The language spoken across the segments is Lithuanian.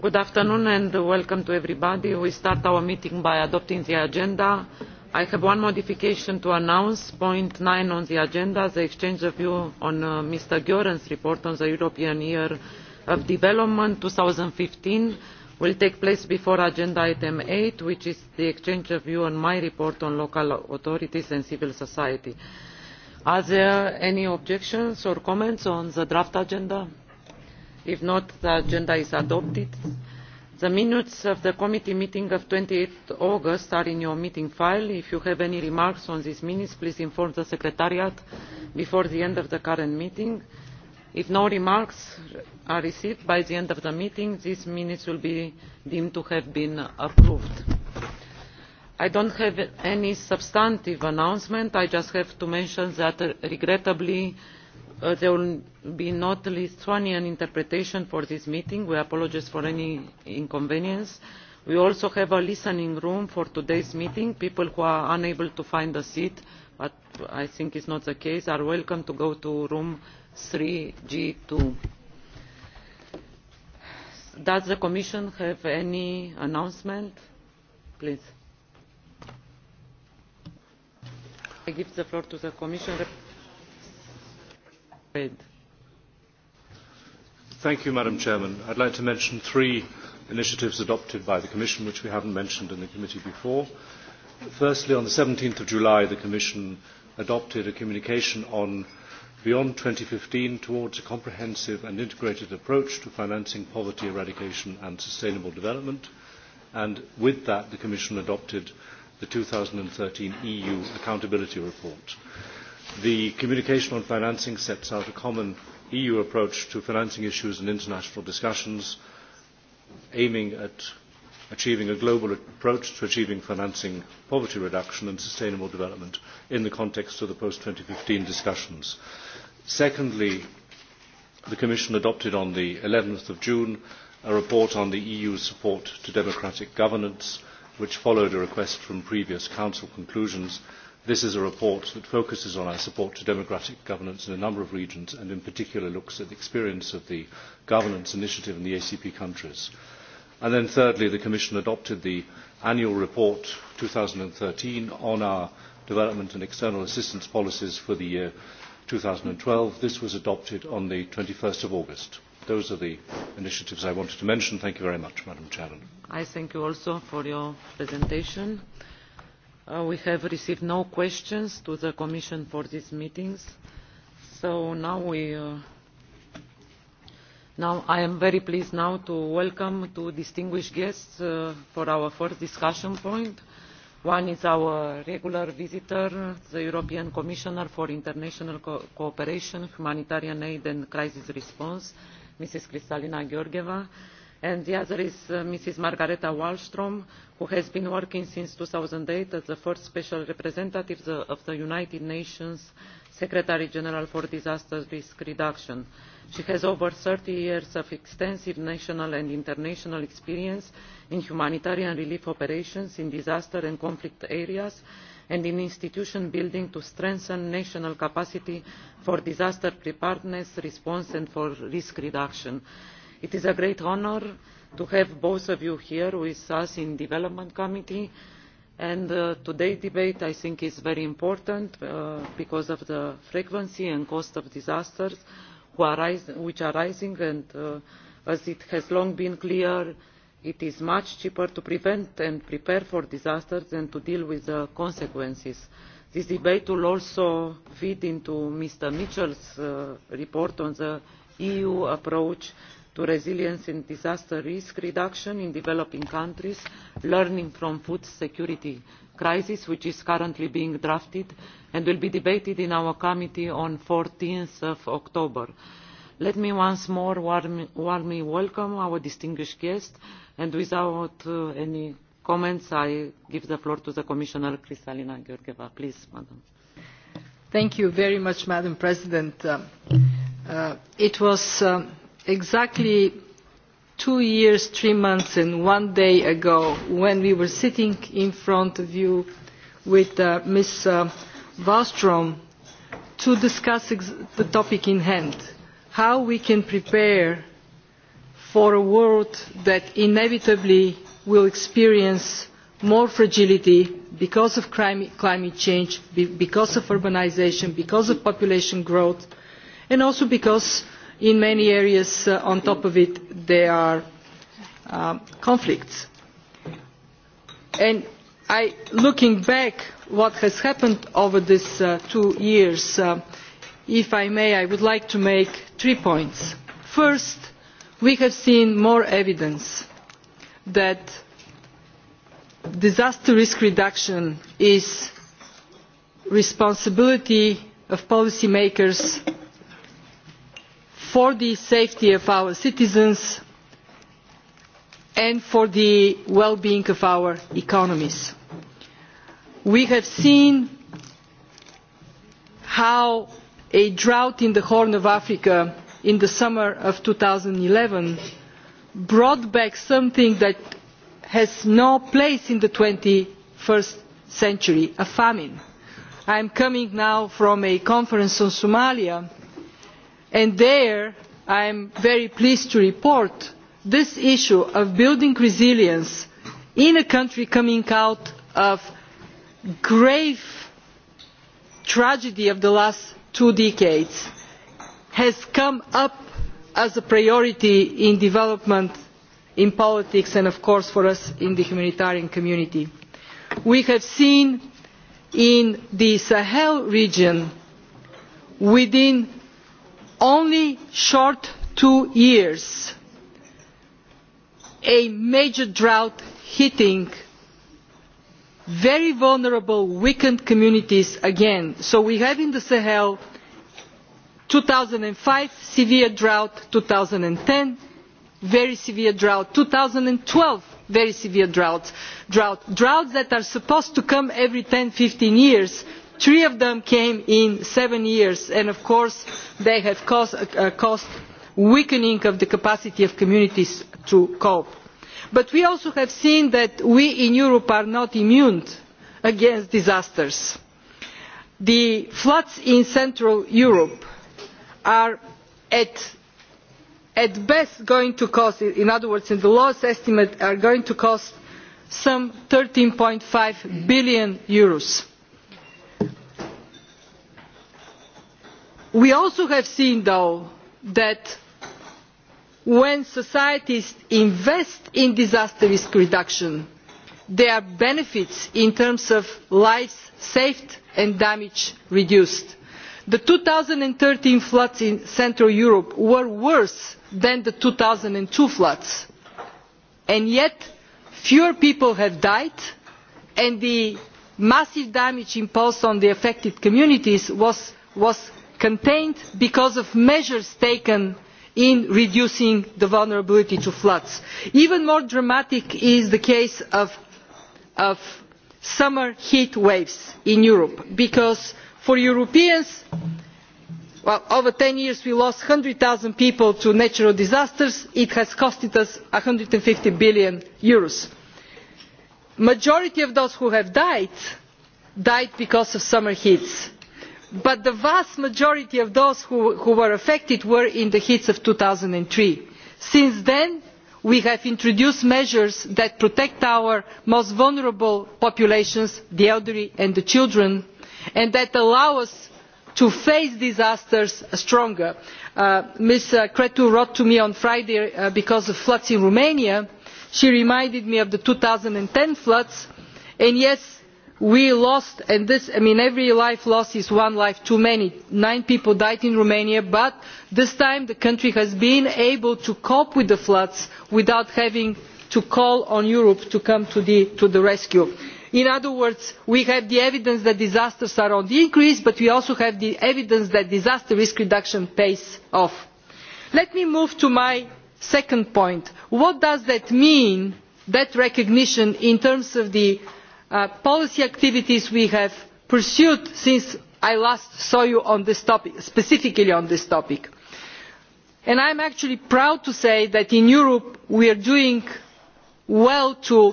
good afternoon and welcome to everybody. we start our meeting by adopting the agenda. i have one modification to announce point nine on the agenda the exchange of views on uh, mr goerens's report on the european year of development two thousand and fifteen will take place before agenda item eight which is the exchange of views on my report on local authorities and civil society. are there any objections or comments on the draft agenda? if not the agenda is adopted. the minutes of the committee meeting of twenty eight august are in your meeting file. if you have any remarks on these minutes please inform the secretariat before the end of the current meeting. if no remarks are received by the end of the meeting these minutes will be deemed to have been approved. i do not have any substantive announcement. i just have to mention that uh, regrettably Uh, there will be not lithuanian interpretation for this meeting we apologise for any inconvenience. we also have a listening room for today's meeting. people who are unable to find a seat but i think is not the case are welcome to go to room three g. two does the commission have any announcement? please. i give the floor to the commission representative. You, madam president i would like to mention three initiatives adopted by the commission which we have not mentioned in the committee before. firstly on seventeen july the commission adopted a communication on beyond two thousand and fifteen towards a comprehensive and integrated approach to financing poverty eradication and sustainable development and with that the commission adopted the two thousand and thirteen eu accountability report the communication on financing sets out a common eu approach to financing issues and international discussions aiming at achieving a global approach to achieving financing poverty reduction and sustainable development in the context of the post two thousand and fifteen discussions. secondly the commission adopted on eleven june a report on the eu's support to democratic governance which followed a request from previous council conclusions and This is a report that focuses on our support to democratic governance in a number of regions and in particular looks at the experience of the governance initiative in the ACP countries. And then thirdly, the Commission adopted the annual report 2013 on our development and external assistance policies for the year 2012. This was adopted on the 21st of August. Those are the initiatives I wanted to mention. Thank you very much, Madam Chairman. I thank you also for your presentation. Uh, we have received no questions to the Commission for these meetings. So now we uh, Now, i am very pleased now to welcome two distinguished guests uh, for our first discussion point. one is our regular visitor the european commissioner for international Co cooperation humanitarian aid and crisis response ms kristalina georgieva and and the other is uh, Mrs. Margareta Wallström, who has been working since 2008 as the first special representative the, of the United Nations Secretary General for Disaster Risk Reduction. She has over 30 years of extensive national and international experience in humanitarian relief operations in disaster and conflict areas and in institution building to strengthen national capacity for disaster preparedness response and for risk reduction it is a great honour to have both of you here with us in the development committee and uh, today's debate i think is very important uh, because of the frequency and cost of disasters arise, which are rising and uh, as it has long been clear it is much cheaper to prevent and prepare for disasters than to deal with the consequences. this debate will also feed into mr mitchell's uh, report on the eu approach to resilience in disaster risk reduction in developing countries learning from the food security crisis which is currently being drafted and will be debated in our committee on fourteen october. let me once more warm, warmly welcome our distinguished guest and without uh, any comments i give the floor to the commissioner kristalina georgieva. please madam. thank you very much madam president. Uh, uh, it was um, exactly two years three months and one day ago when we were sitting in front of you with uh, ms uh, wallstrm to discuss the topic at hand how we can prepare for a world that inevitably will experience more fragility because of climate change because of urbanisation because of population growth and also because in many areas uh, on top of it there are um, conflicts. And I, looking back at what has happened over these uh, two years, uh, if I may, I would like to make three points. First, we have seen more evidence that disaster risk reduction is the responsibility of policymakers for the safety of our citizens and for the well being of our economies. we have seen how a drought in the horn of africa in the summer of two thousand and eleven brought back something that has no place in the twenty first century a famine. i am coming now from a conference on somalia and there i am very pleased to report this issue of building resilience in a country coming out of grave tragedy of the last two decades has come up as a priority in development in politics and of course for us in the humanitarian community. we have seen in the sahel region within only short two years a major drought hitting very vulnerable weakened communities again. so we had in the sahel two thousand and five severe drought two thousand and ten very severe drought two thousand and twelve very severe drought droughts that are supposed to come every ten fifteen years three of them came in seven years and of course they have uh, caused a weakening of the capacity of communities to cope. but we also have seen that we in europe are not immune against disasters. the floods in central europe are at, at best going to cost in other words in the lowest estimate are going to cost some eur. thirteen five billion euros we also have seen though that when societies invest in disaster risk reduction there are benefits in terms of lives saved and damage reduced. the two thousand and thirteen floods in central europe were worse than the two thousand and two floods and yet fewer people have died and the massive damage imposed on the affected communities was, was contained because of measures taken in reducing the vulnerability to floods. even more dramatic is the case of, of summer heat waves in europe because for europeans well, over ten years we lost one hundred zero people to natural disasters it has cost us eur one hundred and fifty billion. the majority of those who have died died because of summer heats but the vast majority of those who, who were affected were in the heat of. two thousand and three since then we have introduced measures that protect our most vulnerable populations the elderly and the children and that allow us to face disasters stronger. Uh, ms creu wrote to me on friday uh, because of floods in romania. she reminded me of the two thousand and ten floods and yes we lost and this, I mean, every life lost is one life too many nine people died in romania but this time the country has been able to cope with the floods without having to call on europe to come to the, to the rescue. in other words we have the evidence that disasters are on the increase but we also have the evidence that disaster risk reduction pays off. let me move to my second point what does that mean that recognition in terms of the uh, policy activities we have pursued since i last saw you on topic, specifically on this topic and i am actually proud to say that in europe we are doing well to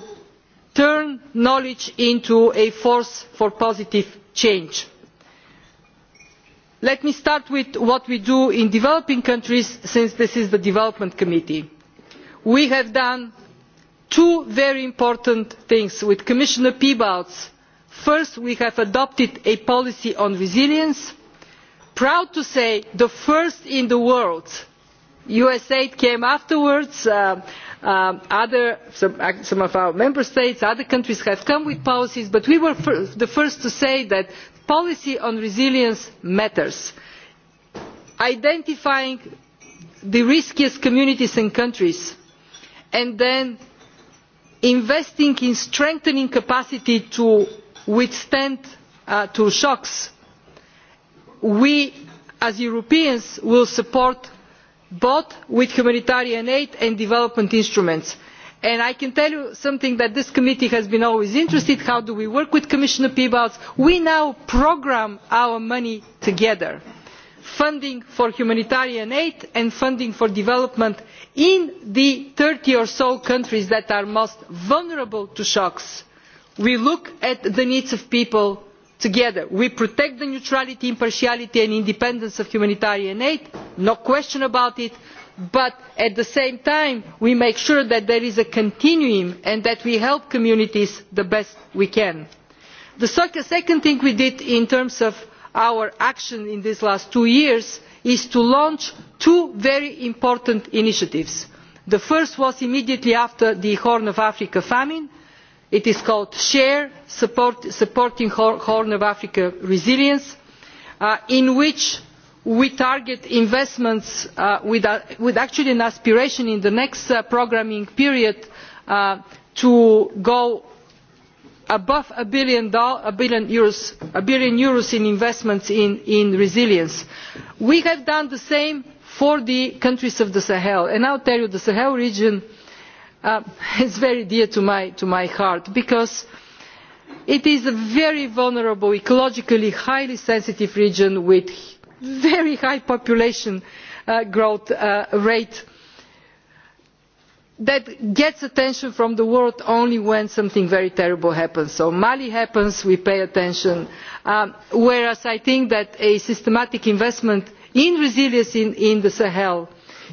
turn knowledge into a force for positive change. let me start with what we do in developing countries since this is the development committee. we have done two very important things with commissioner piebalgs first we have adopted a policy on resilience proud to say the first in the world usaid came afterwards uh, um, other, some, uh, some of our member states other countries have come with policies but we were fir the first to say that policy on resilience matters identifying the riskiest communities and countries and then investing in strengthening capacity to withstand uh, to shocks we as europeans will support both with humanitarian aid and development instruments. And i can tell you something that this committee has been always interested in how do we work with commissioner piebalgs? we now programme our money together funding for humanitarian aid and funding for development in the thirty or so countries that are most vulnerable to shocks we look at the needs of people together. we protect the neutrality impartiality and independence of humanitarian aid no question about it but at the same time we make sure that there is a continuum and that we help communities the best we can. the second thing we did in terms our action in these last two years is to launch two very important initiatives. the first was immediately after the horn of africa famine it is called share Support, supporting horn of africa resilience uh, in which we target investments uh, with, uh, with actually an aspiration in the next uh, programming period uh, to go above a billion, a billion, euros, a billion euros in investments in, in resilience. we have done the same for the countries of the sahel and i will tell you the sahel region uh, is very dear to my, to my heart because it is a very vulnerable ecologically highly sensitive region with very high population uh, growth uh, rates that gets attention from the world only when something very terrible happens. so mali happens we pay attention um, whereas i think that a systematic investment in resilience in, in the sahel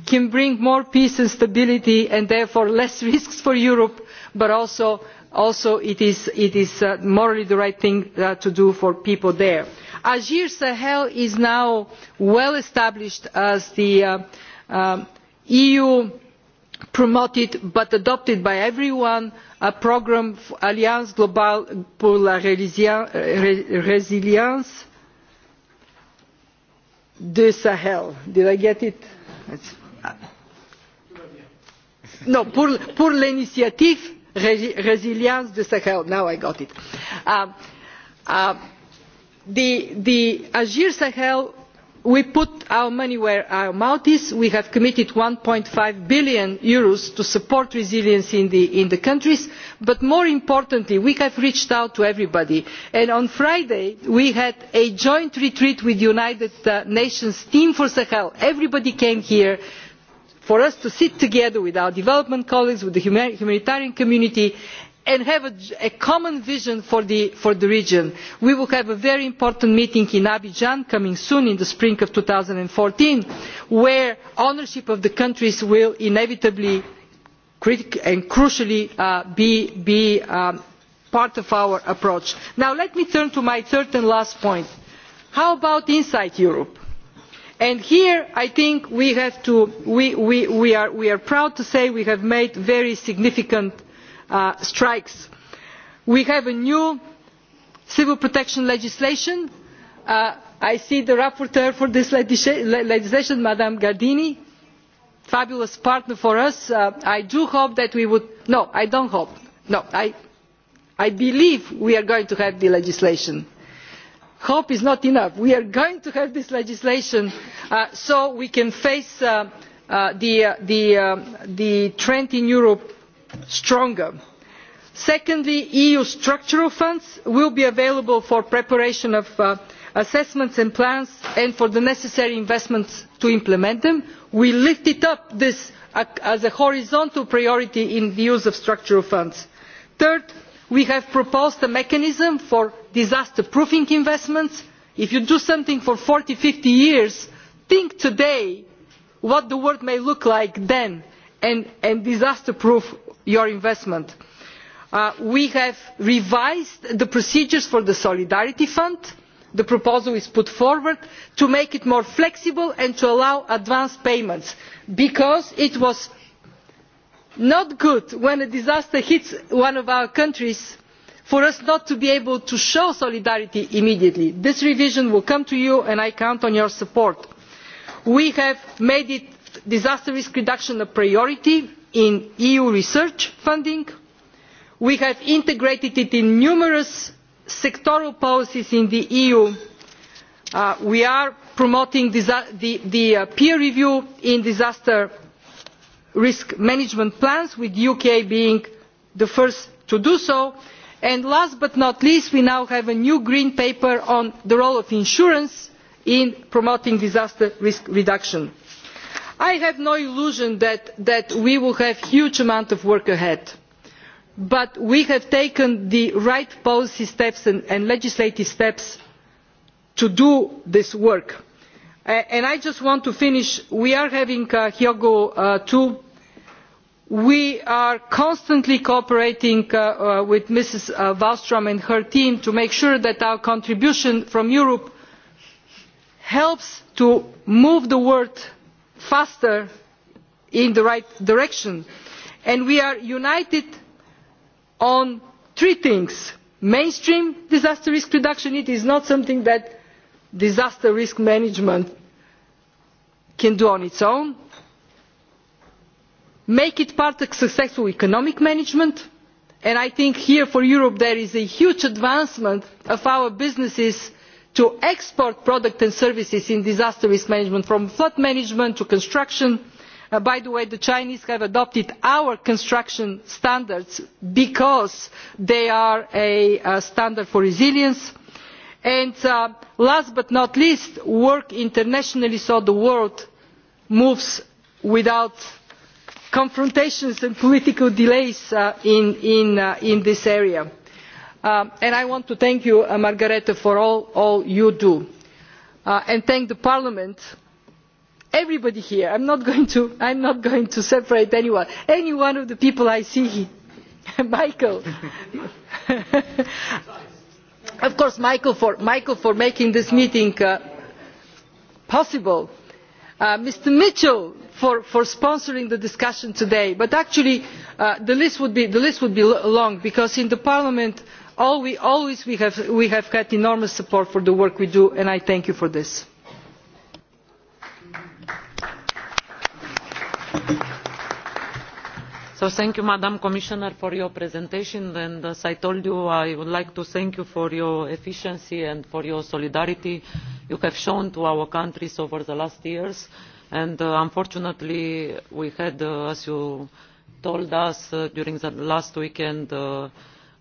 can bring more peace and stability and therefore less risks for europe but also, also it is, it is uh, morally the right thing uh, to do for people there. agir sahel is now well established as the uh, um, eu promoted but adopted by everyone a programme alliance globale pour la résilience du sahel did i get it? Uh, no pour, pour l'initiative résilience du sahel now i got it. Uh, uh, the, the agir sahel we put our money where our mouth is we have committed eur. one five billion Euros to support resilience in the, in the countries but more importantly we have reached out to everybody and on friday we had a joint retreat with the united uh, nations team for sahel everybody came here for us to sit together with our development colleagues with the humanitarian community and have a, a common vision for the, for the region. we will have a very important meeting in abidjan coming soon in the spring of two thousand and fourteen where ownership of the countries will inevitably and crucially uh, be, be um, part of our approach. now let me turn to my third and last point how about inside europe? and here i think we, to, we, we, we are, are proud to say we have made very significant uh, strikes. we have new civil protection legislation. Uh, i see the rapporteur for this legislation ms gardini a fabulous partner for us. Uh, i do hope that we will no i do not hope no I, i believe we are going to have the legislation. hope is not enough we are going to have this legislation uh, so we can face uh, uh, the, the, the trend in europe stronger. secondly eu structural funds will be available for preparation of uh, assessments and plans and for the necessary investments to implement them. we lifted up this uh, as a horizontal priority in the use of structural funds. third we have proposed a mechanism for disaster proofing investments. if you do something for forty fifty years think today what the world may look like then and, and disaster proof your investment. Uh, we have revised the procedures for the solidarity fund the proposal is put forward to make it more flexible and to allow advance payments because it was not good when a disaster hits one of our countries for us not to be able to show solidarity immediately. this revision will come to you and i count on your support. we have made it, disaster risk reduction a priority in eu research funding we have integrated it in numerous sectoral policies in the eu uh, we are promoting the, the uh, peer review in disaster risk management plans with the uk being the first to do so and last but not least we now have a new green paper on the role of insurance in promoting disaster risk reduction i have no illusion that, that we will have a huge amount of work ahead but we have taken the right policy steps and, and legislative steps to do this work. And i just want to finish we are having uh, hyogo uh, ii we are constantly cooperating uh, uh, with ms uh, wallstrm and her team to make sure that our contribution from europe helps to move the world faster in the right direction and we are united on three things mainstream disaster risk reduction it is not something that disaster risk management can do on its own make it part of successful economic management and i think here for europe there is a huge advancement of our businesses to export products and services in disaster risk management from flood management to construction. Uh, by the way the chinese have adopted our construction standards because they are a, a standard for resilience and uh, last but not least work internationally so the world moves without confrontations and political delays uh, in, in, uh, in this area Um, and i want to thank you uh, margrethe for all, all you do uh, and thank parliament everybody here i am not, not going to separate anyone any one of the people i see here michael of course michael for, michael for making this meeting uh, possible uh, mr mitchell For, for sponsoring the discussion today but actually uh, the list would be, list would be long because in parliament always we have, we have had enormous support for the work we do and i thank you for this. so thank you madam commissioner for your presentation and as i told you i would like to thank you for your efficiency and for your solidarity you have shown to our countries over the last years and uh, unfortunately we had uh, as you told us uh, during the last weekend uh,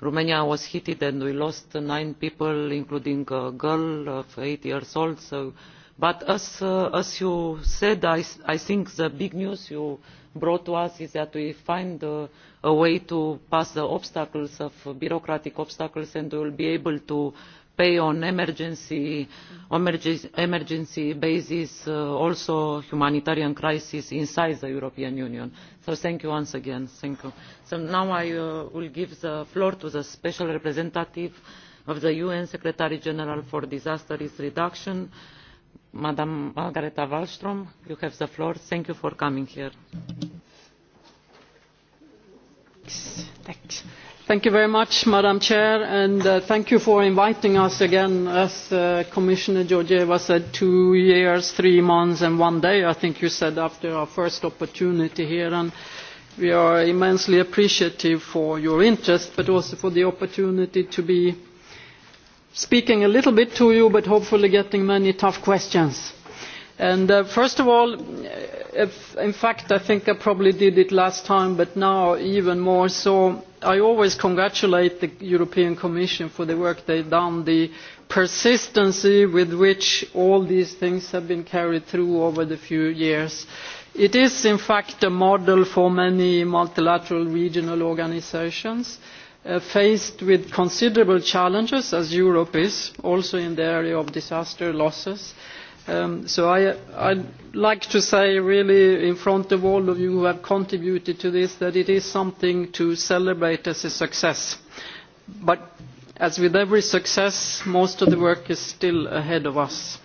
romania was hit and we lost nine people including a uh, girl of eight years old so, but as, uh, as you said I, i think the big news you brought to us is that we find a, uh, a way to pass the obstacles of bureaucratic obstacles and we will be able to pay on emergency, emergency basis uh, also humanitarian crises inside the european union. so thank you once again. thank you. so now i uh, will give the floor to the special representative of the un secretary general for disaster risk reduction madam margareta wallstrm. you have the floor. thank you for coming here. Thanks. Thanks Thank you very much, Madam Chair, and uh, thank you for inviting us again. As uh, Commissioner Georgieva said, two years, three months, and one day, I think you said, after our first opportunity here. And we are immensely appreciative for your interest, but also for the opportunity to be speaking a little bit to you, but hopefully getting many tough questions. And uh, first of all, if, in fact, I think I probably did it last time, but now even more so, I always congratulate the European Commission for the work they've done, the persistency with which all these things have been carried through over the few years. It is in fact a model for many multilateral regional organizations uh, faced with considerable challenges as Europe is, also in the area of disaster losses. Uh, Um, so I, I'd like to say really in front of all of you who have contributed to this that it is something to celebrate as a success. But as with every success, most of the work is still ahead of us.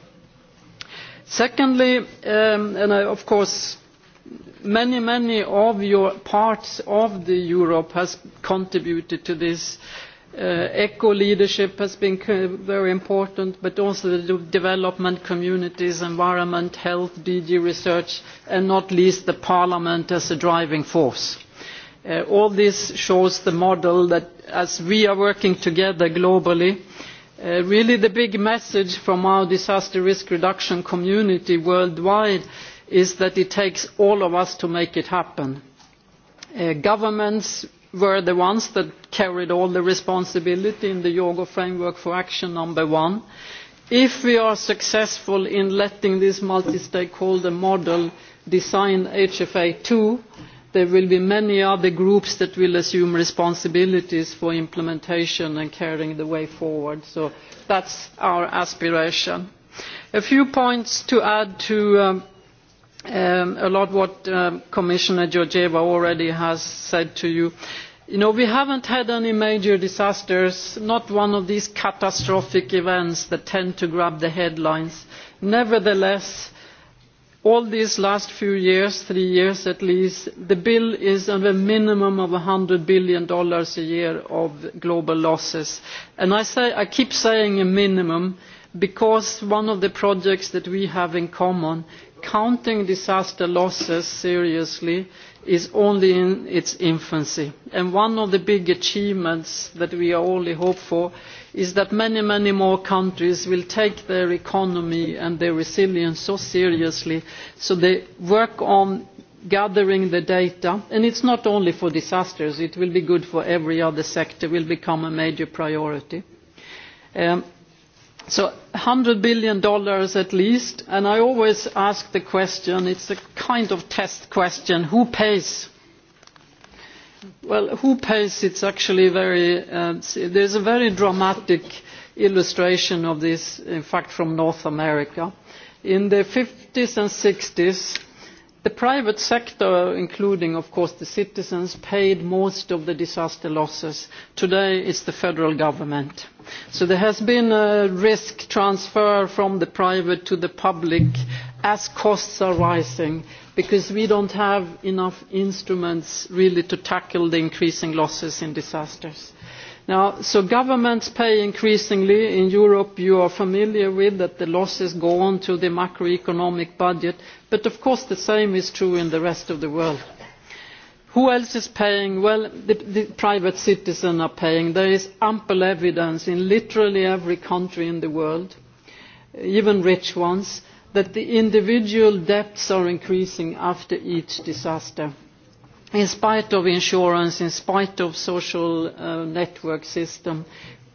Secondly, um, and I, of course, many, many of your parts of the Europe has contributed to this. Uh, Uh, eco leadership has been very important but also the development communities environment health dg research and not least parliament as a driving force. Uh, all this shows the model that as we are working together globally uh, really the big message from our disaster risk reduction community worldwide is that it takes all of us to make it happen. Uh, governments were the ones that carried all the responsibility in the Yogo Framework for Action number one. If we are successful in letting this multi-stakeholder model design HFA 2, there will be many other groups that will assume responsibilities for implementation and carrying the way forward. So that's our aspiration. A few points to add to um, um, a lot what um, Commissioner Georgieva already has said to you. You know, we haven't had any major disasters, not one of these catastrophic events that tend to grab the headlines. Nevertheless, all these last few years, three years at least, the bill is of a minimum of $100 billion a year of global losses. And I, say, I keep saying a minimum because one of the projects that we have in common counting disaster losses seriously is only in its infancy. And one of the big achievements that we all hope for is that many, many more countries will take their economy and their resilience so seriously, so they work on gathering the data. And it's not only for disasters, it will be good for every other sector, will become a major priority. Um, so $100 billion at least, and I always ask the question, it's a kind of test question, who pays? Well, who pays, it's actually very, uh, there's a very dramatic illustration of this, in fact, from North America. In the 50s and 60s, the private sector including of course the citizens paid most of the disaster losses. today it is the federal government. so there has been a risk transfer from the private to the public as costs are rising because we do not have enough instruments really to tackle the increasing losses in disasters. Now, so governments pay increasingly in Europe. You are familiar with that the losses go on to the macroeconomic budget, but of course the same is true in the rest of the world. Who else is paying? Well, the, the private citizens are paying. There is ample evidence in literally every country in the world, even rich ones, that the individual debts are increasing after each disaster in spite of insurance, in spite of social uh, network system,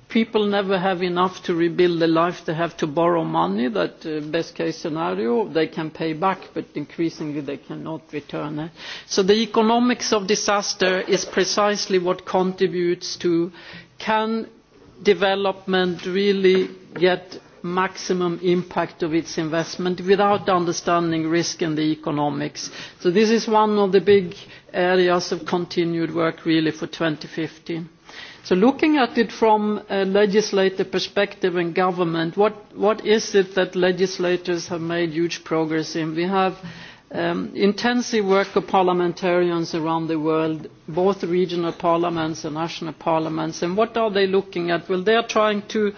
people never have enough to rebuild their life. They have to borrow money. That uh, best case scenario, they can pay back, but increasingly they cannot return it. So the economics of disaster is precisely what contributes to can development really get maximum impact of its investment without understanding risk and the economics. So this is one of the big areas of continued work really for 2015. So looking at it from a legislative perspective and government, what, what is it that legislators have made huge progress in? We have um, intensive work of parliamentarians around the world, both regional parliaments and national parliaments. And what are they looking at? Well, they are trying to uh,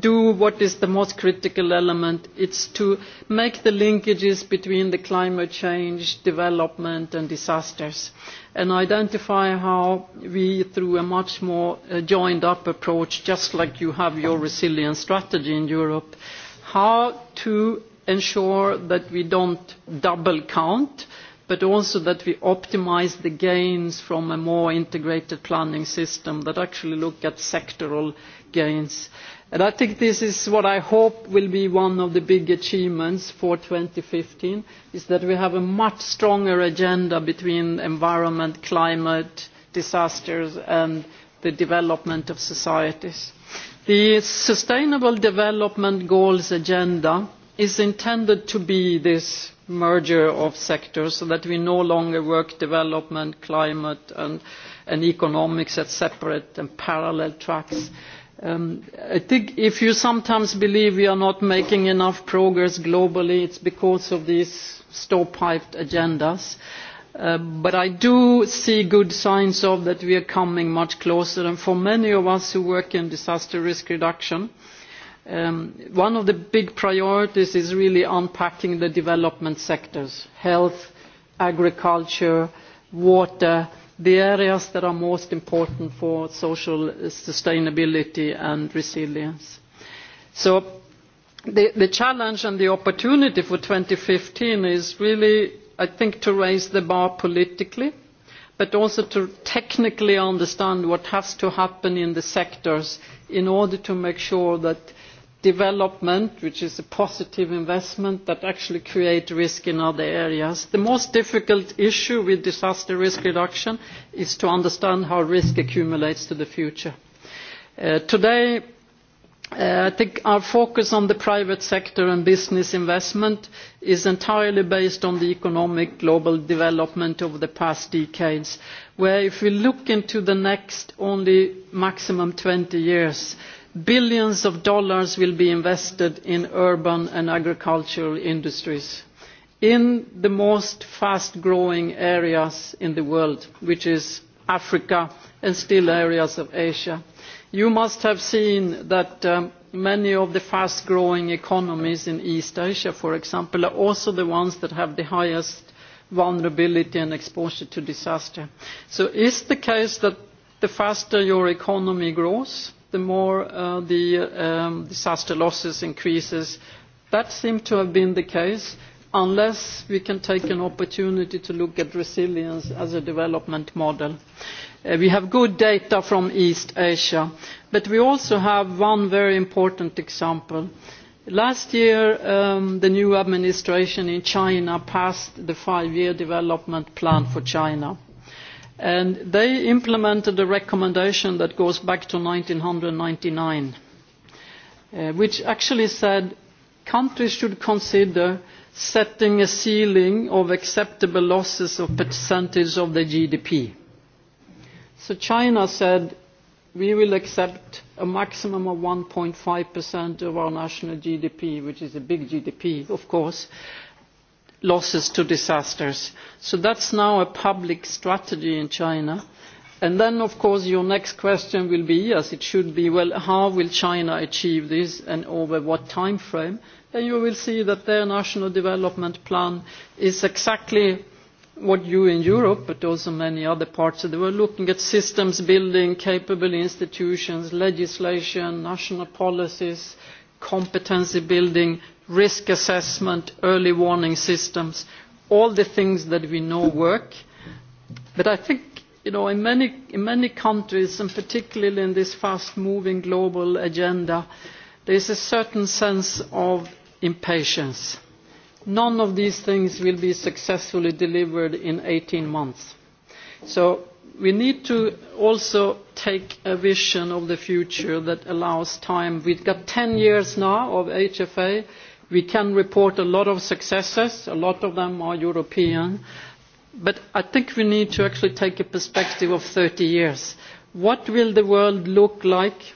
do what is the most critical element. It's to make the linkages between the climate change, development and disasters and identify how we, through a much more uh, joined up approach, just like you have your resilience strategy in Europe, how to ensure that we don't double count but also that we optimize the gains from a more integrated planning system that actually look at sectoral gains. Uh, And I think this is what I hope will be one of the big achievements for 2015, is that we have a much stronger agenda between environment, climate, disasters and the development of societies. The Sustainable Development Goals agenda is intended to be this merger of sectors so that we no longer work development, climate and, and economics as separate and parallel tracks. Mm-hmm Um, I think if you sometimes believe we are not making enough progress globally, it's because of these stovepiped agendas. Uh, but I do see good signs of that we are coming much closer. And for many of us who work in disaster risk reduction, um, one of the big priorities is really unpacking the development sectors, health, agriculture, water, uh, the areas that are most important for social sustainability and resilience. So the, the challenge and the opportunity for 2015 is really, I think, to raise the bar politically, but also to technically understand what has to happen in the sectors in order to make sure that development, which is a positive investment that actually create risk in other areas. The most difficult issue with disaster risk reduction is to understand how risk accumulates to the future. Uh, today, uh, I think our focus on the private sector and business investment is entirely based on the economic global development over the past decades, where if we look into the next only maximum 20 years, uh, billions of dollars will be invested in urban and agricultural industries in the most fast growing areas in the world which is africa and still areas of asia. you must have seen that um, many of the fast growing economies in east asia for example are also the ones that have the highest vulnerability and exposure to disaster. so is the case that the faster your economy grows the more uh, the um, disaster losses increases. That seemed to have been the case, unless we can take an opportunity to look at resilience as a development model. Uh, we have good data from East Asia, but we also have one very important example. Last year, um, the new administration in China passed the five-year development plan for China. Mm-hmm and they implemented a recommendation that goes back to 1999, uh, which actually said countries should consider setting a ceiling of acceptable losses of percentage of their GDP. So China said, we will accept a maximum of 1.5% of our national GDP, which is a big GDP, of course, losses to disasters. So that's now a public strategy in China. And then, of course, your next question will be, as it should be, well, how will China achieve this and over what time frame? And you will see that their national development plan is exactly what you in Europe, but also many other parts of the world, looking at systems building, capable institutions, legislation, national policies, competency building, risk assessment, early warning systems, all the things that we know work. But I think you know, in many, in many countries, and particularly in this fast-moving global agenda, there is a certain sense of impatience. None of these things will be successfully delivered in 18 months. So we need to also take a vision of the future that allows time. We've got 10 years now of HFA We can report a lot of successes, a lot of them are European, but I think we need to actually take a perspective of 30 years. What will the world look like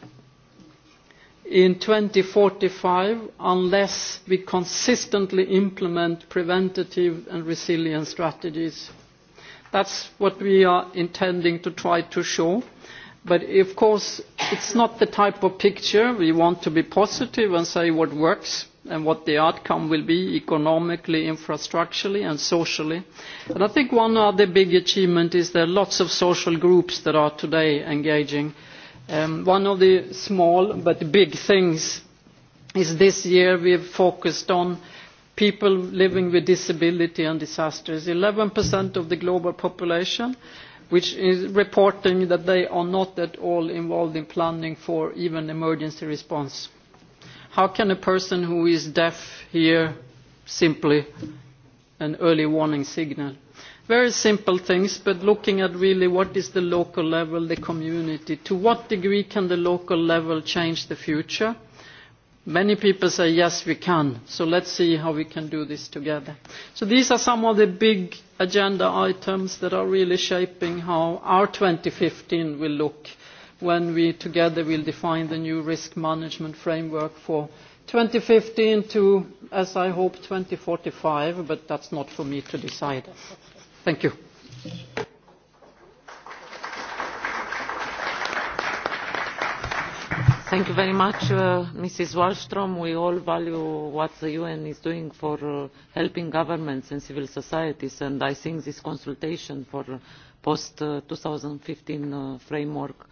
in 2045 unless we consistently implement preventative and resilience strategies? That's what we are intending to try to show. But of course, it's not the type of picture we want to be positive and say what works and what the outcome will be economically, infrastructurally and socially. And I think one other big achievement is there are lots of social groups that are today engaging. Um, one of the small but big things is this year we have focused on people living with disability and disasters. 11% of the global population which is reporting that they are not at all involved in planning for even emergency response how can a person who is deaf hear simply an early warning signal? Very simple things, but looking at really what is the local level, the community, to what degree can the local level change the future? Many people say, yes, we can. So let's see how we can do this together. So these are some of the big agenda items that are really shaping how our 2015 will look when we together will define the new risk management framework for 2015 to, as I hope, 2045, but that's not for me to decide. Thank you. Thank you very much, uh, Mrs. Wallström. We all value what the UN is doing for uh, helping governments and civil societies, and I think this consultation for uh, post-2015 uh, uh, framework uh,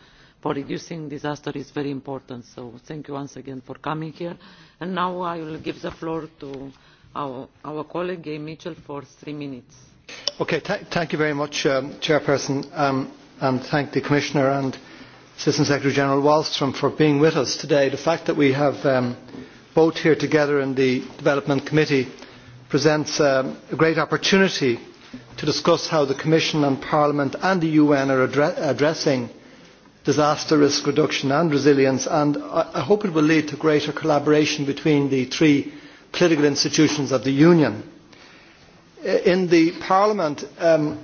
for reducing disaster is very important so thank you once again for coming here and now i will give the floor to our, our colleague gay mitchell for three minutes okay th thank you very much um, chairperson um, and thank the commissioner and assistant secretary general wallström for being with us today the fact that we have um, both here together in the development committee presents um, a great opportunity to discuss how the commission and parliament and the un are addre addressing uh, disaster risk reduction and resilience and I hope it will lead to greater collaboration between the three political institutions of the Union. In the Parliament, um,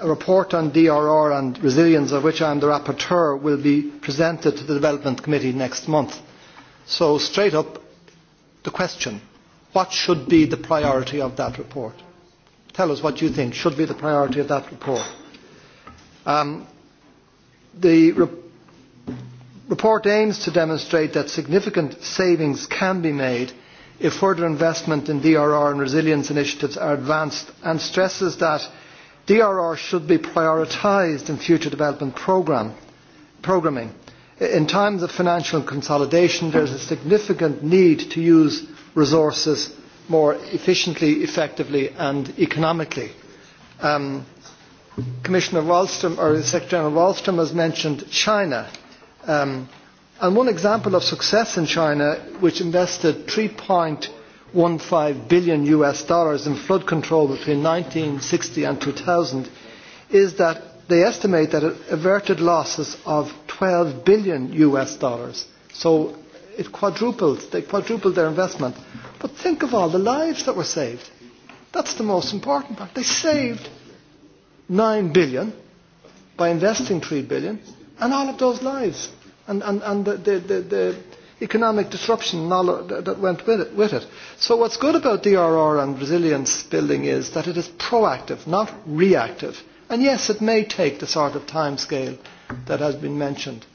a report on DRR and resilience, of which I am the rapporteur, will be presented to the Development Committee next month. So straight up, the question, what should be the priority of that report? Tell us what you think should be the priority of that report. Um, The re report aims to demonstrate that significant savings can be made if further investment in DRR and resilience initiatives are advanced and stresses that DRR should be prioritised in future development programme, programming. In times of financial consolidation, there is a significant need to use resources more efficiently, effectively and economically. Um, Commissioner Wallström or Secretary General Wallström has mentioned China. Um, and one example of success in China, which invested 3.15 billion US dollars in flood control between 1960 and 2000, is that they estimate that it averted losses of 12 billion US dollars. So it quadrupled, they quadrupled their investment. But think of all the lives that were saved. That's the most important part. They saved 9 billion by investing 3 billion and all of those lives and, and, and the, the, the, the economic disruption and all that went with it, with it. So what's good about DRR and resilience building is that it is proactive, not reactive. And yes, it may take the sort of time scale that has been mentioned.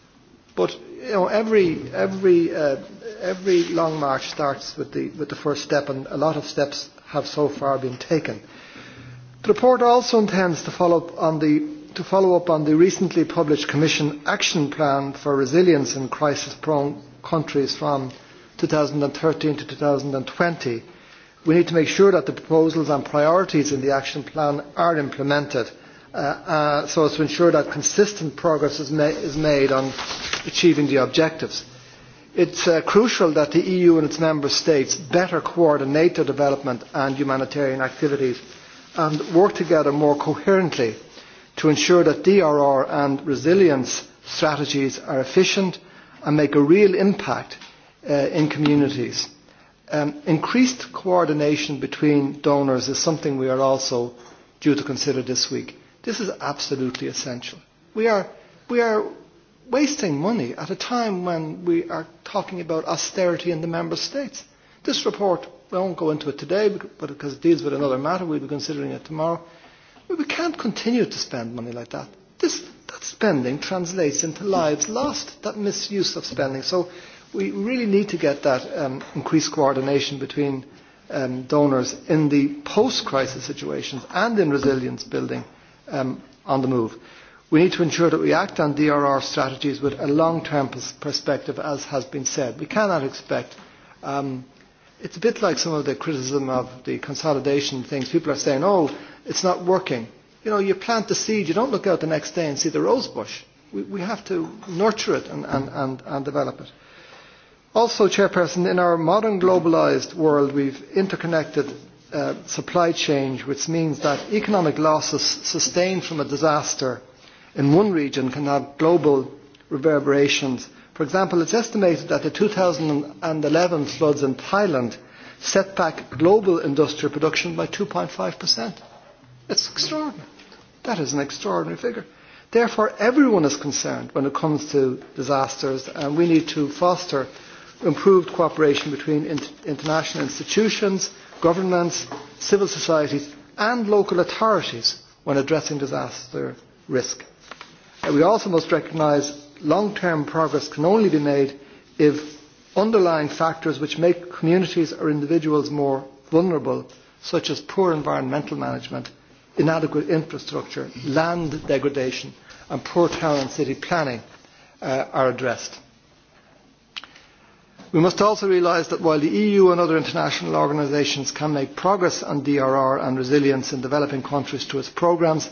But you know, every, every, uh, every long march starts with the, with the first step, and a lot of steps have so far been taken. Uh, The report also intends to follow, up on the, to follow up on the recently published Commission Action Plan for Resilience in Crisis-Prone Countries from 2013 to 2020. We need to make sure that the proposals and priorities in the action plan are implemented uh, uh, so as to ensure that consistent progress is, ma is made on achieving the objectives. It is uh, crucial that the EU and its member states better coordinate their development and humanitarian activities and work together more coherently to ensure that DRR and resilience strategies are efficient and make a real impact uh, in communities. Um, increased coordination between donors is something we are also due to consider this week. This is absolutely essential. We are, we are wasting money at a time when we are talking about austerity in the member states. This report I won't go into it today but because it deals with another matter. We'll be considering it tomorrow. But we can't continue to spend money like that. This, that spending translates into lives lost, that misuse of spending. So we really need to get that um, increased coordination between um, donors in the post-crisis situations and in resilience building um, on the move. We need to ensure that we act on DRR strategies with a long-term pers- perspective, as has been said. We cannot expect um, It's a bit like some of the criticism of the consolidation things. People are saying, oh, it's not working. You know, you plant the seed, you don't look out the next day and see the rose bush. We, we have to nurture it and, and, and, and develop it. Also, Chairperson, in our modern globalised world, we've interconnected uh, supply chain, which means that economic losses sustained from a disaster in one region can have global reverberations For example, it's estimated that the 2011 floods in Thailand set back global industrial production by 2.5%. It's extraordinary. That is an extraordinary figure. Therefore, everyone is concerned when it comes to disasters, and we need to foster improved cooperation between in- international institutions, governments, civil societies, and local authorities when addressing disaster risk. And we also must recognise long term progress can only be made if underlying factors which make communities or individuals more vulnerable, such as poor environmental management, inadequate infrastructure, land degradation, and poor town and city planning, uh, are addressed. We must also realise that while the EU and other international organisations can make progress on DRR and resilience in developing countries to its programmes,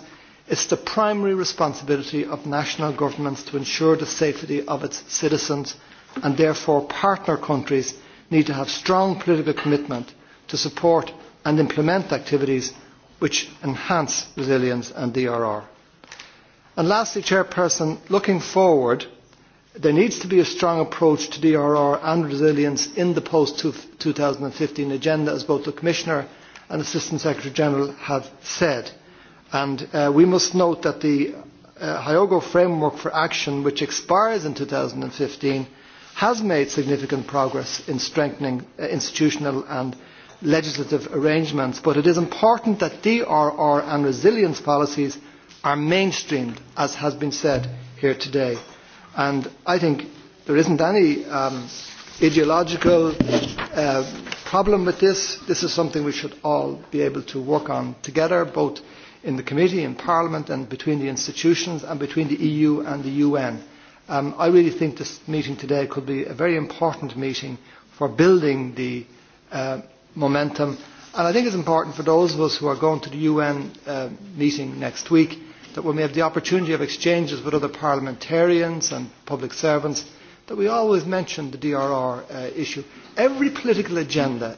it is the primary responsibility of national governments to ensure the safety of its citizens and therefore partner countries need to have strong political commitment to support and implement activities which enhance resilience and drr. And lastly looking forward there needs to be a strong approach to drr and resilience in the post two thousand and fifteen agenda as both the commissioner and assistant secretary general have said. And uh, we must note that the uh, Hyogo Framework for Action, which expires in 2015, has made significant progress in strengthening uh, institutional and legislative arrangements, but it is important that DRR and resilience policies are mainstreamed, as has been said here today. And I think there isn't any um, ideological uh, problem with this. This is something we should all be able to work on together, both in the committee, in Parliament and between the institutions and between the EU and the UN. Um, I really think this meeting today could be a very important meeting for building the uh, momentum. And I think it's important for those of us who are going to the UN uh, meeting next week that when we have the opportunity of exchanges with other parliamentarians and public servants, that we always mention the DRR uh, issue. Every political agenda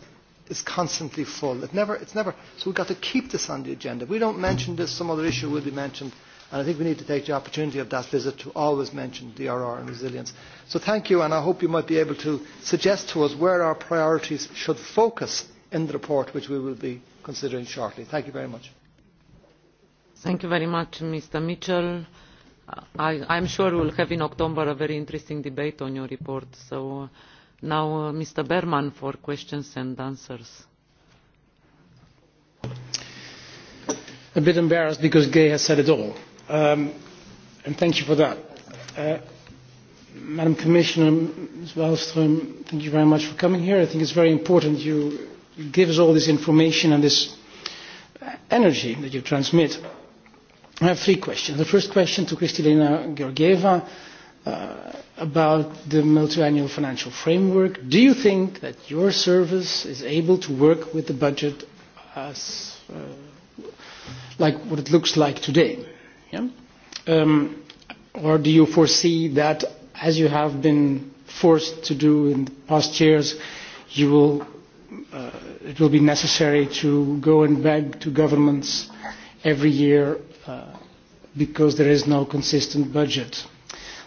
is constantly full. It never, it's never, so we've got to keep this on the agenda. If we don't mention this, some other issue will be mentioned. And I think we need to take the opportunity of that visit to always mention DRR and resilience. So thank you, and I hope you might be able to suggest to us where our priorities should focus in the report, which we will be considering shortly. Thank you very much. Thank you very much, Mr. Mitchell. I, I'm sure we'll have in October a very interesting debate on your report. So. Uh, now uh, mr berman for questions and answers. a bit embarrassed because gay has said it all um, and thank you for that. Uh, madam commissioner ms wallstrm thank you very much for coming here. i think it's very important you, you give us all this information and this energy that you transmit. i have three questions. the first question to kristalina georgieva uh, about the multi-annual financial framework. Do you think that your service is able to work with the budget as uh, like what it looks like today? Yeah? Um, or do you foresee that, as you have been forced to do in the past years, you will, uh, it will be necessary to go and beg to governments every year uh, because there is no consistent budget?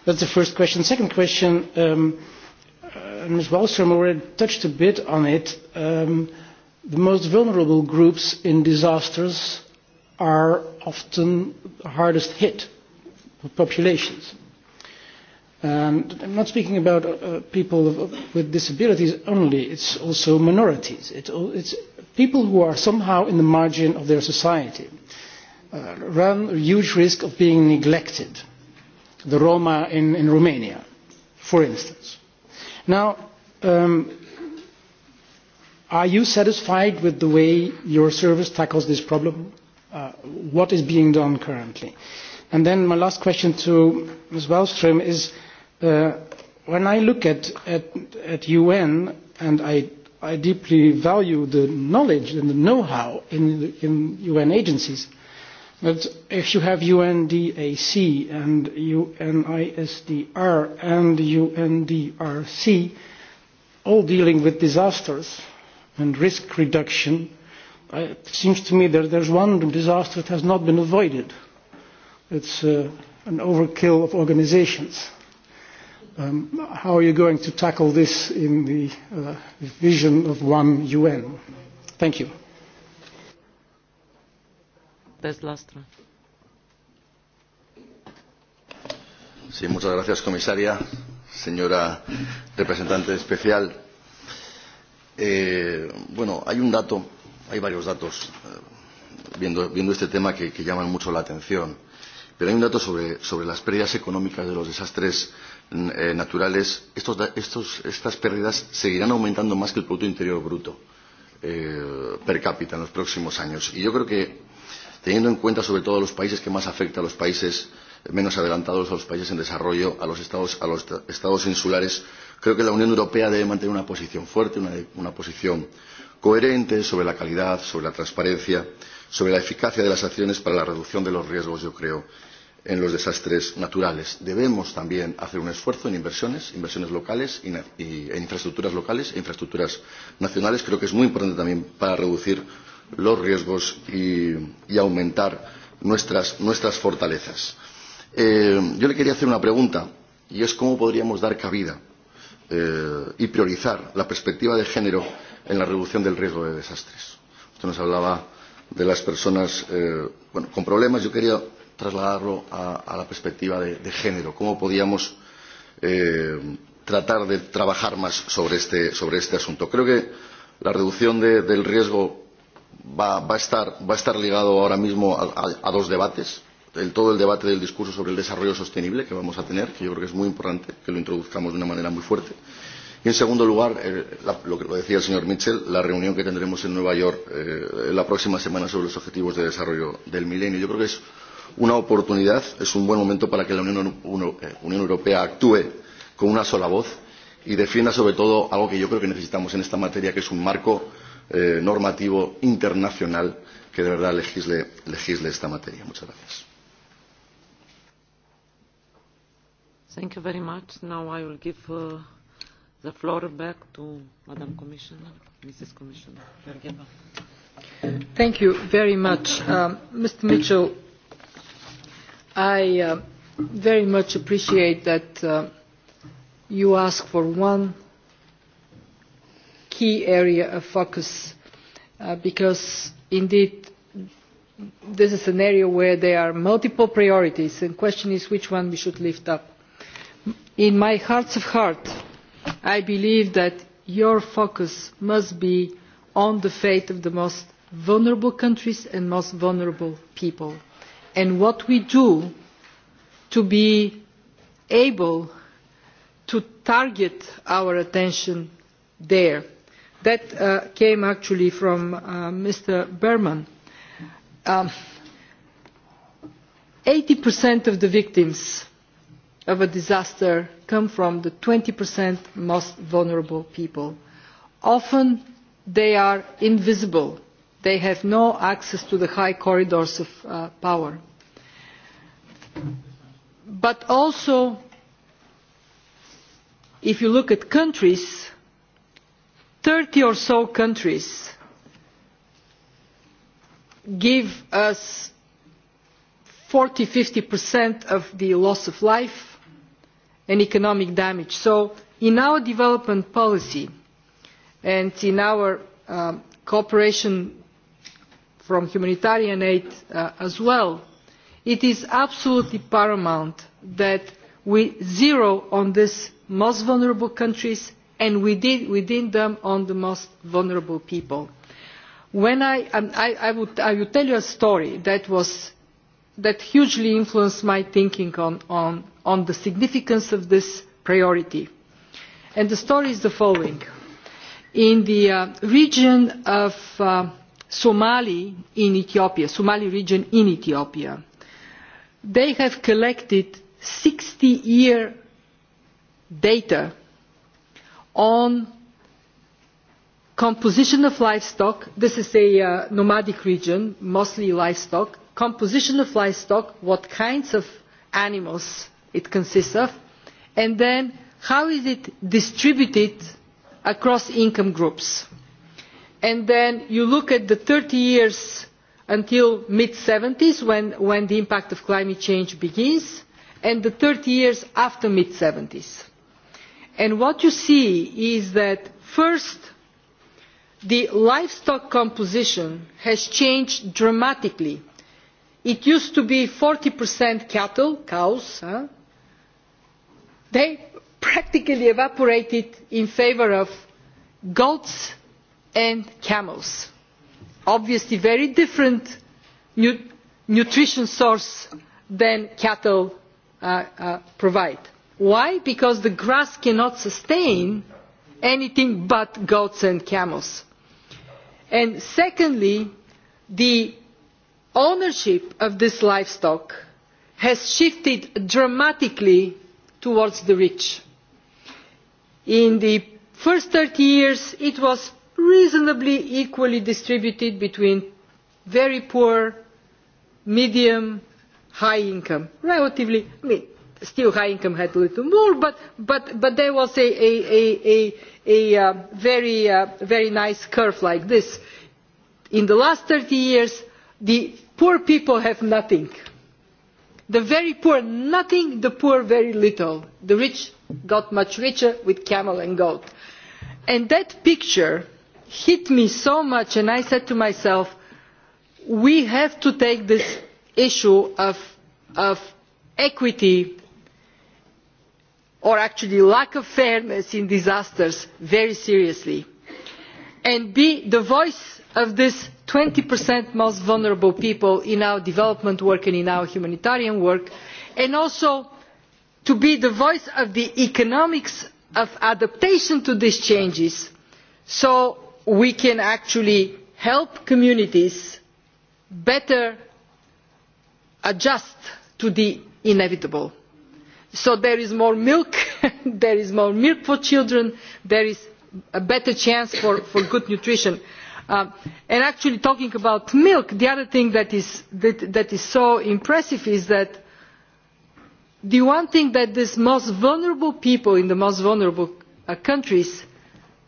That's the first question. Second question, um, uh, Ms. Wallström already touched a bit on it. Um, the most vulnerable groups in disasters are often hardest hit populations. And I'm not speaking about uh, people of, of, with disabilities only, it's also minorities. It, it's people who are somehow in the margin of their society, uh, run a huge risk of being neglected. Uh, the Roma in, in Romania, for instance. Now, um, are you satisfied with the way your service tackles this problem? Uh, what is being done currently? And then my last question to Ms. Wallström is, uh, when I look at, at, at UN, and I, I deeply value the knowledge and the know-how in, in UN agencies, But if you have UNDAC and UNISDR and UNDRC, all dealing with disasters and risk reduction, it seems to me that there's one disaster that has not been avoided. It's uh, an overkill of organizations. Um, how are you going to tackle this in the uh, vision of one UN? Thank you. Deslastra. Sí, muchas gracias, comisaria. Señora representante especial, eh, bueno, hay un dato, hay varios datos eh, viendo, viendo este tema que, que llaman mucho la atención, pero hay un dato sobre, sobre las pérdidas económicas de los desastres eh, naturales. Estos, estos, estas pérdidas seguirán aumentando más que el Producto Interior Bruto eh, per cápita en los próximos años. Y yo creo que teniendo en cuenta sobre todo a los países que más afecta a los países menos adelantados, a los países en desarrollo, a los estados, a los estados insulares, creo que la Unión Europea debe mantener una posición fuerte, una, una posición coherente sobre la calidad, sobre la transparencia, sobre la eficacia de las acciones para la reducción de los riesgos, yo creo, en los desastres naturales. Debemos también hacer un esfuerzo en inversiones, inversiones locales y, y en infraestructuras locales e infraestructuras nacionales. Creo que es muy importante también para reducir los riesgos y, y aumentar nuestras, nuestras fortalezas. Eh, yo le quería hacer una pregunta y es cómo podríamos dar cabida eh, y priorizar la perspectiva de género en la reducción del riesgo de desastres. Usted nos hablaba de las personas eh, bueno, con problemas. Yo quería trasladarlo a, a la perspectiva de, de género. ¿Cómo podíamos eh, tratar de trabajar más sobre este, sobre este asunto? Creo que la reducción de, del riesgo va, va, a, estar, va a estar ligado ahora mismo a, a, a dos debates. El, todo el debate del discurso sobre el desarrollo sostenible que vamos a tener, que yo creo que es muy importante que lo introduzcamos de una manera muy fuerte. Y en segundo lugar, eh, la, lo que lo decía el señor Mitchell, la reunión que tendremos en Nueva York eh, la próxima semana sobre los objetivos de desarrollo del milenio. Yo creo que es una oportunidad, es un buen momento para que la Unión, uno, eh, Unión Europea actúe con una sola voz y defienda sobre todo algo que yo creo que necesitamos en esta materia, que es un marco eh, eh, normativo internacional que de verdad legisle, legisle esta materia. Muchas gracias. Thank you very much. Now I will give uh, the floor back to Madam Commissioner, Mrs. Commissioner. Georgieva. Thank you very much. Um, Mr. Mitchell, I uh, very much appreciate that uh, you ask for one key area of focus uh, because indeed this is an area where there are multiple priorities and the question is which one we should lift up. In my heart of heart, I believe that your focus must be on the fate of the most vulnerable countries and most vulnerable people and what we do to be able to target our attention there That uh, came actually from uh, Mr. Berman. Um, 80% of the victims of a disaster come from the 20% most vulnerable people. Often they are invisible. They have no access to the high corridors of uh, power. But also, if you look at countries, thirty or so countries give us forty fifty of the loss of life and economic damage. so in our development policy and in our um, cooperation from humanitarian aid uh, as well it is absolutely paramount that we zero in on these most vulnerable countries and within, within them on the most vulnerable people. When I, I, I, would, I would tell you a story that, was, that hugely influenced my thinking on, on, on the significance of this priority. And the story is the following. In the uh, region of uh, Somali in Ethiopia, Somali region in Ethiopia, they have collected 60 year data on composition of livestock this is a uh, nomadic region mostly livestock composition of livestock what kinds of animals it consists of and then how is it distributed across income groups and then you look at the 30 years until mid 70s when, when the impact of climate change begins and the 30 years after mid 70s and what you see is that first the livestock composition has changed dramatically. it used to be forty cattle cows eh? they practically evaporated in favour of goats and camels obviously a very different nu nutrition source than cattle uh, uh, provide why? because the grass cannot sustain anything but goats and camels. And secondly the ownership of this livestock has shifted dramatically towards the rich. in the first thirty years it was reasonably equally distributed between very poor medium high income relatively I mean, still high income had a little more, but, but, but there was a, a, a, a, a uh, very, uh, very nice curve like this. In the last 30 years, the poor people have nothing. The very poor, nothing, the poor, very little. The rich got much richer with camel and goat. And that picture hit me so much, and I said to myself, we have to take this issue of, of equity or actually lack of fairness in disasters very seriously and be the voice of these twenty most vulnerable people in our development work and in our humanitarian work and also to be the voice of the economics of adaptation to these changes so we can actually help communities better adjust to the inevitable so there is more milk there is more milk for children there is a better chance for, for good nutrition. Um, and actually talking about milk the other thing that is, that, that is so impressive is that the one thing that the most vulnerable people in the most vulnerable uh, countries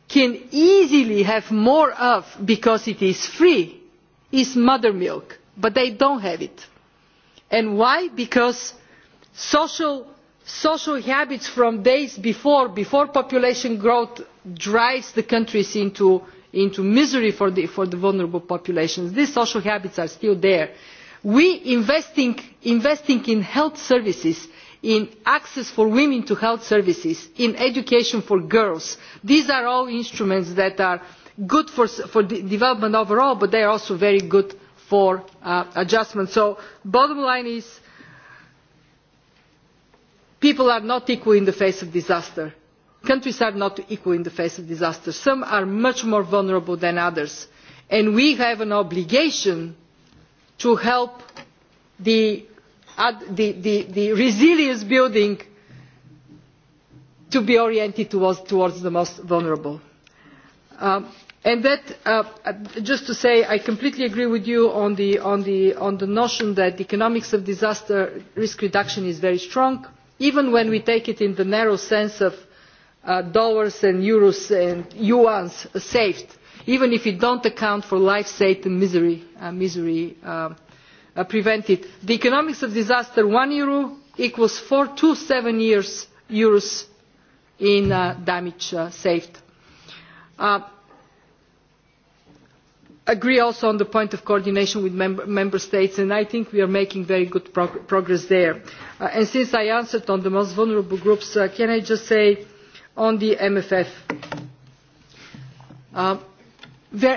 can easily have more of because it is free is mother milk but they do not have it. and why? because social social habits from days before before population growth drives the countries into, into misery for the, for the vulnerable populations these social habits are still there. we investing, investing in health services in access for women to health services in education for girls these are all instruments that are good for, for development overall but they are also very good for uh, adjustment. so the bottom line is people are not equal in the face of disaster countries are not equal in the face of disaster some are much more vulnerable than others and we have an obligation to help the, the, the, the resilience building to be oriented towards, towards the most vulnerable. Um, and that, uh, just to say, I completely agree with you on the, on, the, on the notion that the economics of disaster risk reduction is very strong. Uh, even when we take it in the narrow sense of uh, dollars and euros and yuan saved even if we do not account for life saved and misery, uh, misery um, uh, prevented. the economics of disaster one euro equals four to seven euros in uh, damage uh, saved uh, agree also on the point of coordination with member, member states and i think we are making very good prog progress there. Uh, since i answered on the most vulnerable groups uh, can i just say on the mff uh,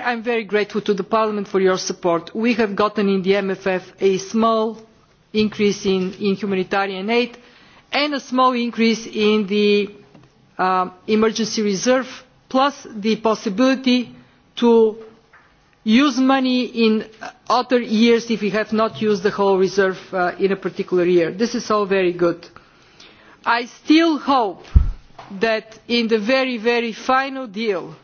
i am very grateful to parliament for your support. we have gotten in the mff a small increase in, in humanitarian aid and a small increase in the uh, emergency reserve plus the possibility to use money in other years if we have not used the whole reserve uh, in a particular year. This is all very good. I still hope that in the very, very final deal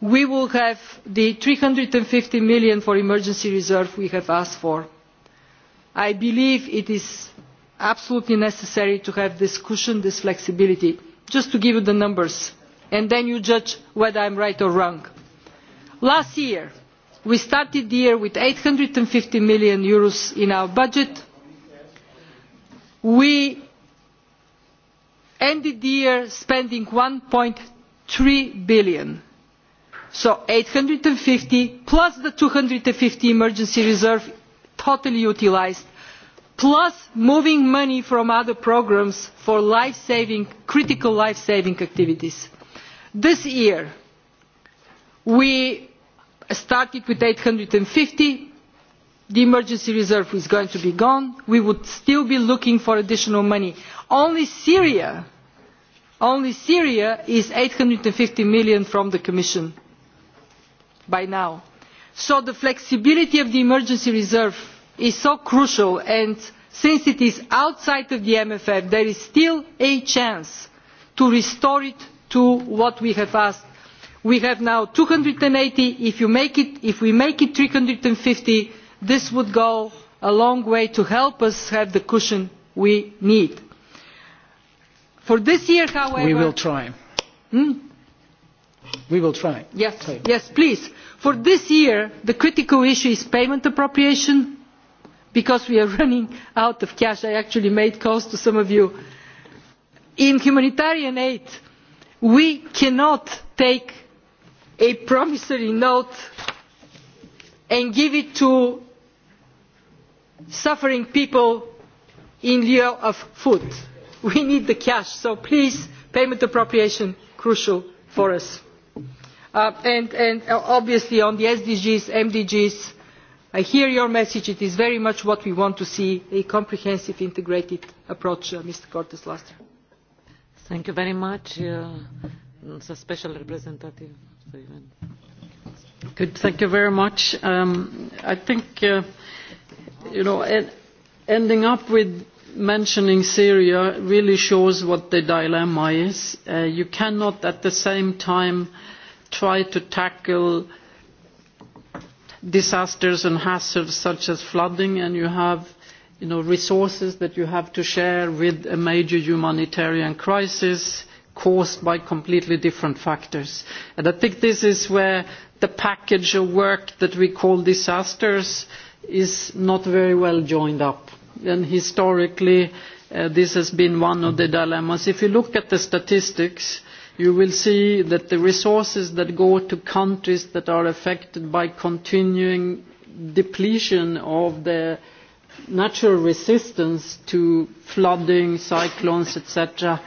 we will have the eur three hundred and fifty million for emergency reserve we have asked for. I believe it is absolutely necessary to have this cushion, this flexibility, just to give you the numbers, and then you judge whether I am right or wrong last year we started the year with eur eight hundred and fifty million Euros in our budget. we ended the year spending eur. one three billion so eight hundred and fifty plus the two hundred and fifty emergency reserve totally utilised plus moving money from other programmes for life saving critical life saving activities. this year we started with eight hundred and fifty the emergency reserve is going to be gone we would still be looking for additional money. only syria is eur eight hundred and fifty million from the commission by now. so the flexibility of the emergency reserve is so crucial and since it is outside the mff there is still a chance to restore it to what we have asked we have now two hundred and eighty if we make it three hundred and fifty this would go a long way to help us have the cushion we need. for this year however we will try. Hmm? we will try. Yes, yes please. for this year the critical issue is payment appropriation because we are running out of cash. i actually made calls to some of you. in humanitarian aid we cannot take a promissory note and give it to suffering people in lieu of food. We need the cash, so please, payment appropriation, crucial for us. Uh, and, and uh, obviously on the SDGs, MDGs, I hear your message. It is very much what we want to see, a comprehensive, integrated approach, uh, Mr. Cortes-Lastra. Thank you very much, uh, Special Representative. Good, thank you very much. Um, I think, uh, you know, it, ending up with mentioning Syria really shows what the dilemma is. Uh, you cannot at the same time try to tackle disasters and hazards such as flooding and you have you know, resources that you have to share with a major humanitarian crisis caused by completely different factors. And I think this is where the package of work that we call disasters is not very well joined up. And historically, uh, this has been one of the dilemmas. If you look at the statistics, you will see that the resources that go to countries that are affected by continuing depletion of the natural resistance to flooding, cyclones, etc.,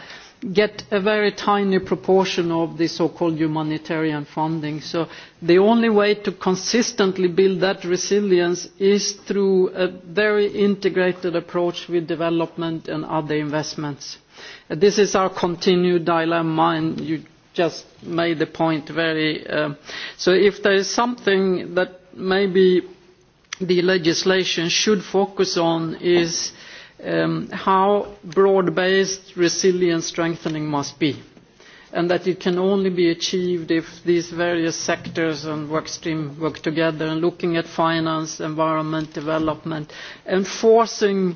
get a very tiny proportion of the so-called humanitarian funding. So the only way to consistently build that resilience is through a very integrated approach with development and other investments. This is our continued dilemma, and you just made the point very. Uh, so if there is something that maybe the legislation should focus on is um, how broad-based resilience strengthening must be and that it can only be achieved if these various sectors and work stream work together and looking at finance, environment, development and forcing,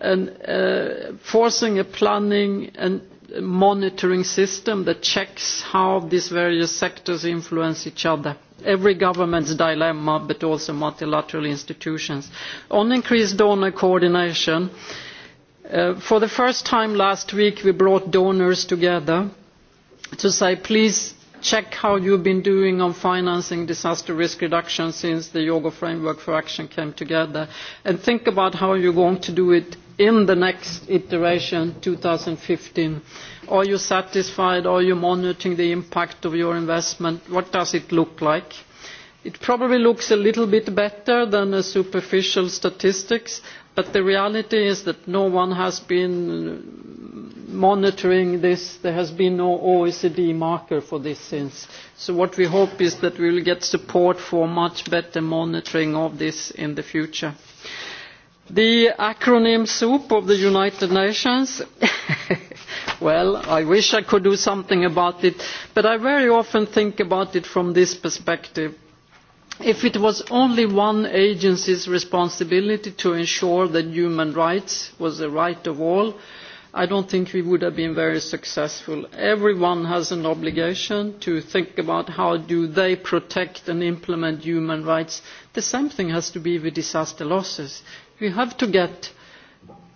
an, uh, forcing a planning and monitoring system that checks how these various sectors influence each other every government's dilemma, but also multilateral institutions. On increased donor coordination, uh, for the first time last week we brought donors together to say, please check how you've been doing on financing disaster risk reduction since the Yoga Framework for Action came together, and think about how you're going to do it in the next iteration, 2015? Are you satisfied? Are you monitoring the impact of your investment? What does it look like? It probably looks a little bit better than the superficial statistics, but the reality is that no one has been monitoring this. There has been no OECD marker for this since. So what we hope is that we will get support for much better monitoring of this in the future. The acronym soup of the United Nations. well, I wish I could do something about it, but I very often think about it from this perspective. If it was only one agency's responsibility to ensure that human rights was the right of all, I don't think we would have been very successful. Everyone has an obligation to think about how do they protect and implement human rights the same thing has to be with disaster losses. We have to get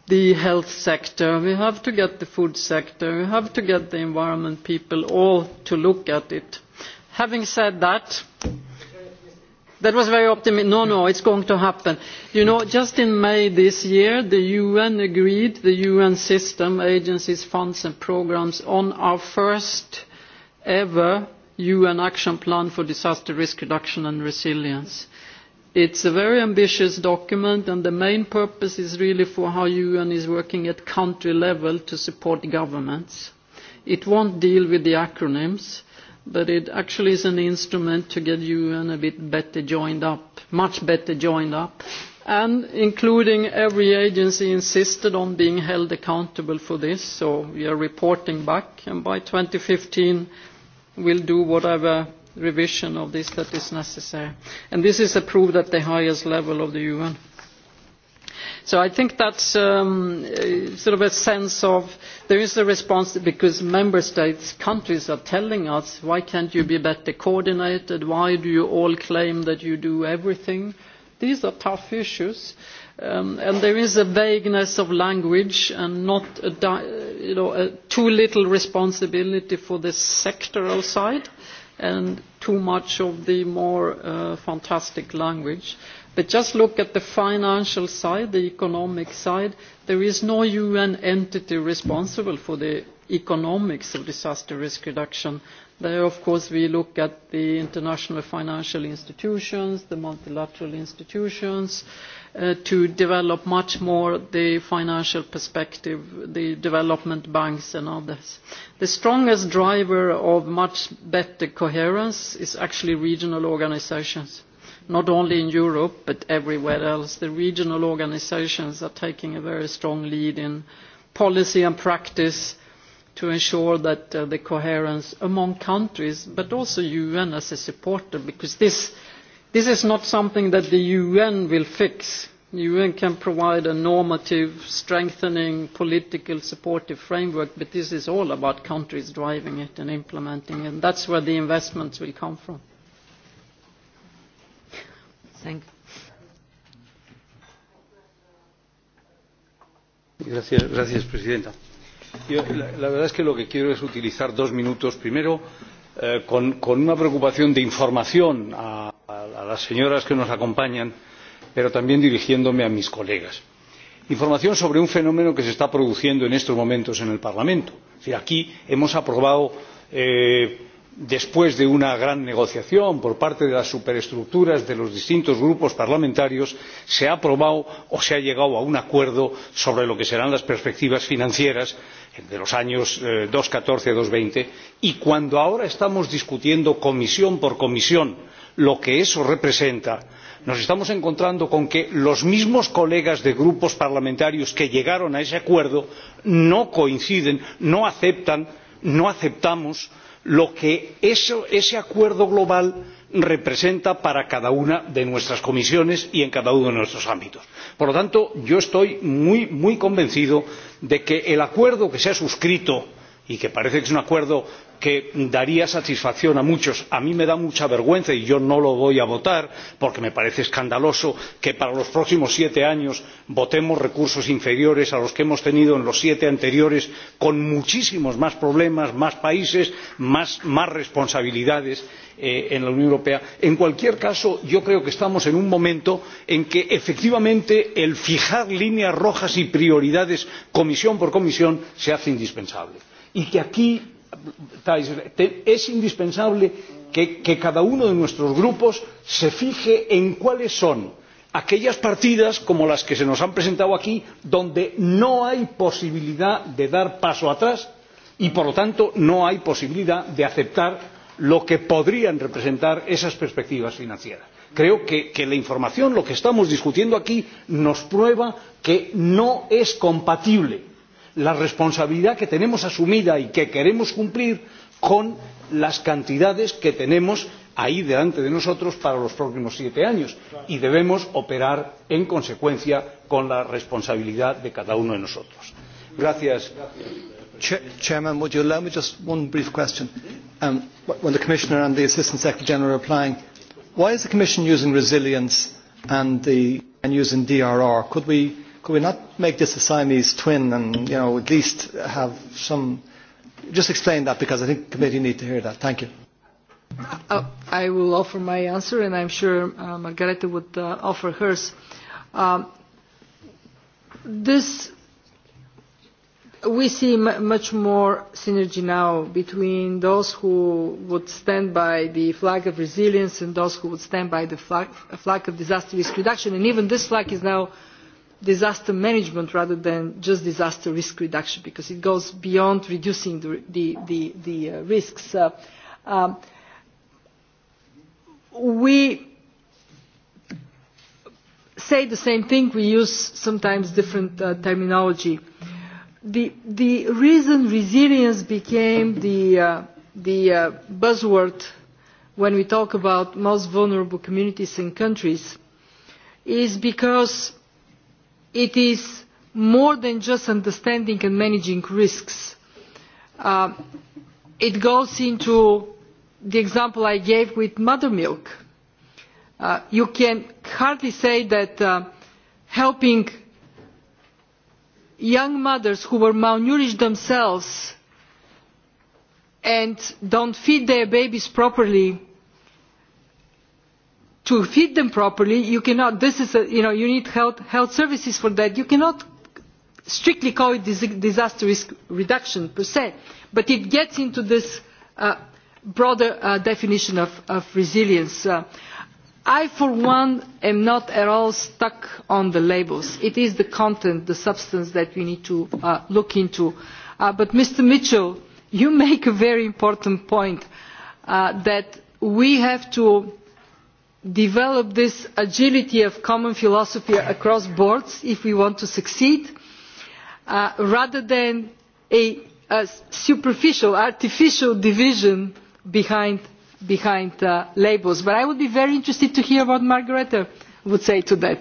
the health sector, we have to get the food sector, we have to get the environment people all to look at it. Having said that, that was very optimistic. No, no, it's going to happen. You know, just in May this year, the UN agreed, the UN system, agencies, funds and programs, on our first ever UN action plan for disaster risk reduction and resilience it's a very ambitious document and the main purpose is really for how UN is working at country level to support governments. It won't deal with the acronyms, but it actually is an instrument to get UN a bit better joined up, much better joined up, and including every agency insisted on being held accountable for this, so we are reporting back, and by 2015 we'll do whatever revision of this that is necessary. And this is approved at the highest level of the UN. So I think that's um, uh, sort of a sense of there is a response because member states, countries are telling us, why can't you be better coordinated? Why do you all claim that you do everything? These are tough issues. Um, and there is a vagueness of language and not a, you know, a too little responsibility for the sectoral side and too much of the more uh, fantastic language. But just look at the financial side, the economic side. There is no UN entity responsible for the economics of disaster risk reduction There, of course, we look at the international financial institutions, the multilateral institutions, uh, to develop much more the financial perspective, the development banks and others. The strongest driver of much better coherence is actually regional organizations not only in Europe but everywhere else. The regional organizations are taking a very strong lead in policy and practice to ensure that uh, the coherence among countries, but also UN as a supporter, because this, this is not something that the UN will fix. The UN can provide a normative, strengthening, political, supportive framework, but this is all about countries driving it and implementing it, and that's where the investments will come from. Thank you. Gracias, gracias, Presidenta Yo, la, la verdad es que lo que quiero es utilizar dos minutos. Primero, eh, con, con una preocupación de información a, a, a las señoras que nos acompañan, pero también dirigiéndome a mis colegas. Información sobre un fenómeno que se está produciendo en estos momentos en el Parlamento. Es decir, aquí hemos aprobado eh, después de una gran negociación por parte de las superestructuras de los distintos grupos parlamentarios se ha aprobado o se ha llegado a un acuerdo sobre lo que serán las perspectivas financieras de los años eh, dos mil catorce dos mil veinte y cuando ahora estamos discutiendo comisión por comisión lo que eso representa nos estamos encontrando con que los mismos colegas de grupos parlamentarios que llegaron a ese acuerdo no coinciden no aceptan no aceptamos lo que eso, ese acuerdo global representa para cada una de nuestras comisiones y en cada uno de nuestros ámbitos. por lo tanto yo estoy muy, muy convencido de que el acuerdo que se ha suscrito y que parece que es un acuerdo que daría satisfacción a muchos a mí me da mucha vergüenza y yo no lo voy a votar porque me parece escandaloso que para los próximos siete años votemos recursos inferiores a los que hemos tenido en los siete anteriores con muchísimos más problemas más países más responsabilidades eh, en la unión europea. en cualquier caso yo creo que estamos en un momento en que efectivamente el fijar líneas rojas y prioridades comisión por comisión se hace indispensable y que aquí es indispensable que, que cada uno de nuestros grupos se fije en cuáles son aquellas partidas como las que se nos han presentado aquí donde no hay posibilidad de dar paso atrás y por lo tanto no hay posibilidad de aceptar lo que podrían representar esas perspectivas financieras. creo que, que la información lo que estamos discutiendo aquí nos prueba que no es compatible la responsabilidad que tenemos asumida y que queremos cumplir con las cantidades que tenemos ahí delante de nosotros para los próximos siete años y debemos operar en consecuencia con la responsabilidad de cada uno de nosotros. Gracias. Chairman, would you allow me just one brief question? Um, when the Commissioner and the Assistant Secretary General are replying, why is the Commission using resilience and, the, and using DRR? Could we could we not make this a Siamese twin and, you know, at least have some... Just explain that because I think the committee need to hear that. Thank you. Uh, I will offer my answer and I'm sure uh, Margareta would uh, offer hers. Um, this we see m much more synergy now between those who would stand by the flag of resilience and those who would stand by the flag, flag of disaster risk reduction. And even this flag is now disaster management rather than just disaster risk reduction because it goes beyond reducing the, the, the, the uh, risks. Uh, um, we say the same thing, we use sometimes different uh, terminology. The, the reason resilience became the, uh, the uh, buzzword when we talk about most vulnerable communities and countries is because it is more than just understanding and managing risks. Uh, it goes into the example I gave with mother milk. Uh, you can hardly say that uh, helping young mothers who were malnourished themselves and do not feed their babies properly to feed them properly you cannot this is a, you know you need health health services for that you cannot strictly call it disaster risk reduction per se but it gets into this uh, broader uh, definition of, of resilience uh, i for one am not at all stuck on the labels it is the content the substance that we need to uh, look into uh, but mr mitchell you make a very important point uh, that we have to develop this agility of common philosophy across boards if we want to succeed uh, rather than a, a superficial artificial division behind, behind uh, labels. but i would be very interested to hear what margareta would say to that.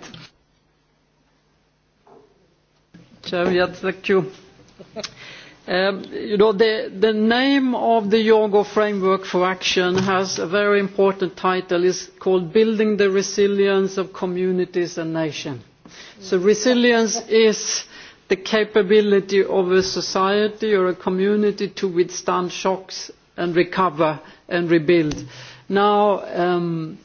Chaviat, thank you. Um, you know, the, the name of the Yogo Framework for Action has a very important title. It's called Building the Resilience of Communities and Nations. So resilience is the capability of a society or a community to withstand shocks and recover and rebuild. Now, um,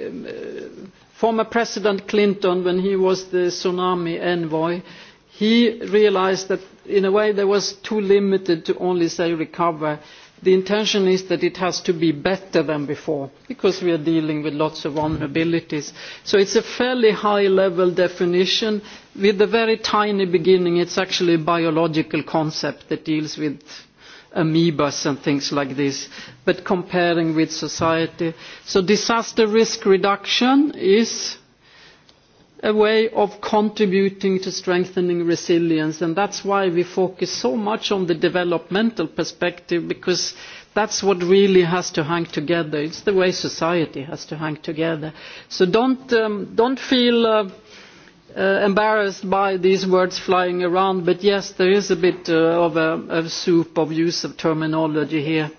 um uh, former President Clinton, when he was the tsunami envoy, he realized that in a way that was too limited to only say recover. The intention is that it has to be better than before because we are dealing with lots of vulnerabilities. So it's a fairly high level definition with a very tiny beginning. It's actually a biological concept that deals with amoebas and things like this, but comparing with society. So disaster risk reduction is a way of contributing to strengthening resilience and that is why we focus so much on the developmental perspective because that is what really has to hang together it is the way society has to hang together. so do not um, feel uh, uh, embarrassed by these words flying around but yes there is a bit uh, of a, a soup of use of terminology here.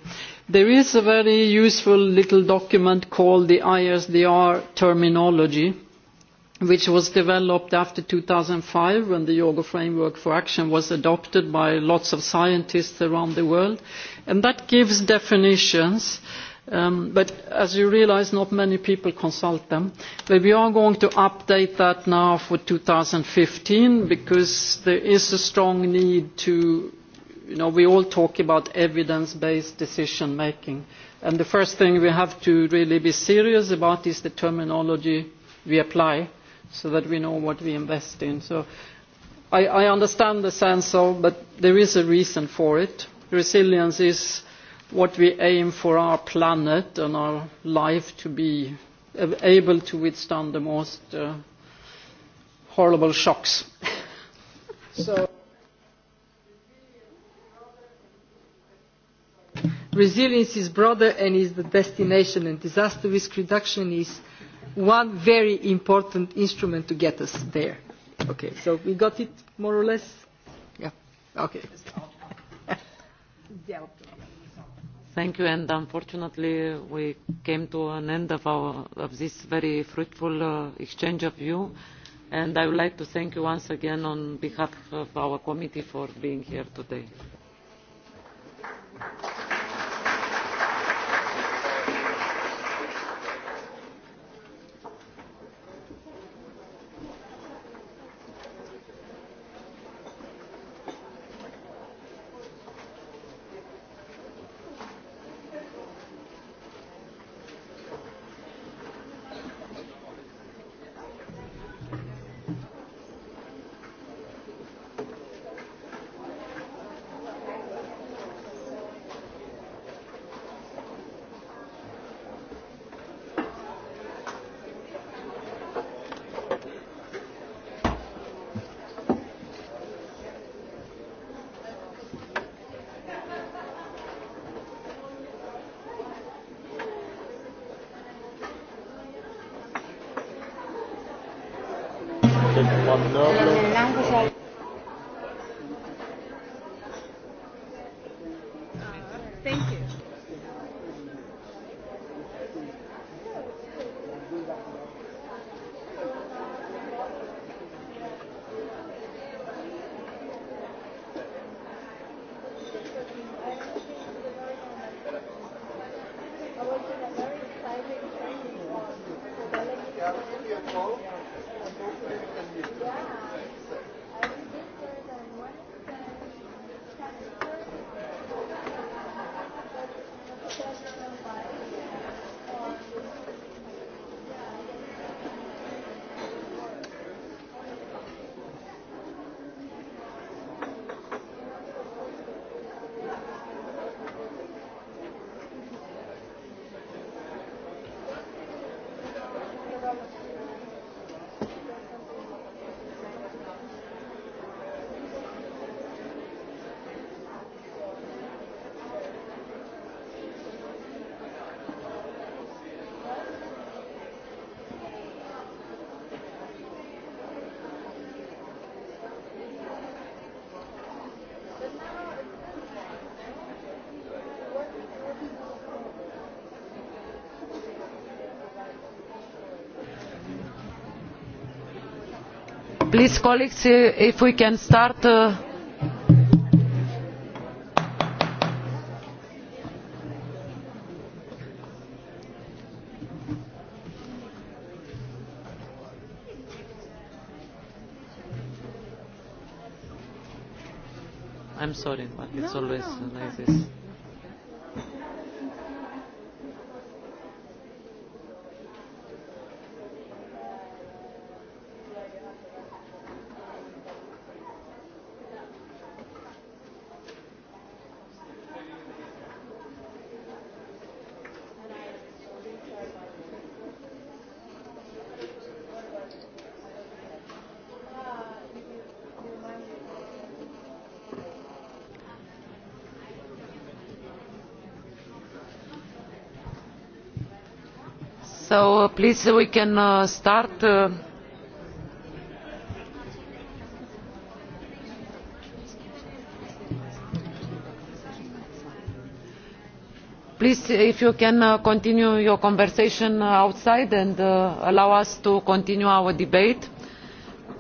There is a very useful little document called the ISDR terminology which was developed after 2005 when the Yoga Framework for Action was adopted by lots of scientists around the world. And that gives definitions, um, but as you realize, not many people consult them. But we are going to update that now for 2015 because there is a strong need to, you know, we all talk about evidence-based decision making. And the first thing we have to really be serious about is the terminology we apply so that we know what we invest in. So I, I understand the sense of, but there is a reason for it. Resilience is what we aim for our planet and our life to be able to withstand the most uh, horrible shocks. so resilience is broader and is the destination and disaster risk reduction is one very important instrument to get us there. Okay, so we got it more or less? Yeah, okay. Thank you, and unfortunately we came to an end of, our, of this very fruitful uh, exchange of view, and I would like to thank you once again on behalf of our committee for being here today. Thank you. please colleagues if we can start uh... i'm sorry but it's no, always no, no. like this so uh, please we can uh, start. Uh, please if you can uh, continue your conversation uh, outside and uh, allow us to continue our debate.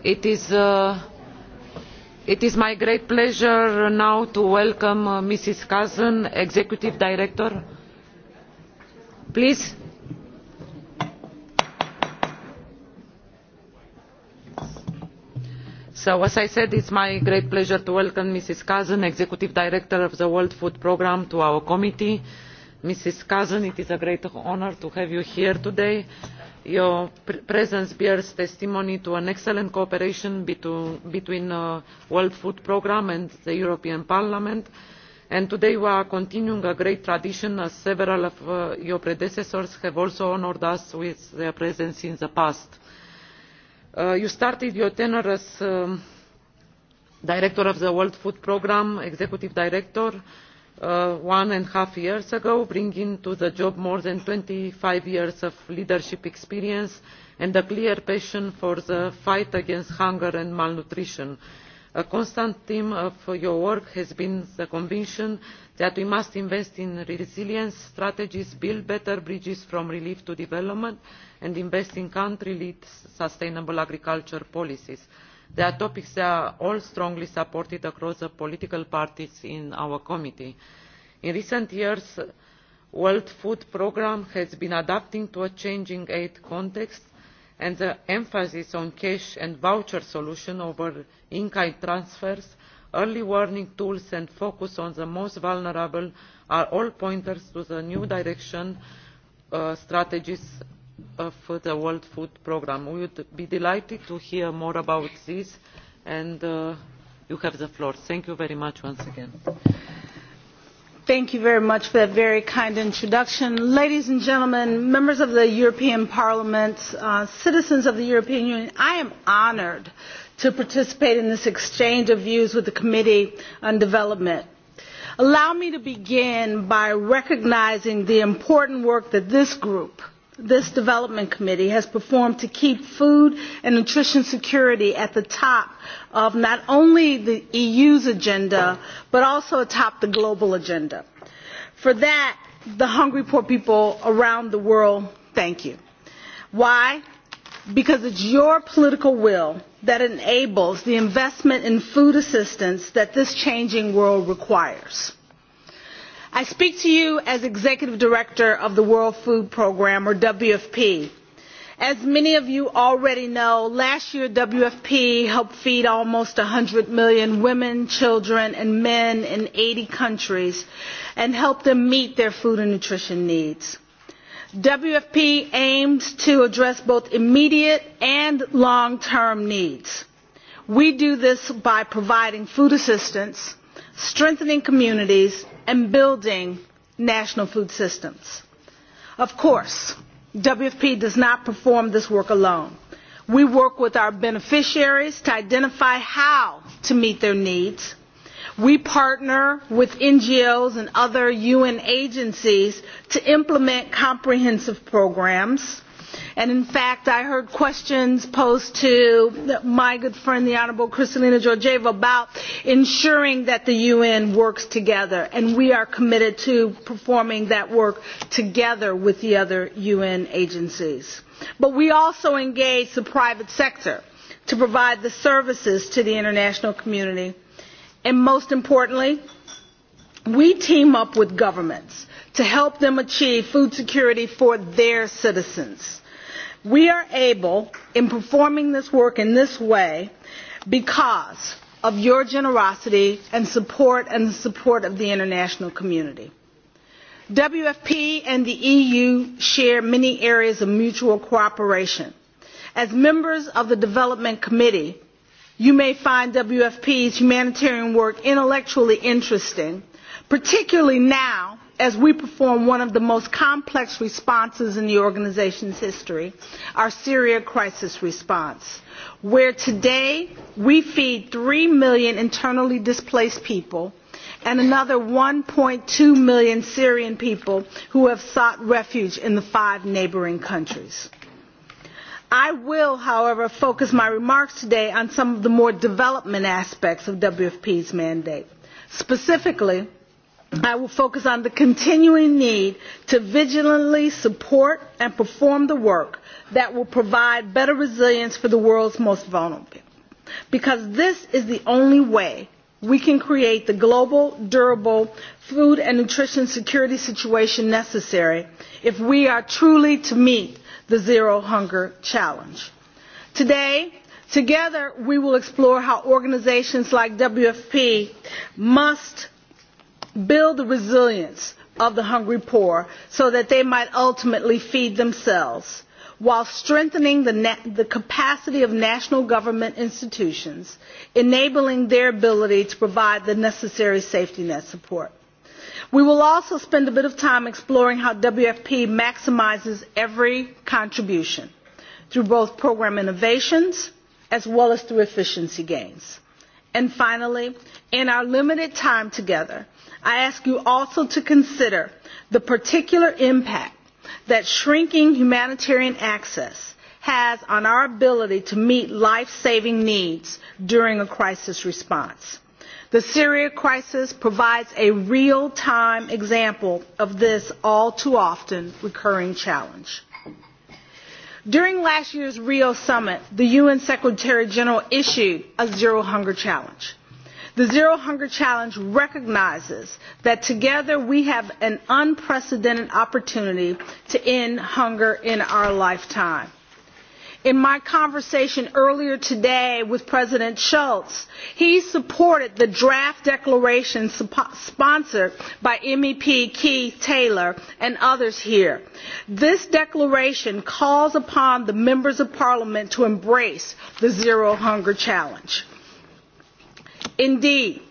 It is, uh, it is my great pleasure now to welcome uh, Mrs. Kazan, Executive Director. Please so as i said it is my great pleasure to welcome mrs kazen executive director of the world food programme to our committee. mrs kazen it is a great honour to have you here today. your presence bears testimony to an excellent cooperation between the uh, world food programme and the european parliament and today we are continuing a great tradition as several of uh, your predecessors have also honoured us with their presence in the past Uh, you started your tenure as um, director of the world food programme executive director uh, one and a half years ago bringing to the job more than twenty five years of leadership experience and a clear passion for the fight against hunger and malnutrition a uh, constant theme of your work has been the conviction that we must invest in resilience strategies build better bridges from relief to development and invest in country led sustainable agriculture policies. they are topics that are all strongly supported across the political parties in our committee. in recent years the world food programme has been adapting to a changing aid context and the emphasis on cash and voucher solutions over in kind transfers early warning tools and focus on the most vulnerable are all pointers to the new direction uh, strategies uh, of the world food programme. we would be delighted to hear more about this and uh, you have the floor. thank you very much once again. Thank you very much for that very kind introduction. Ladies and gentlemen, members of the European Parliament, uh, citizens of the European Union, I am honored to participate in this exchange of views with the Committee on Development. Allow me to begin by recognizing the important work that this group – this development committee has performed to keep food and nutrition security at the top of not only the EU's agenda, but also atop the global agenda. For that, the hungry poor people around the world thank you. Why? Because it's your political will that enables the investment in food assistance that this changing world requires i speak to you as executive director of the world food programme or wfp. as many of you already know last year wfp helped feed almost one hundred million women children and men in eighty countries and helped them meet their food and nutrition needs. wfp aims to address both immediate and long term needs. we do this by providing food assistance strengthening communities and building national food systems. Of course, WFP does not perform this work alone. We work with our beneficiaries to identify how to meet their needs. We partner with NGOs and other UN agencies to implement comprehensive programs And in fact, I heard questions posed to my good friend, the Honorable Kristalina Georgieva, about ensuring that the UN works together. And we are committed to performing that work together with the other UN agencies. But we also engage the private sector to provide the services to the international community. And most importantly, we team up with governments to help them achieve food security for their citizens. We are able, in performing this work in this way, because of your generosity and support and the support of the international community. WFP and the EU share many areas of mutual cooperation. As members of the Development Committee, you may find WFP's humanitarian work intellectually interesting, particularly now as we perform one of the most complex responses in the organization's history, our Syria crisis response, where today we feed 3 million internally displaced people and another 1.2 million Syrian people who have sought refuge in the five neighboring countries. I will, however, focus my remarks today on some of the more development aspects of WFP's mandate. Specifically, I will focus on the continuing need to vigilantly support and perform the work that will provide better resilience for the world's most vulnerable. Because this is the only way we can create the global, durable food and nutrition security situation necessary if we are truly to meet the zero hunger challenge. Today, together we will explore how organizations like WFP must build the resilience of the hungry poor so that they might ultimately feed themselves while strengthening the, the capacity of national government institutions, enabling their ability to provide the necessary safety net support. We will also spend a bit of time exploring how WFP maximizes every contribution through both program innovations as well as through efficiency gains. And finally, in our limited time together, I ask you also to consider the particular impact that shrinking humanitarian access has on our ability to meet life saving needs during a crisis response. The Syria crisis provides a real time example of this all too often recurring challenge. During last year's Rio summit, the UN Secretary General issued a zero hunger challenge. The Zero Hunger Challenge recognizes that together we have an unprecedented opportunity to end hunger in our lifetime. In my conversation earlier today with President Schultz, he supported the draft declaration sponsored by MEP Keith Taylor and others here. This declaration calls upon the members of parliament to embrace the Zero Hunger Challenge. Indeed,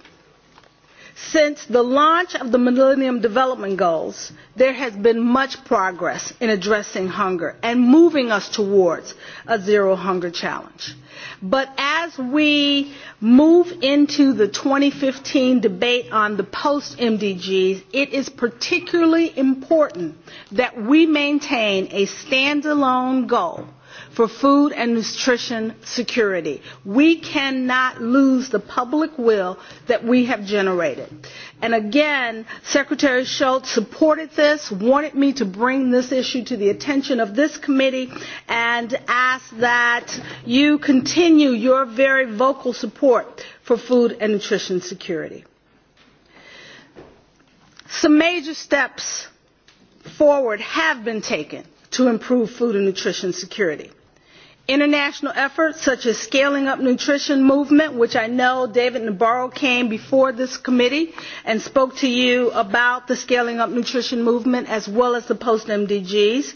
since the launch of the Millennium Development Goals, there has been much progress in addressing hunger and moving us towards a zero hunger challenge. But as we move into the 2015 debate on the post MDGs, it is particularly important that we maintain a standalone goal for food and nutrition security. We cannot lose the public will that we have generated. And again, Secretary Schultz supported this, wanted me to bring this issue to the attention of this committee, and ask that you continue your very vocal support for food and nutrition security. Some major steps forward have been taken to improve food and nutrition security. International efforts such as Scaling Up Nutrition Movement, which I know David Nabarro came before this committee and spoke to you about the Scaling Up Nutrition Movement as well as the post-MDGs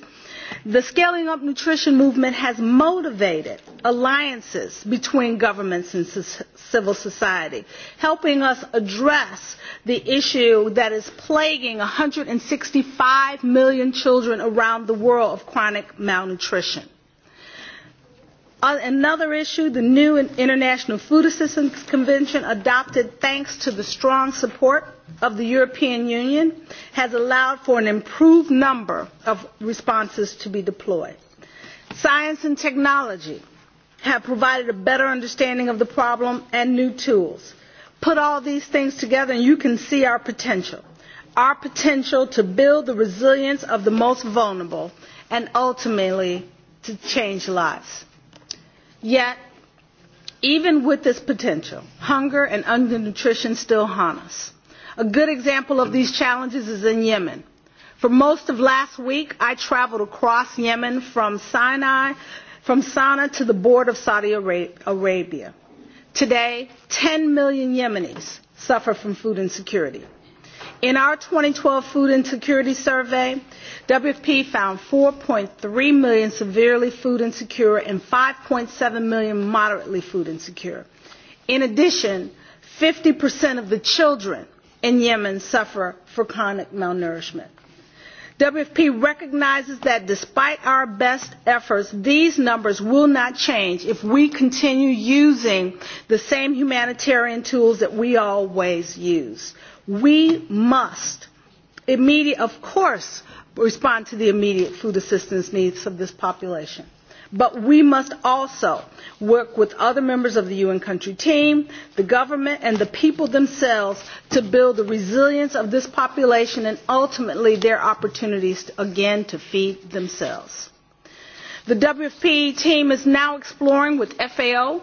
The Scaling Up Nutrition movement has motivated alliances between governments and civil society, helping us address the issue that is plaguing 165 million children around the world of chronic malnutrition. On another issue, the new International Food Assistance Convention, adopted thanks to the strong support of the European Union, has allowed for an improved number of responses to be deployed. Science and technology have provided a better understanding of the problem and new tools. Put all these things together and you can see our potential. Our potential to build the resilience of the most vulnerable and ultimately to change lives. Yet, even with this potential, hunger and undernutrition still haunt us. A good example of these challenges is in Yemen. For most of last week, I traveled across Yemen from Sinai, from Sana'a to the border of Saudi Arabia. Today, 10 million Yemenis suffer from food insecurity. In our 2012 food insecurity survey, WFP found 4.3 million severely food insecure and 5.7 million moderately food insecure. In addition, 50% of the children in Yemen suffer from chronic malnourishment. WFP recognizes that despite our best efforts, these numbers will not change if we continue using the same humanitarian tools that we always use We must immediate, of course, respond to the immediate food assistance needs of this population. But we must also work with other members of the UN country team, the government, and the people themselves to build the resilience of this population and ultimately their opportunities, to, again, to feed themselves. The WFP team is now exploring with FAO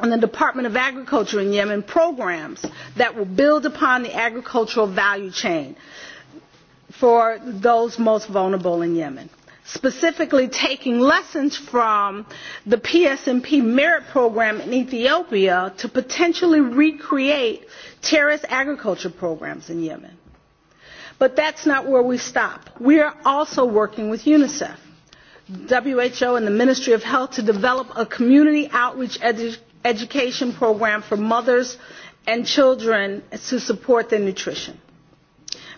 and the Department of Agriculture in Yemen programs that will build upon the agricultural value chain for those most vulnerable in Yemen. Specifically, taking lessons from the PSNP merit program in Ethiopia to potentially recreate terrorist agriculture programs in Yemen. But that's not where we stop. We are also working with UNICEF, WHO, and the Ministry of Health to develop a community outreach education education program for mothers and children to support their nutrition.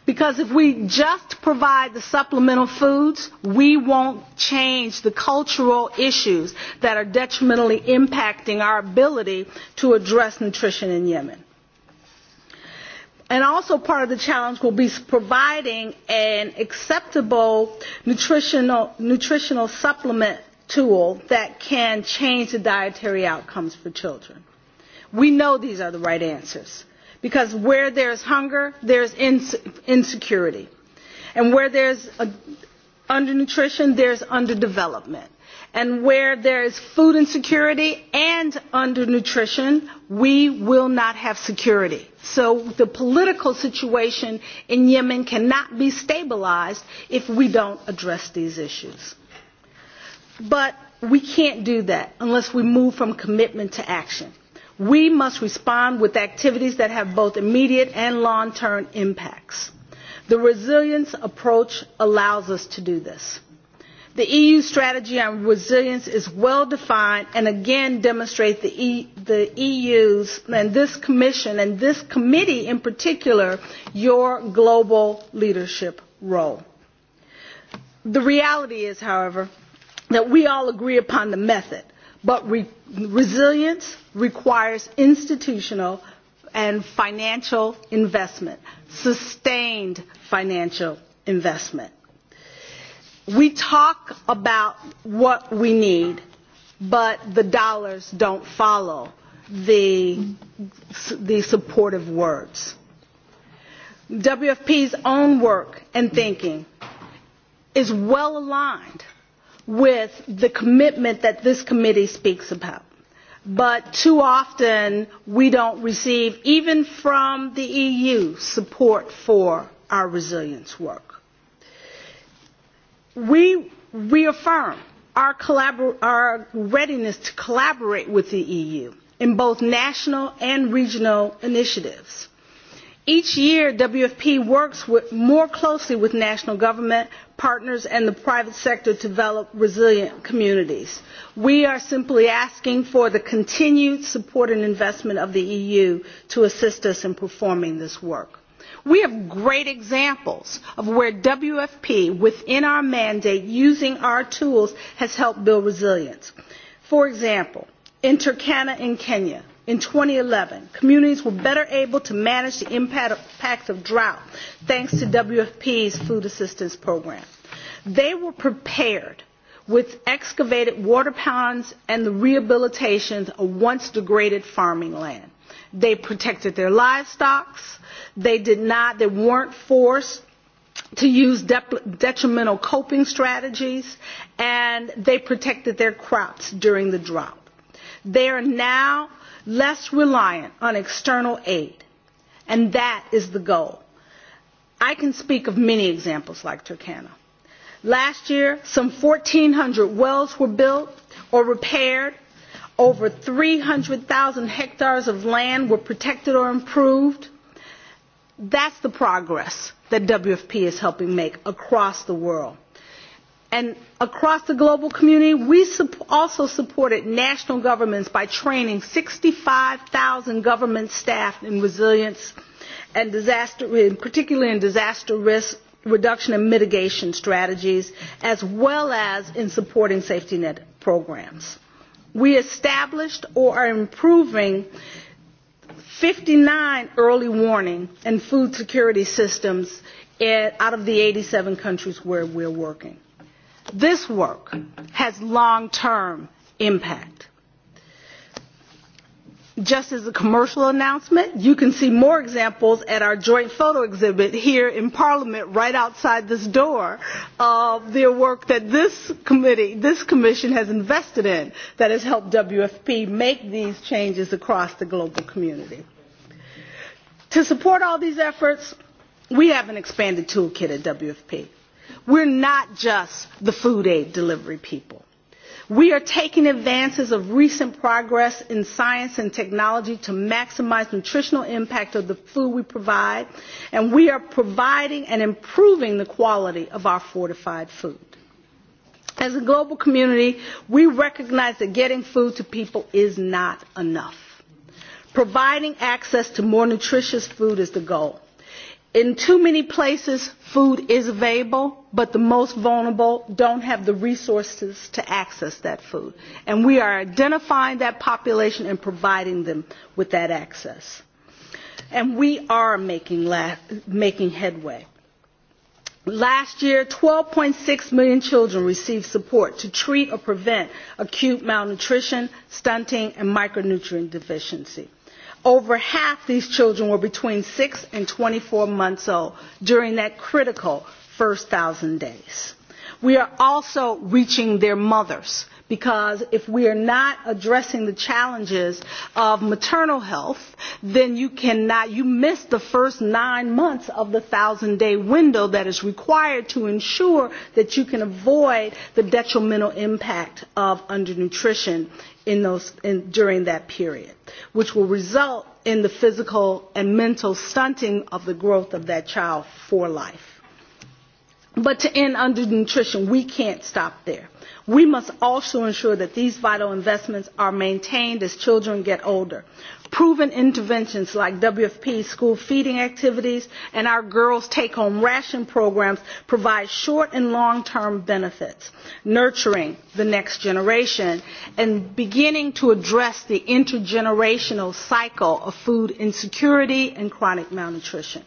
Because if we just provide the supplemental foods, we won't change the cultural issues that are detrimentally impacting our ability to address nutrition in Yemen. And also part of the challenge will be providing an acceptable nutritional, nutritional supplement tool that can change the dietary outcomes for children? We know these are the right answers because where there's hunger, there's ins- insecurity. And where there's a, uh, undernutrition, there's underdevelopment. And where there is food insecurity and undernutrition, we will not have security. So the political situation in Yemen cannot be stabilized if we don't address these issues. But we can't do that unless we move from commitment to action. We must respond with activities that have both immediate and long term impacts. The resilience approach allows us to do this. The EU strategy on resilience is well defined and again demonstrates the, e, the EU's and this commission and this committee in particular your global leadership role. The reality is, however, that we all agree upon the method, but re- resilience requires institutional and financial investment, sustained financial investment. We talk about what we need, but the dollars don't follow the, the supportive words. WFP's own work and thinking is well aligned with the commitment that this committee speaks about. But too often we don't receive, even from the EU, support for our resilience work. We reaffirm our, collabor- our readiness to collaborate with the EU in both national and regional initiatives. Each year, WFP works with, more closely with national government partners and the private sector to develop resilient communities. We are simply asking for the continued support and investment of the EU to assist us in performing this work. We have great examples of where WFP, within our mandate, using our tools, has helped build resilience. For example, in Turkana in Kenya, in 2011, communities were better able to manage the impact of drought thanks to WFP's food assistance program. They were prepared with excavated water ponds and the rehabilitation of once degraded farming land. They protected their livestock. They did not, they weren't forced to use de- detrimental coping strategies, and they protected their crops during the drought. They are now less reliant on external aid. And that is the goal. I can speak of many examples like Turkana. Last year, some 1,400 wells were built or repaired. Over 300,000 hectares of land were protected or improved. That's the progress that WFP is helping make across the world and across the global community, we sup also supported national governments by training 65,000 government staff in resilience and disaster, in particularly in disaster risk reduction and mitigation strategies, as well as in supporting safety net programs. We established or are improving 59 early warning and food security systems in, out of the 87 countries where we're working. This work has long-term impact. Just as a commercial announcement, you can see more examples at our joint photo exhibit here in Parliament right outside this door of the work that this committee, this commission has invested in that has helped WFP make these changes across the global community. To support all these efforts, we have an expanded toolkit at WFP We're not just the food aid delivery people. We are taking advances of recent progress in science and technology to maximize nutritional impact of the food we provide, and we are providing and improving the quality of our fortified food. As a global community, we recognize that getting food to people is not enough. Providing access to more nutritious food is the goal in too many places food is available but the most vulnerable don't have the resources to access that food and we are identifying that population and providing them with that access and we are making la- making headway Last year, 12.6 million children received support to treat or prevent acute malnutrition, stunting, and micronutrient deficiency over half these children were between 6 and 24 months old during that critical first thousand days. We are also reaching their mothers because if we are not addressing the challenges of maternal health, then you cannot, you miss the first nine months of the thousand day window that is required to ensure that you can avoid the detrimental impact of undernutrition in those, in, during that period, which will result in the physical and mental stunting of the growth of that child for life. But to end undernutrition, we can't stop there. We must also ensure that these vital investments are maintained as children get older. Proven interventions like WFP school feeding activities and our girls take home ration programs provide short and long term benefits, nurturing the next generation and beginning to address the intergenerational cycle of food insecurity and chronic malnutrition.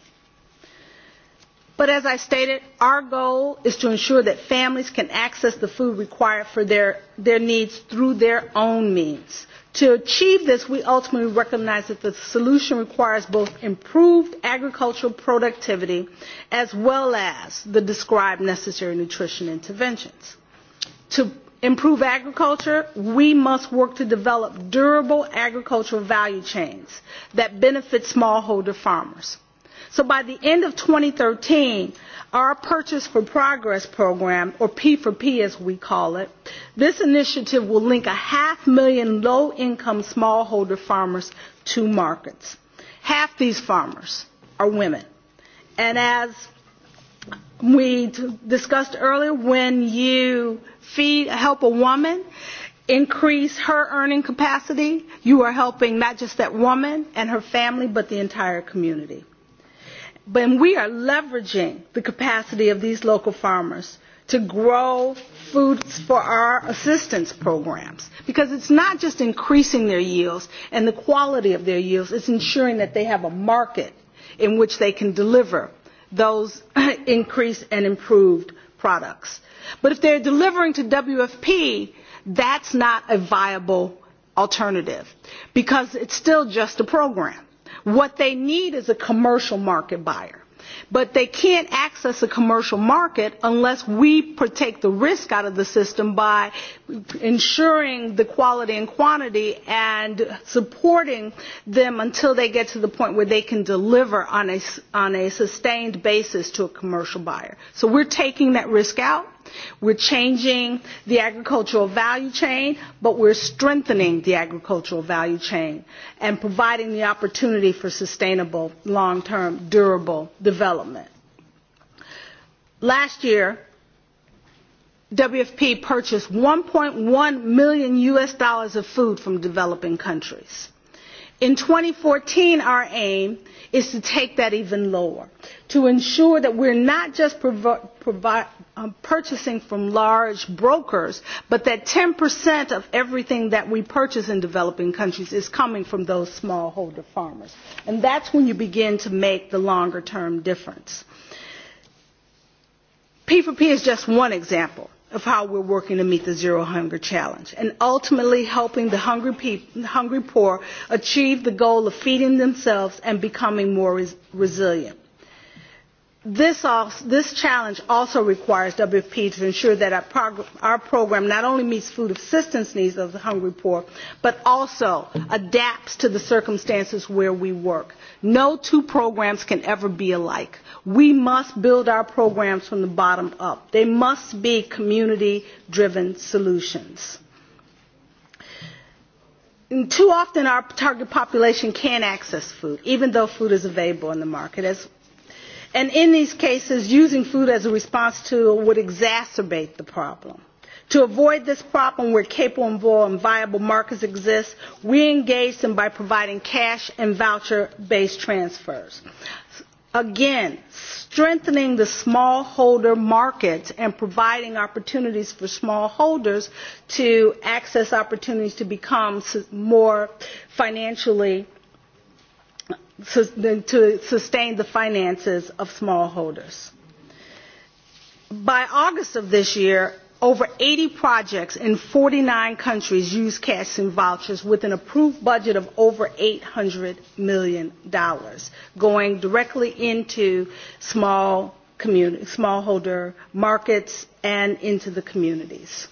But as I stated, our goal is to ensure that families can access the food required for their, their needs through their own means. To achieve this, we ultimately recognize that the solution requires both improved agricultural productivity as well as the described necessary nutrition interventions. To improve agriculture, we must work to develop durable agricultural value chains that benefit smallholder farmers. So by the end of 2013, our Purchase for Progress program, or P4P as we call it, this initiative will link a half million low-income smallholder farmers to markets. Half these farmers are women. And as we discussed earlier, when you feed, help a woman, increase her earning capacity, you are helping not just that woman and her family, but the entire community when we are leveraging the capacity of these local farmers to grow foods for our assistance programs because it's not just increasing their yields and the quality of their yields, it's ensuring that they have a market in which they can deliver those increased and improved products. But if they're delivering to WFP, that's not a viable alternative because it's still just a program What they need is a commercial market buyer. But they can't access a commercial market unless we take the risk out of the system by ensuring the quality and quantity and supporting them until they get to the point where they can deliver on a, on a sustained basis to a commercial buyer. So we're taking that risk out We're changing the agricultural value chain, but we're strengthening the agricultural value chain and providing the opportunity for sustainable, long-term, durable development. Last year, WFP purchased 1.1 million US dollars of food from developing countries. In 2014, our aim is to take that even lower, to ensure that we're not just provi- provi- um, purchasing from large brokers, but that 10% of everything that we purchase in developing countries is coming from those smallholder farmers. And that's when you begin to make the longer term difference. P4P is just one example of how we're working to meet the Zero Hunger Challenge and ultimately helping the hungry, people, hungry poor achieve the goal of feeding themselves and becoming more res- resilient. This, also, this challenge also requires WFP to ensure that our, prog our program not only meets food assistance needs of the hungry poor, but also adapts to the circumstances where we work. No two programs can ever be alike. We must build our programs from the bottom up. They must be community-driven solutions. And too often our target population can't access food, even though food is available in the market. As And in these cases, using food as a response tool would exacerbate the problem. To avoid this problem where capable and viable markets exist, we engage them by providing cash and voucher-based transfers. Again, strengthening the smallholder market and providing opportunities for smallholders to access opportunities to become more financially uh, to sustain the finances of smallholders. By August of this year, over 80 projects in 49 countries use cash and vouchers with an approved budget of over $800 million going directly into small community, smallholder markets and into the communities.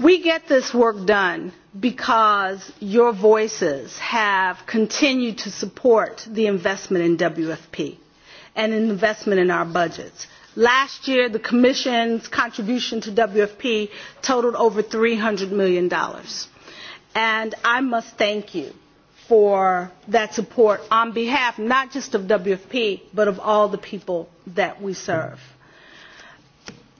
We get this work done because your voices have continued to support the investment in WFP and an investment in our budgets. Last year, the Commission's contribution to WFP totaled over $300 million. And I must thank you for that support on behalf not just of WFP, but of all the people that we serve.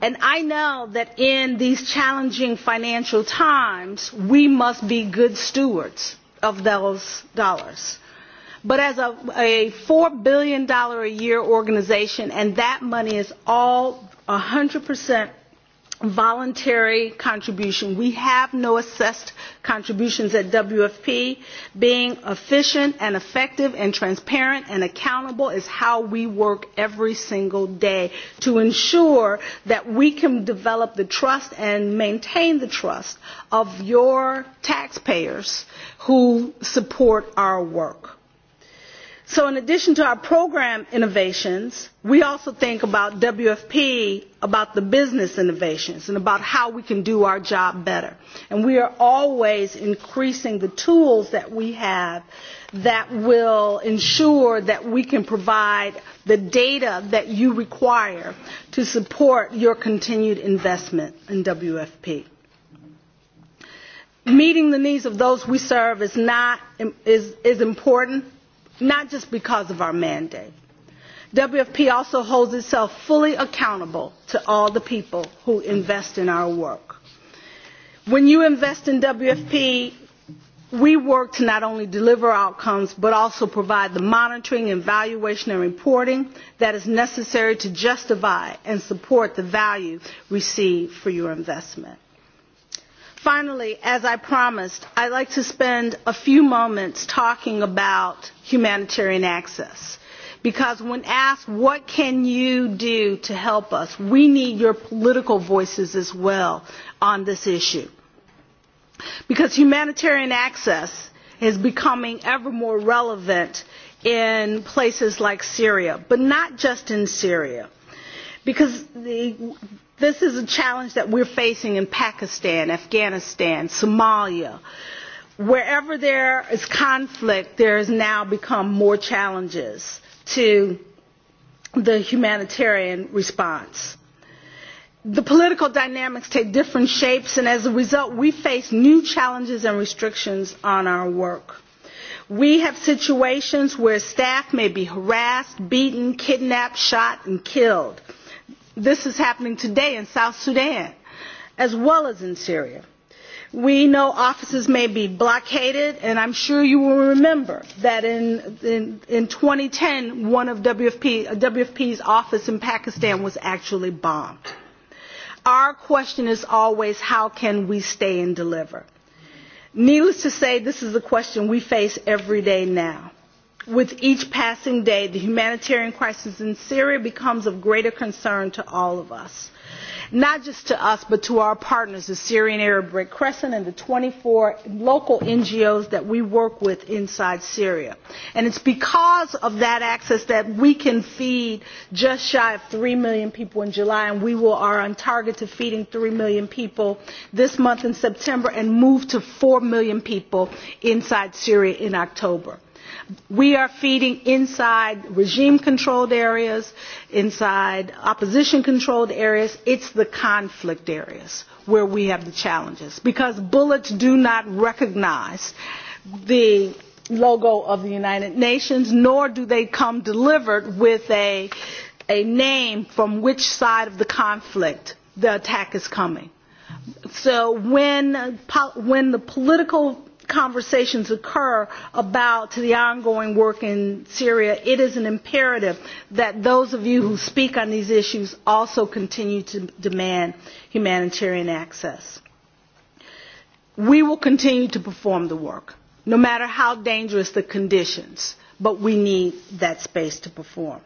And I know that in these challenging financial times, we must be good stewards of those dollars. But as a, a $4 billion a year organization, and that money is all 100% voluntary contribution. We have no assessed contributions at WFP. Being efficient and effective and transparent and accountable is how we work every single day to ensure that we can develop the trust and maintain the trust of your taxpayers who support our work so in addition to our programme innovations we also think about wfp about the business innovations and about how we can do our job better and we are always increasing the tools that we have that will ensure that we can provide the data that you require to support your continued investment in wfp meeting the needs of those we serve is not is is important not just because of our mandate. WFP also holds itself fully accountable to all the people who invest in our work. When you invest in WFP, we work to not only deliver outcomes but also provide the monitoring, evaluation, and reporting that is necessary to justify and support the value received for your investment. Finally, as I promised, I'd like to spend a few moments talking about humanitarian access. Because when asked, what can you do to help us, we need your political voices as well on this issue. Because humanitarian access is becoming ever more relevant in places like Syria, but not just in Syria. Because the, this is a challenge that we're facing in Pakistan, Afghanistan, Somalia. Uh, wherever there is conflict, there has now become more challenges to the humanitarian response. The political dynamics take different shapes, and as a result, we face new challenges and restrictions on our work. We have situations where staff may be harassed, beaten, kidnapped, shot, and killed. This is happening today in South Sudan, as well as in Syria. We know offices may be blockaded, and I'm sure you will remember that in, in, in 2010, one of WFP, WFP's office in Pakistan was actually bombed. Our question is always how can we stay and deliver? Needless to say, this is a question we face every day now. With each passing day, the humanitarian crisis in Syria becomes of greater concern to all of us not just to us but to our partners, the Syrian Arab Red Crescent and the 24 local NGOs that we work with inside Syria. And it's because of that access that we can feed just shy of 3 million people in July, and we will are on target to feeding 3 million people this month in September and move to 4 million people inside Syria in October. We are feeding inside regime controlled areas, inside opposition controlled areas. It's the conflict areas where we have the challenges because bullets do not recognize the logo of the United Nations, nor do they come delivered with a, a name from which side of the conflict the attack is coming. So when, when the political conversations occur about the ongoing work in Syria, it is an imperative that those of you who speak on these issues also continue to demand humanitarian access. We will continue to perform the work, no matter how dangerous the conditions, but we need that space to perform.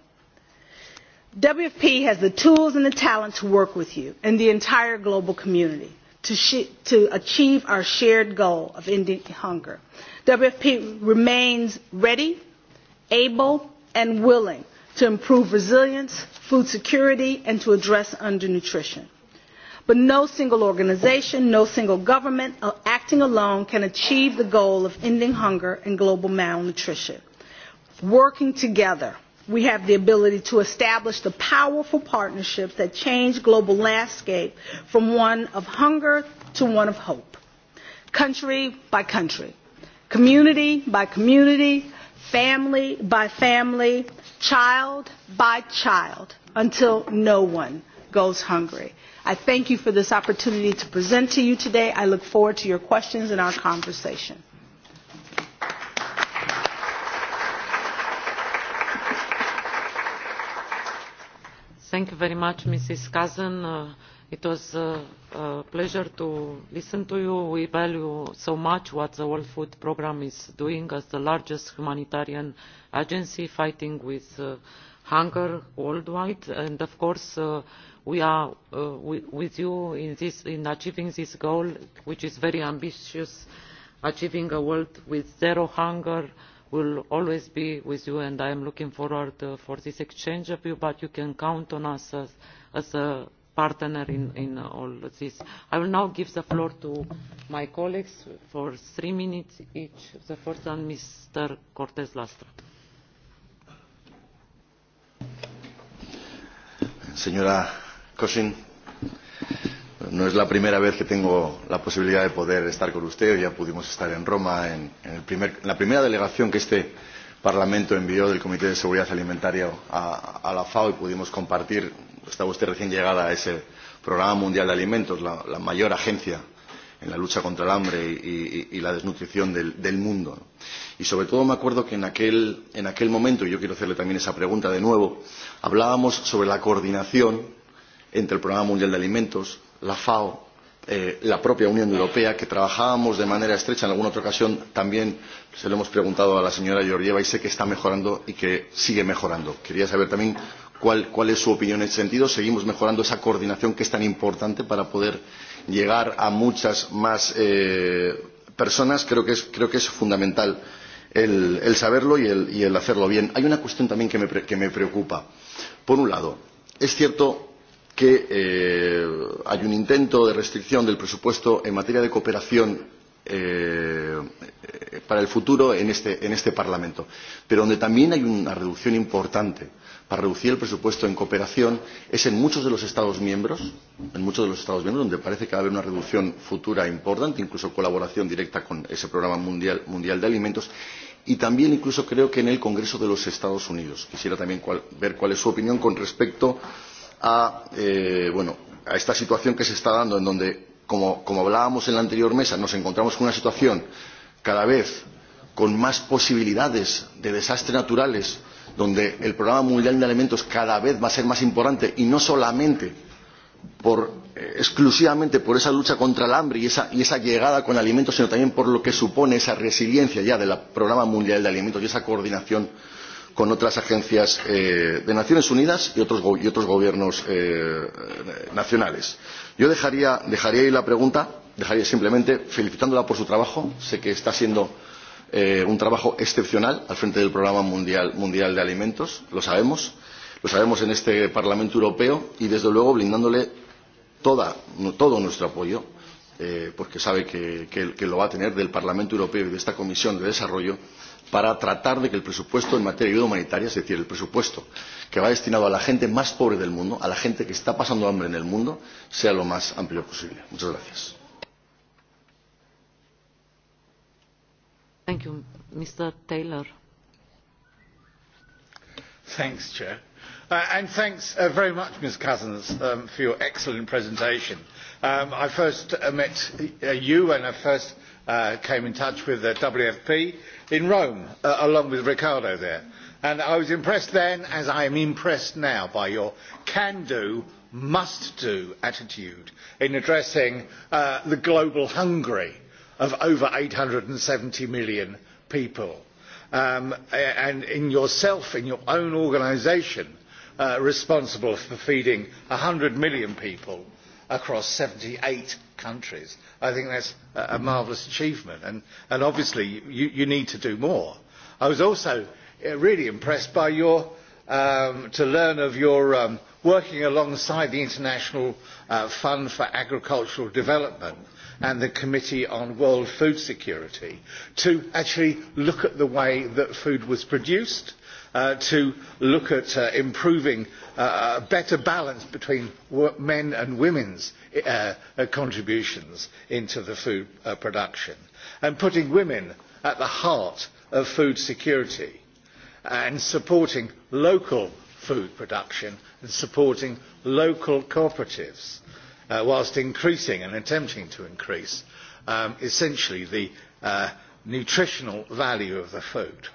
WFP has the tools and the talent to work with you and the entire global community to, sh- to achieve our shared goal of ending hunger. WFP remains ready, able, and willing to improve resilience, food security, and to address undernutrition. But no single organization, no single government uh, acting alone can achieve the goal of ending hunger and global malnutrition. Working together, we have the ability to establish the powerful partnerships that change global landscape from one of hunger to one of hope, country by country, community by community, family by family, child by child, until no one goes hungry. I thank you for this opportunity to present to you today. I look forward to your questions and our conversation. Thank you very much, Mrs. Kazan. Uh, it was a, uh, a pleasure to listen to you. We value so much what the World Food Programme is doing as the largest humanitarian agency fighting with uh, hunger worldwide. And of course, uh, we are uh, we, with you in, this, in achieving this goal, which is very ambitious, achieving a world with zero hunger, will always be with you and i am looking forward to uh, for this exchange of views but you can count on us as, as a partner in, in all this. i will now give the floor to my colleagues for three minutes each. the first one mr cortez lastra. señora cochin No es la primera vez que tengo la posibilidad de poder estar con usted. Ya pudimos estar en Roma, en, en, el primer, en la primera delegación que este Parlamento envió del Comité de Seguridad Alimentaria a, a la FAO y pudimos compartir. Estaba usted recién llegada a ese Programa Mundial de Alimentos, la, la mayor agencia en la lucha contra el hambre y, y, y la desnutrición del, del mundo. ¿no? Y sobre todo me acuerdo que en aquel, en aquel momento, y yo quiero hacerle también esa pregunta de nuevo, hablábamos sobre la coordinación entre el Programa Mundial de Alimentos, la FAO, eh, la propia Unión Europea, que trabajábamos de manera estrecha en alguna otra ocasión, también se lo hemos preguntado a la señora Georgieva y sé que está mejorando y que sigue mejorando. Quería saber también cuál, cuál es su opinión en ese sentido. Seguimos mejorando esa coordinación que es tan importante para poder llegar a muchas más eh, personas. Creo que es, creo que es fundamental el, el saberlo y el, y el hacerlo bien. Hay una cuestión también que me, que me preocupa. Por un lado, es cierto que eh, hay un intento de restricción del presupuesto en materia de cooperación eh, eh, para el futuro en este, en este Parlamento, pero donde también hay una reducción importante para reducir el presupuesto en cooperación es en muchos de los Estados miembros, en muchos de los Estados miembros, donde parece que va a haber una reducción futura importante, incluso colaboración directa con ese programa mundial, mundial de alimentos, y también incluso creo que en el Congreso de los Estados Unidos. Quisiera también cual, ver cuál es su opinión con respecto a a, eh, bueno, a esta situación que se está dando, en donde, como, como hablábamos en la anterior mesa, nos encontramos con una situación cada vez con más posibilidades de desastres naturales, donde el programa mundial de alimentos cada vez va a ser más importante y no solamente por, eh, exclusivamente por esa lucha contra el hambre y esa, y esa llegada con alimentos, sino también por lo que supone esa resiliencia ya del programa mundial de alimentos y esa coordinación eh, con otras agencias eh, de Naciones Unidas y otros, y otros gobiernos eh, nacionales. Yo dejaría, dejaría ahí la pregunta, dejaría simplemente felicitándola por su trabajo. Sé que está siendo eh, un trabajo excepcional al frente del Programa Mundial, mundial de Alimentos, lo sabemos, lo sabemos en este Parlamento Europeo y, desde luego, brindándole toda, todo nuestro apoyo eh, porque sabe que, que, que lo va a tener del Parlamento Europeo y de esta Comisión de Desarrollo para tratar de que el presupuesto en materia de ayuda humanitaria, es decir, el presupuesto que va destinado a la gente más pobre del mundo, a la gente que está pasando hambre en el mundo, sea lo más amplio posible. Muchas gracias. Thank you. Mr. Taylor. Thanks, Chair. Uh, and thanks uh, very much, Ms. Cousins, um, for your excellent presentation. Um, I first uh, met uh, you and I first uh, uh, came in touch with the uh, WFP in Rome, uh, along with Ricardo there. And I was impressed then, as I am impressed now, by your can-do, must-do attitude in addressing uh, the global hungry of over 870 million people. Um, and in yourself, in your own organisation, uh, responsible for feeding 100 million people across 78 countries. I think that's a marvellous achievement, and, and obviously you, you need to do more. I was also uh, really impressed by your um, to learn of your um, working alongside the International uh, Fund for Agricultural Development and the Committee on World Food Security to actually look at the way that food was produced, uh, to look at uh, improving uh, a better balance between men and women's Uh, uh, contributions into the food uh, production and putting women at the heart of food security and supporting local food production and supporting local cooperatives uh, whilst increasing and attempting to increase um, essentially the uh, nutritional value of the food.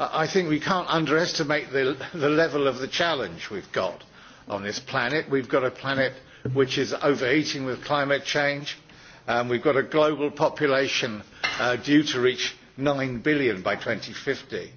I think we can't underestimate the, the level of the challenge we've got on this planet. We've got a planet uh, which is overheating with climate change. Um, we've got a global population uh, due to reach 9 billion by 2050.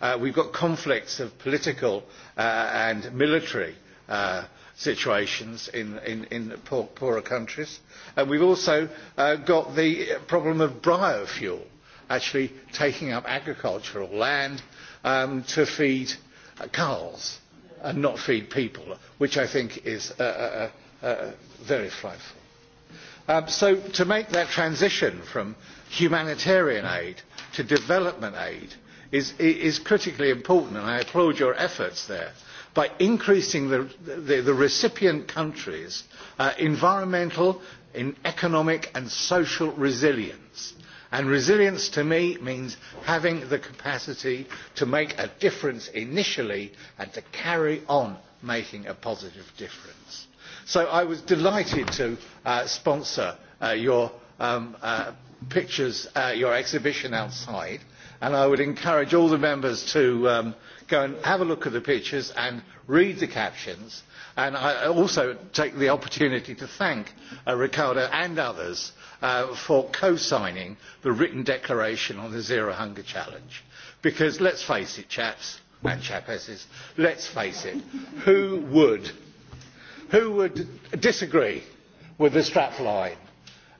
Uh, we've got conflicts of political uh, and military uh, situations in, in, in poor, poorer countries. And we've also uh, got the problem of biofuel, actually taking up agricultural land um, to feed uh, cows and not feed people, which I think is a, a, uh, very frightful. Um, so to make that transition from humanitarian aid to development aid is, is critically important, and I applaud your efforts there by increasing the, the, the recipient countries' uh, environmental, in economic and social resilience. And resilience to me means having the capacity to make a difference initially and to carry on making a positive difference so i was delighted to uh, sponsor uh, your um, uh, pictures your exhibition outside and i would encourage all the members to um, go and have a look at the pictures and read the captions and i also take the opportunity to thank ricardo and others for co signing the written declaration on the zero hunger challenge because let us face it chaps and chapesses let us face it who would who would disagree with the strapline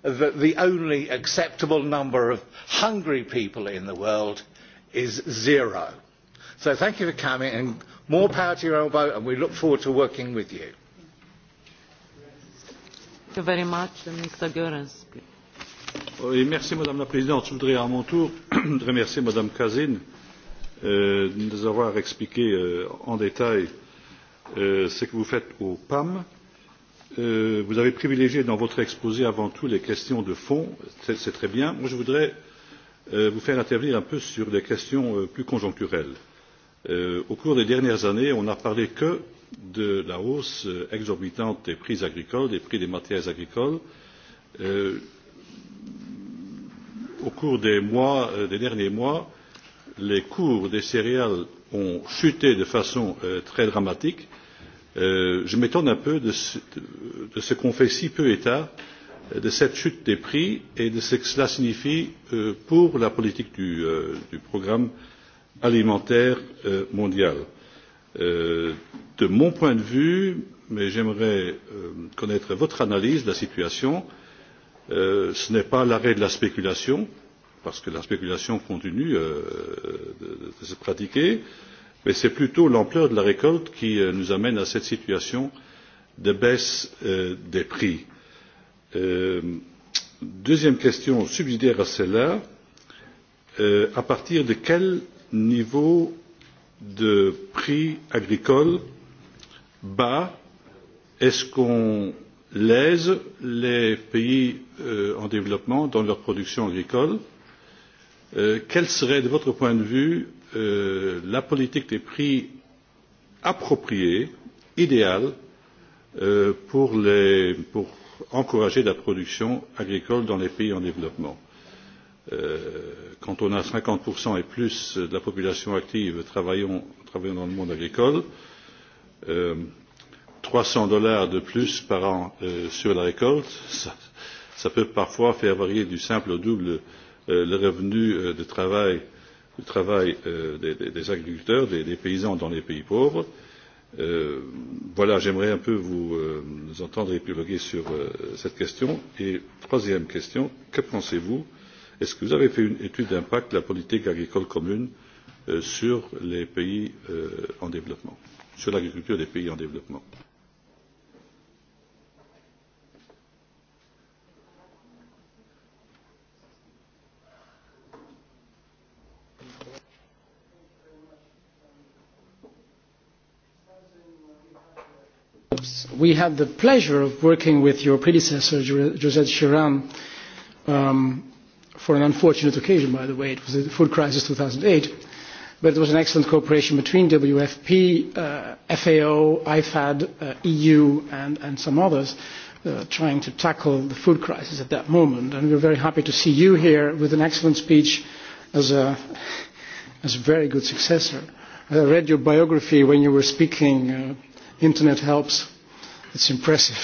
that the only acceptable number of hungry people in the world is zero? So thank you for coming and more power to your elbow and we look forward to working with you. Thank you very much, Mr. Goerens. Oui, merci, Madame la Présidente. Je voudrais à mon tour remercier Madame Kazin euh, de nous avoir expliqué euh, en détail euh, Euh, ce que vous faites au pam euh, vous avez privilégié dans votre exposé avant tout les questions de fond c'est très bien. Moi, je voudrais euh, vous faire intervenir un peu sur des questions plus conjoncturelles. au cours des dernières années on n'a parlé que de la hausse exorbitante des prix agricoles des prix des matières agricoles. au cours des, mois, des derniers mois les cours des céréales ont chuté de façon très dramatique Euh, je m'étonne un peu de ce, ce qu'on fait si peu état de cette chute des prix et de ce que cela signifie euh, pour la politique du, euh, du programme alimentaire euh, mondial. Euh, de mon point de vue mais j'aimerais euh, connaître votre analyse de la situation ce n'est pas l'arrêt de la spéculation parce que la spéculation continue de, de se pratiquer mais mais c'est plutôt l'ampleur de la récolte qui euh, nous amène à cette situation de baisse euh, des prix. Euh, deuxième question subsidiaire à celle là à partir de quel niveau de prix agricole bas est ce qu'on lèse les pays en développement dans leur production agricole? quelle serait de votre point de vue euh, la politique des prix appropriée, idéale, euh, pour, les, pour encourager la production agricole dans les pays en développement. Euh, quand on a 50% et plus de la population active travaillant, travaillant dans le monde agricole, euh, 300 dollars de plus par an euh, sur la récolte, ça, ça peut parfois faire varier du simple au double euh, le revenu euh, de travail euh, le travail euh, des, des, des agriculteurs, des, des paysans dans les pays pauvres. Euh, voilà, j'aimerais un peu vous, euh, vous entendre épiloguer sur euh, cette question. Et troisième question, que pensez-vous Est-ce que vous avez fait une étude d'impact de la politique agricole commune euh, sur les pays euh, en développement, sur l'agriculture des pays en développement euh, we had the pleasure of working with your predecessor, Josette Chiran, um, for an unfortunate occasion, by the way. It was the food crisis 2008. But there was an excellent cooperation between WFP, uh, FAO, IFAD, uh, EU, and, and some others uh, trying to tackle the food crisis at that moment. And we're very happy to see you here with an excellent speech as a, as a very good successor. I read your biography when you were speaking. Uh, Internet helps. It's impressive.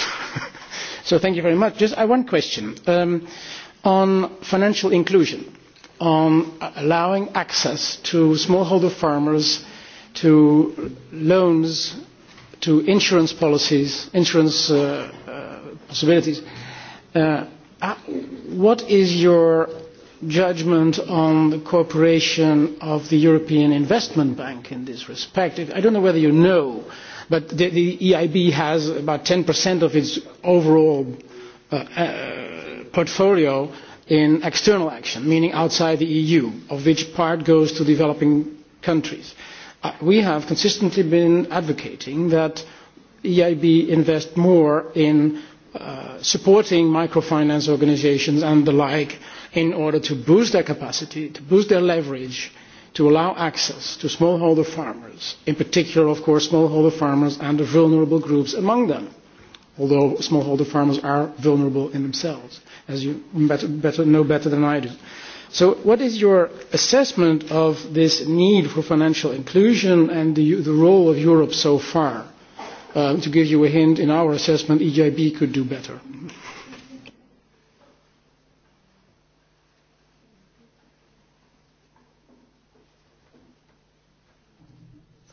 so thank you very much. Just uh, one question um, on financial inclusion, on uh, allowing access to smallholder farmers to loans, to insurance policies, insurance uh, uh, possibilities. Uh, uh, what is your judgment on the cooperation of the European Investment Bank in this respect? I don't know whether you know uh, But the, the EIB has about 10% of its overall uh, uh, portfolio in external action, meaning outside the EU, of which part goes to developing countries. Uh, we have consistently been advocating that EIB invest more in uh, supporting microfinance organizations and the like in order to boost their capacity, to boost their leverage, uh, to allow access to smallholder farmers, in particular, of course, smallholder farmers and the vulnerable groups among them, although smallholder farmers are vulnerable in themselves, as you better, better, know better than I do. So what is your assessment of this need for financial inclusion and the, the role of Europe so far? Um, to give you a hint, in our assessment, EIB could do better. Mm-hmm.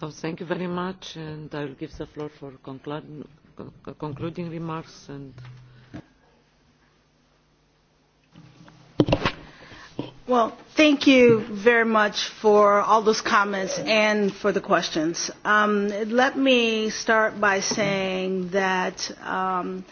So thank you very much, and I will give the floor for concluding, concluding remarks. And well, thank you very much for all those comments and for the questions. Um, let me start by saying that. Um, uh,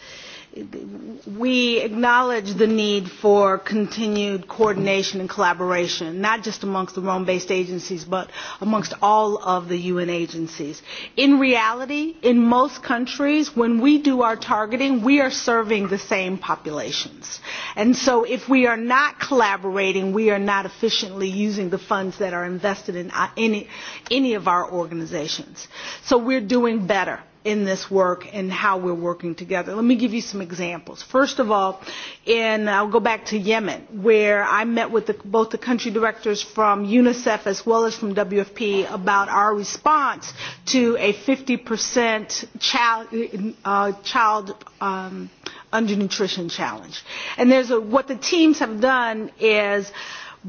we acknowledge the need for continued coordination and collaboration, not just amongst the Rome-based agencies, but amongst all of the UN agencies. In reality, in most countries, when we do our targeting, we are serving the same populations. And so if we are not collaborating, we are not efficiently using the funds that are invested in uh, any, any of our organizations. So we're doing better in this work and how we're working together. Let me give you some examples. First of all, and I'll go back to Yemen, where I met with the, both the country directors from UNICEF as well as from WFP about our response to a 50% child, uh, child um, undernutrition challenge. And there's a, what the teams have done is uh,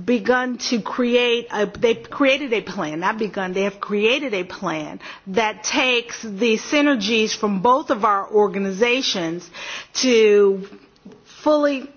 begun to create a, they've created a plan, not begun, they have created a plan that takes the synergies from both of our organizations to fully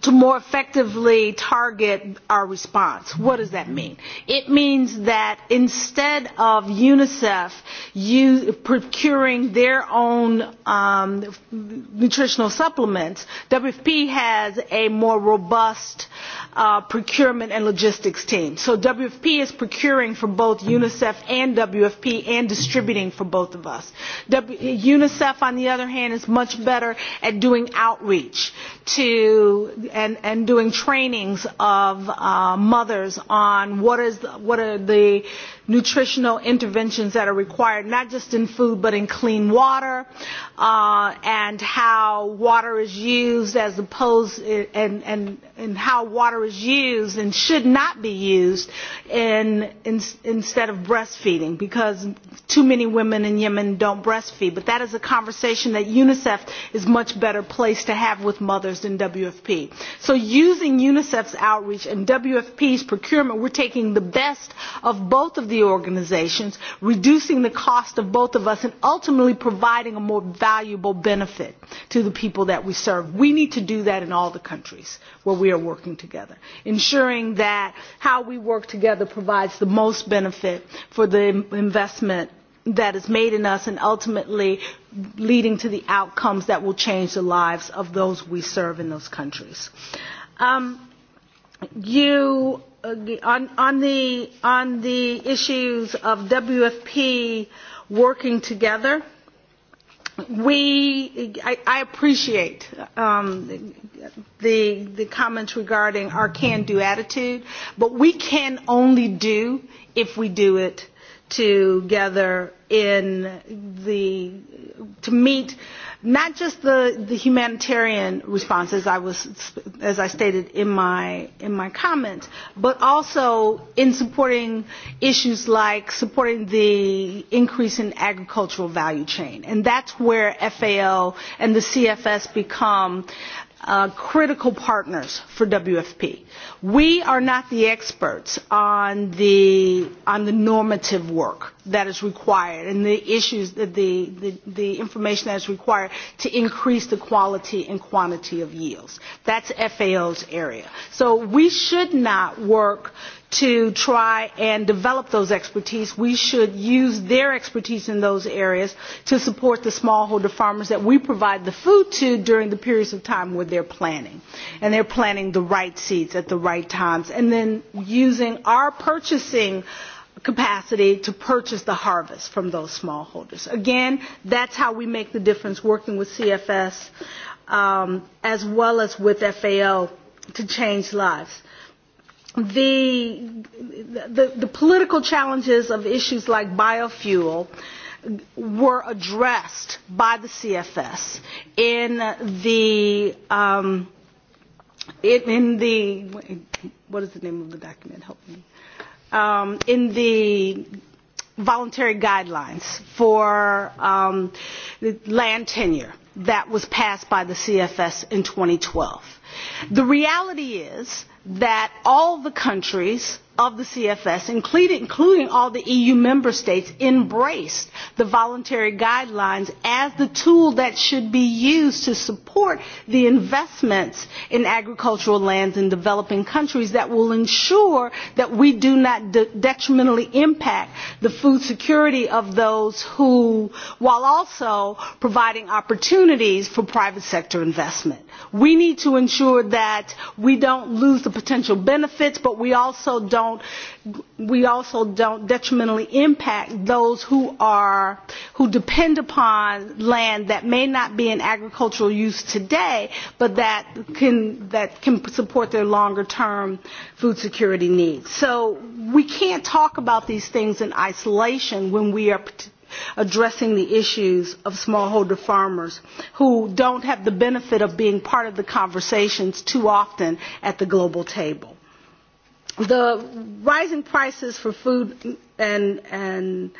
to more effectively target our response. What does that mean? It means that instead of UNICEF you, procuring their own um, nutritional supplements, WFP has a more robust uh, uh, procurement and logistics team. So WFP is procuring for both UNICEF and WFP and distributing for both of us. W UNICEF, on the other hand, is much better at doing outreach to and, and doing trainings of uh, mothers on what is what are the nutritional interventions that are required, not just in food but in clean water. Uh, uh, and how water is used as opposed and, and, and how water is used and should not be used in, in, instead of breastfeeding because too many women in Yemen don't breastfeed. But that is a conversation that UNICEF is much better placed to have with mothers than WFP. So using UNICEF's outreach and WFP's procurement, we're taking the best of both of the organizations, reducing the cost of both of us, and ultimately providing a more valuable valuable benefit to the people that we serve. We need to do that in all the countries where we are working together, ensuring that how we work together provides the most benefit for the investment that is made in us and ultimately leading to the outcomes that will change the lives of those we serve in those countries. Um, you uh, on, on, the, on the issues of WFP working together, we, I, I appreciate um, the, the comments regarding our can-do attitude, but we can only do if we do it together in the to meet not just the, the humanitarian responses I was as I stated in my in my comments, but also in supporting issues like supporting the increase in agricultural value chain, and that's where FAO and the CFS become uh, critical partners for WFP. We are not the experts on the, on the normative work that is required and the issues, the, the, the information that is required to increase the quality and quantity of yields. That's FAO's area. So we should not work to try and develop those expertise. We should use their expertise in those areas to support the smallholder farmers that we provide the food to during the periods of time where they're planting. And they're planting the right seeds at the right times. And then using our purchasing capacity to purchase the harvest from those smallholders. Again, that's how we make the difference working with CFS um, as well as with FAO to change lives the, the, the political challenges of issues like biofuel were addressed by the CFS in the um, in, in the what is the name of the document? Help me. Um, in the voluntary guidelines for um, land tenure that was passed by the CFS in 2012. The reality is that all the countries of the CFS, including, including all the EU member states, embraced the voluntary guidelines as the tool that should be used to support the investments in agricultural lands in developing countries that will ensure that we do not de- detrimentally impact the food security of those who, while also providing opportunities for private sector investment. We need to ensure that we don't lose the potential benefits, but we also don't don't we also don't detrimentally impact those who are who depend upon land that may not be in agricultural use today but that can that can support their longer term food security needs so we can't talk about these things in isolation when we are addressing the issues of smallholder farmers who don't have the benefit of being part of the conversations too often at the global table the rising prices for food and and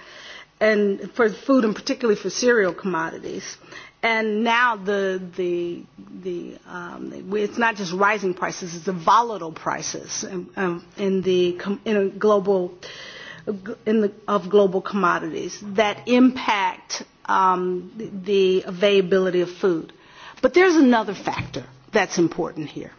and for food and particularly for cereal commodities and now the the the um, it's not just rising prices; it's the volatile prices in, um, in the in a global in the of global commodities that impact um, the availability of food. But there's another factor that's important here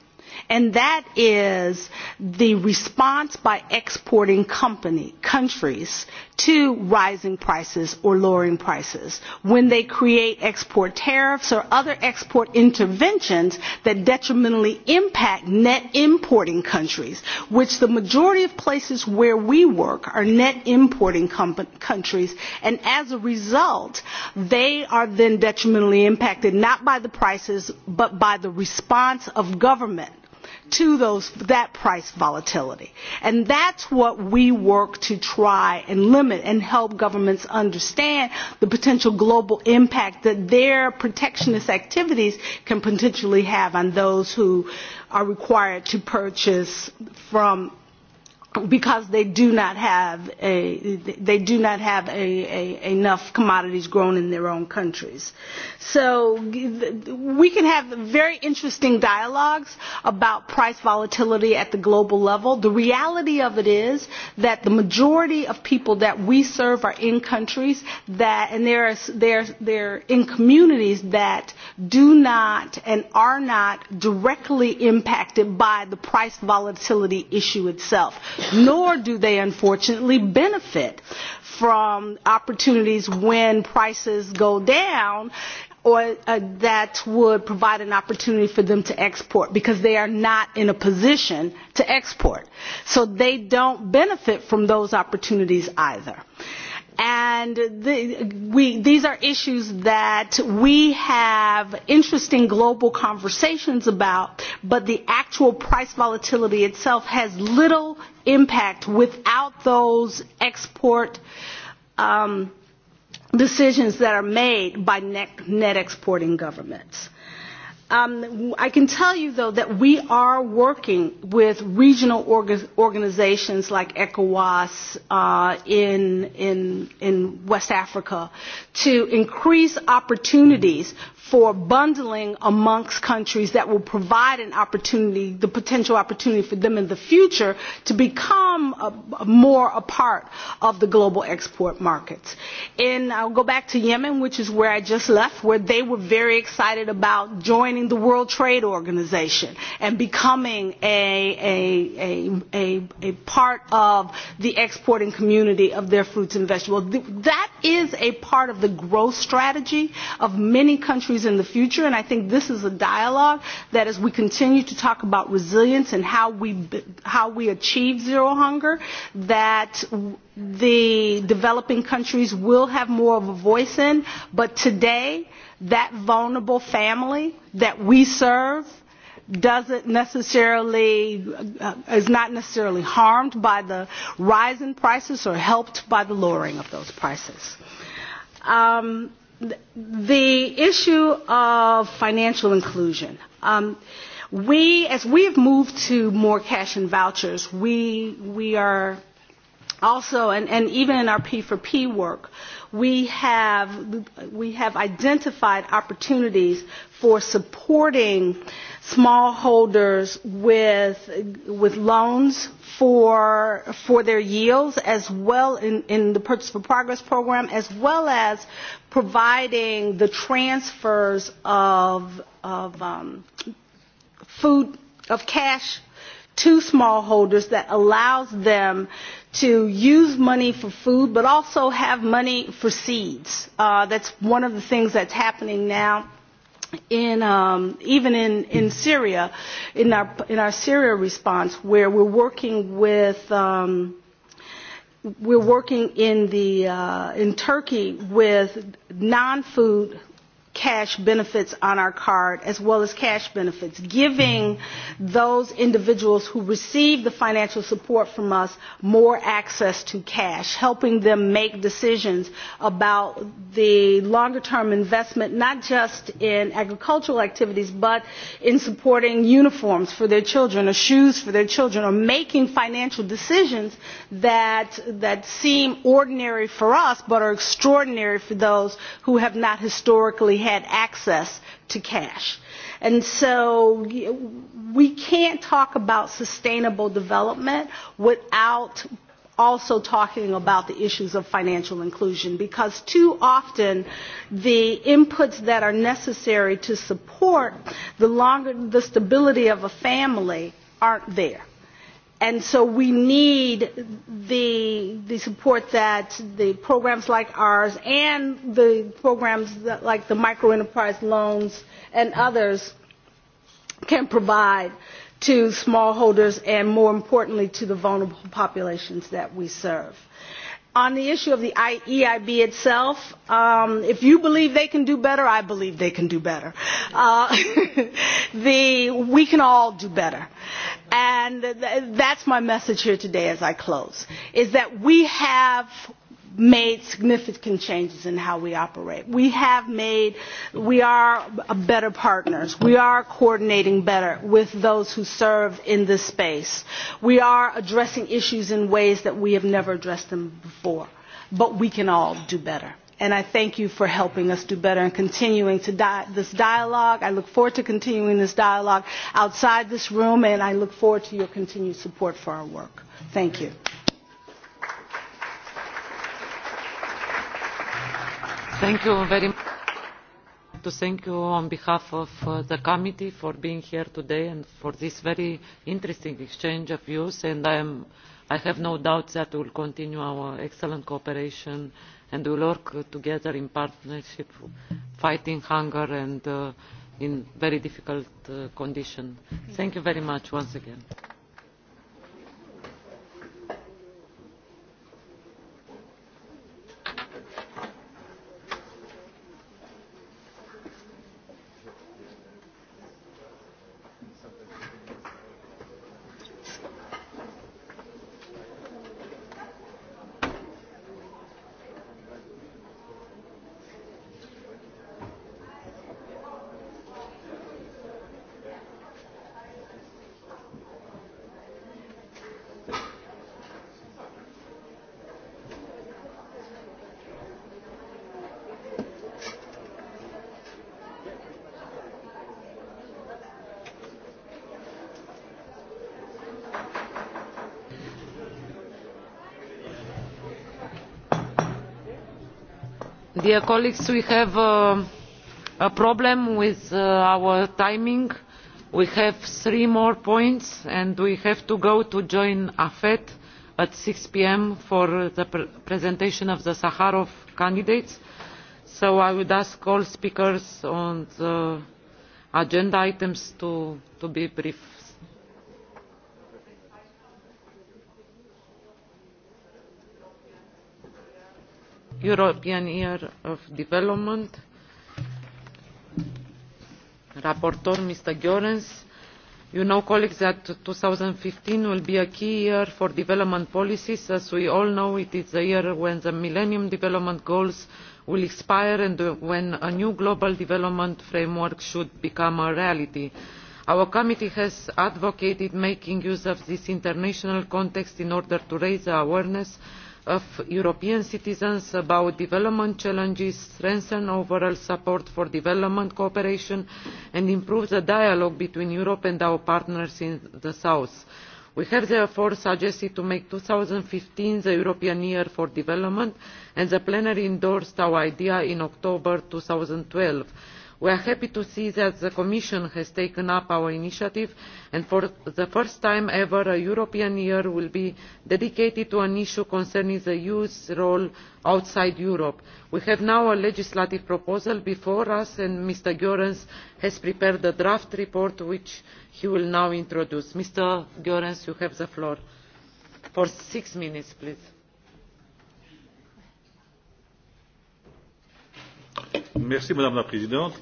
and that is the response by exporting company, countries to rising prices or lowering prices when they create export tariffs or other export interventions that detrimentally impact net importing countries, which the majority of places where we work are net importing countries, and as a result, they are then detrimentally impacted not by the prices but by the response of government to those, that price volatility. And that's what we work to try and limit and help governments understand the potential global impact that their protectionist activities can potentially have on those who are required to purchase from because they do not have a, they do not have a, a, enough commodities grown in their own countries. So we can have very interesting dialogues about price volatility at the global level. The reality of it is that the majority of people that we serve are in countries that and they're they're they're in communities that do not and are not directly impacted by the price volatility issue itself, nor do they unfortunately benefit from opportunities when prices go down or uh, that would provide an opportunity for them to export because they are not in a position to export. So they don't benefit from those opportunities either. Uh, and the, we, these are issues that we have interesting global conversations about, but the actual price volatility itself has little impact without those export um, decisions that are made by net, net exporting governments. Um, I can tell you, though, that we are working with regional org- organizations like ECOWAS uh, in, in, in West Africa to increase opportunities for bundling amongst countries that will provide an opportunity, the potential opportunity for them in the future to become a, more a part of the global export markets. And I'll go back to Yemen, which is where I just left, where they were very excited about joining the World Trade Organization and becoming a, a, a, a, a part of the exporting community of their fruits and vegetables. That is a part of the growth strategy of many countries is in the future. And I think this is a dialogue that as we continue to talk about resilience and how we, how we achieve zero hunger, that the developing countries will have more of a voice in. But today, that vulnerable family that we serve doesn't necessarily uh, is not necessarily harmed by the rise in prices or helped by the lowering of those prices. Um, the issue of financial inclusion. Um, we, as we have moved to more cash and vouchers, we, we are also, and, and even in our P4P work, we have, we have identified opportunities for supporting uh, smallholders with with loans for for their yields as well in, in the purchase for progress program as well as providing the transfers of of um, food of cash to smallholders that allows them to use money for food but also have money for seeds. Uh, that's one of the things that's happening now in um, even in, in Syria, in our in our Syria response, where we're working with. Um, we're working in the uh, in Turkey with non-food cash benefits on our card as well as cash benefits, giving those individuals who receive the financial support from us more access to cash, helping them make decisions about the longer term investment, not just in agricultural activities, but in supporting uniforms for their children or shoes for their children or making financial decisions that, that seem ordinary for us but are extraordinary for those who have not historically had had access to cash. And so we can't talk about sustainable development without also talking about the issues of financial inclusion because too often the inputs that are necessary to support the longer the stability of a family aren't there and so we need the, the support that the programs like ours and the programs that, like the microenterprise loans and others can provide to smallholders and more importantly to the vulnerable populations that we serve on the issue of the EIB itself, um, if you believe they can do better, I believe they can do better. Uh, the, we can all do better. And th that's my message here today as I close, is that we have made significant changes in how we operate. We have made, we are better partners. We are coordinating better with those who serve in this space. We are addressing issues in ways that we have never addressed them before. But we can all do better and I thank you for helping us do better and continuing to di- this dialogue. I look forward to continuing this dialogue outside this room, and I look forward to your continued support for our work. Thank you. Thank you very much. To thank you on behalf of uh, the committee for being here today and for this very interesting exchange of views. And I, am, I have no doubt that we will continue our excellent cooperation and will work together in partnership, fighting hunger and uh, in very difficult uh, conditions. Thank you very much once again. dear colleagues we have uh, a problem with uh, our timing we have three more points and we have to go to join afet at six pm for the pr presentation of the sakharov candidates so i would ask all speakers on the agenda items to, to be brief. European Year of Development. Rapporteur, Mr. Goerens. You know, colleagues, that 2015 will be a key year for development policies. As we all know, it is the year when the Millennium Development Goals will expire and when a new global development framework should become a reality. Our committee has advocated making use of this international context in order to raise awareness of European citizens about development challenges, strengthen overall support for development cooperation, and improve the dialogue between Europe and our partners in the South. We have therefore suggested to make 2015 the European Year for Development, and the plenary endorsed our idea in October 2012 we are happy to see that the commission has taken up our initiative and for the first time ever a european year will be dedicated to an issue concerning the eu's role outside europe. we have now a legislative proposal before us and mr goerens has prepared a draft report which he will now introduce. mr goerens you have the floor for six minutes please. Merci, madame la présidente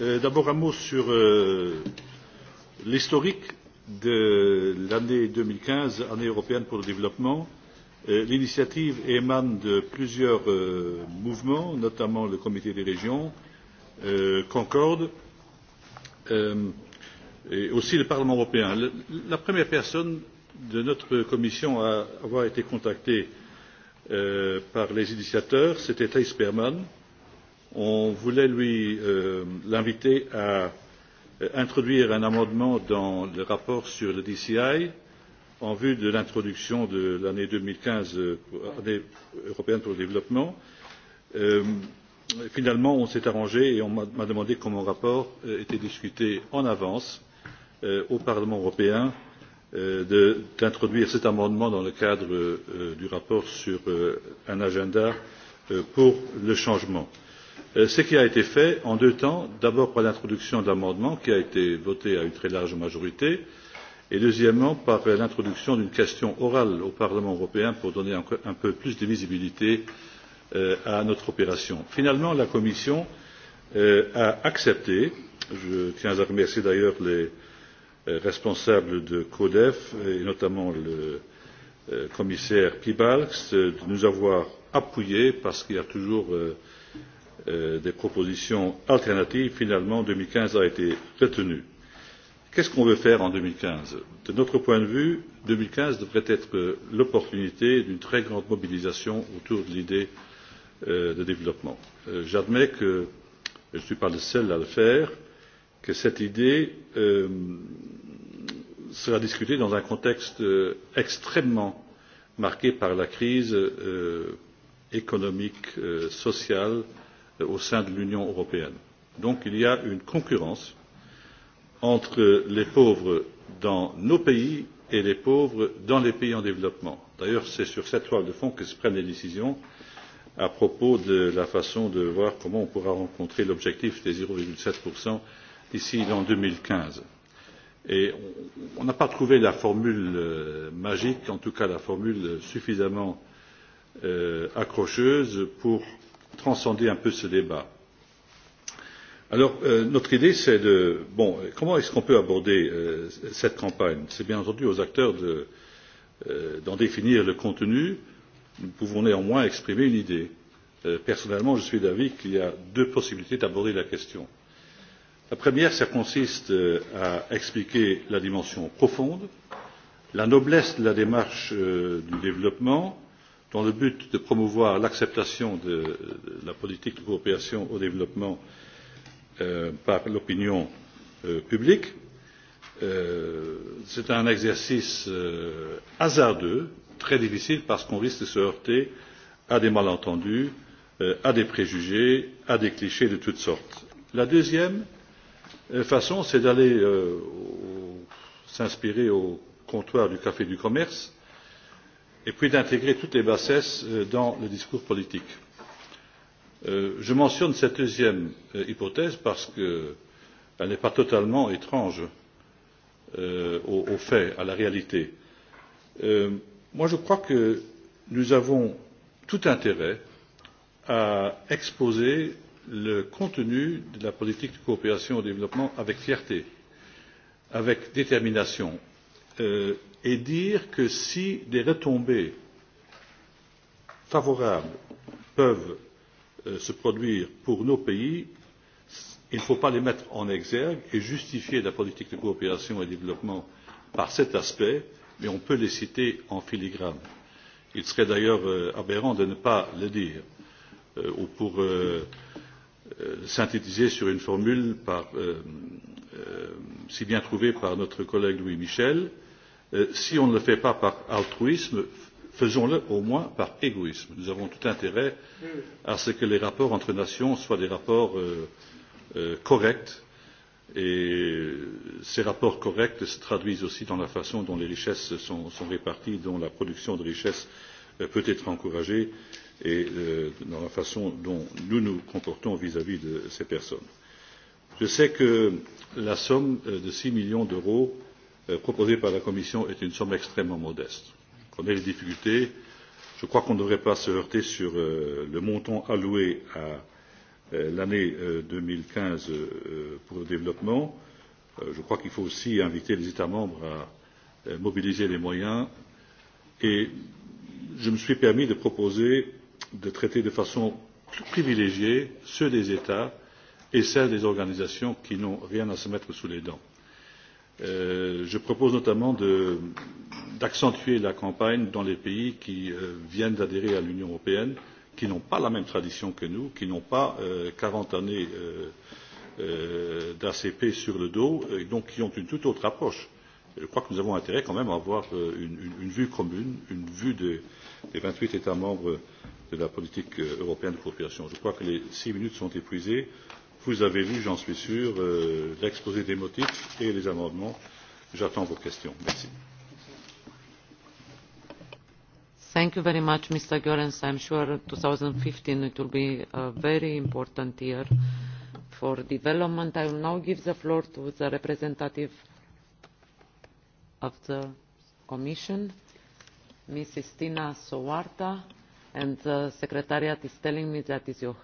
Euh, d'abord un mot sur euh, l'historique de l'année 2015, année européenne pour le développement. Euh, L'initiative émane de plusieurs euh, mouvements, notamment le comité des régions, euh, Concorde, euh, et aussi le Parlement européen. Le, la première personne de notre commission à avoir été contactée euh, par les initiateurs, c'était Thijs Berman, euh, on voulait euh, l'inviter à euh, introduire un amendement dans le rapport sur le dci en vue de l'introduction de l'année deux mille quinze euh, année européenne pour le développement. finalement on s'est arrangé et on m'a demandé que mon rapport était discuté en avance au parlement européen d'introduire cet amendement dans le cadre du rapport sur un agenda pour le changement. Euh, ce qui a été fait en deux temps d'abord par l'introduction d'amendements qui a été voté à une très large majorité et deuxièmement par l'introduction d'une question orale au parlement européen pour donner un peu plus de visibilité euh, à notre opération. finalement la commission euh, a accepté je tiens à remercier d'ailleurs les responsables de codef et notamment le commissaire piebalgs de nous avoir appuyés parce qu'il y a toujours Euh, des propositions alternatives finalement deux mille quinze a été retenue. qu'est ce qu'on veut faire en? deux mille quinze de notre point de vue deux mille quinze devrait être l'opportunité d'une très grande mobilisation autour de l'idée euh, de développement. Euh, j'admets que je ne suis pas le seul à le faire que cette idée euh, sera discutée dans un contexte extrêmement marqué par la crise euh, économique euh, sociale et au sein de l'union européenne. donc il y a une concurrence entre les pauvres dans nos pays et les pauvres dans les pays en développement. d'ailleurs c'est sur cette toile de fond que se prennent les décisions à propos de la façon de voir comment on pourra rencontrer l'objectif des zéro sept d'ici l'an deux mille quinze et on n'a pas trouvé la formule euh, magique en tout cas la formule suffisamment euh, accrocheuse pour transcender un peu ce débat. Alors, euh, notre idée, c'est de bon, comment est-ce qu'on peut aborder euh, cette campagne C'est bien entendu aux acteurs de, euh, d'en définir le contenu. Nous pouvons néanmoins exprimer une idée. Euh, personnellement, je suis d'avis qu'il y a deux possibilités d'aborder la question. La première, ça consiste euh, à expliquer la dimension profonde, la noblesse de la démarche euh, du développement, euh, dans le but de promouvoir l'acceptation de la politique de coopération au développement euh, par l'opinion euh, publique. Euh, c'est un exercice euh, hasardeux très difficile parce qu'on risque de se heurter à des malentendus euh, à des préjugés à des clichés de toutes sortes. la deuxième euh, façon c'est d'aller s'inspirer au comptoir du café du commerce et puis d'intégrer toutes les bassesses euh, dans le discours politique. Euh, je mentionne cette deuxième euh, hypothèse parce qu'elle n'est pas totalement étrangère aux faits à la réalité. Moi, je crois que nous avons tout intérêt à exposer le contenu de la politique de coopération au développement avec fierté avec détermination et dire que si des retombées favorables peuvent euh, se produire pour nos pays il ne faut pas les mettre en exergue et justifier la politique de coopération et de développement par cet aspect mais on peut les citer en filigrane. il serait d'ailleurs euh, aberrant de ne pas le dire euh, ou pour euh, euh, synthétiser sur une formule par, euh, si bien trouvée par notre collègue louis michel Euh, si on ne le fait pas par altruisme faisons le au moins par égoïsme. nous avons tout intérêt à ce que les rapports entre nations soient des rapports euh, euh, corrects et ces rapports corrects se traduisent aussi dans la façon dont les richesses sont, sont réparties dont la production de richesses peut être encouragée et dans la façon dont nous nous comportons vis à vis de ces personnes. je sais que la somme de six millions d'euros Euh, proposée par la commission est une somme extrêmement modeste. on connaît les difficultés je crois qu'on ne devrait pas se heurter sur euh, le montant alloué à euh, l'année deux mille quinze pour le développement. je crois qu'il faut aussi inviter les états membres à mobiliser les moyens et je me suis permis de proposer de traiter de façon privilégiée ceux des états et ceux des organisations qui n'ont rien à se mettre sous les dents. Euh, je propose notamment d'accentuer la campagne dans les pays qui euh, viennent d'adhérer à l'union européenne qui n'ont pas la même tradition que nous qui n'ont pas euh, quarante années d'acp sur le dos et donc qui ont une toute autre approche. je crois que nous avons intérêt quand même à avoir une vue commune une vue des vingt huit états membres de la politique européenne de coopération. je crois que les six minutes sont épuisées vous avez lu j'en suis sûr euh, l'exposé des motifs et les amendements. j'attends vos questions. merci. Thank you very much, Mr. Goerens. I'm sure 2015 it will be a very important year for development. I will now give the floor to the representative of the Commission, Mrs. Tina Sowarta, and the Secretariat is telling me that is your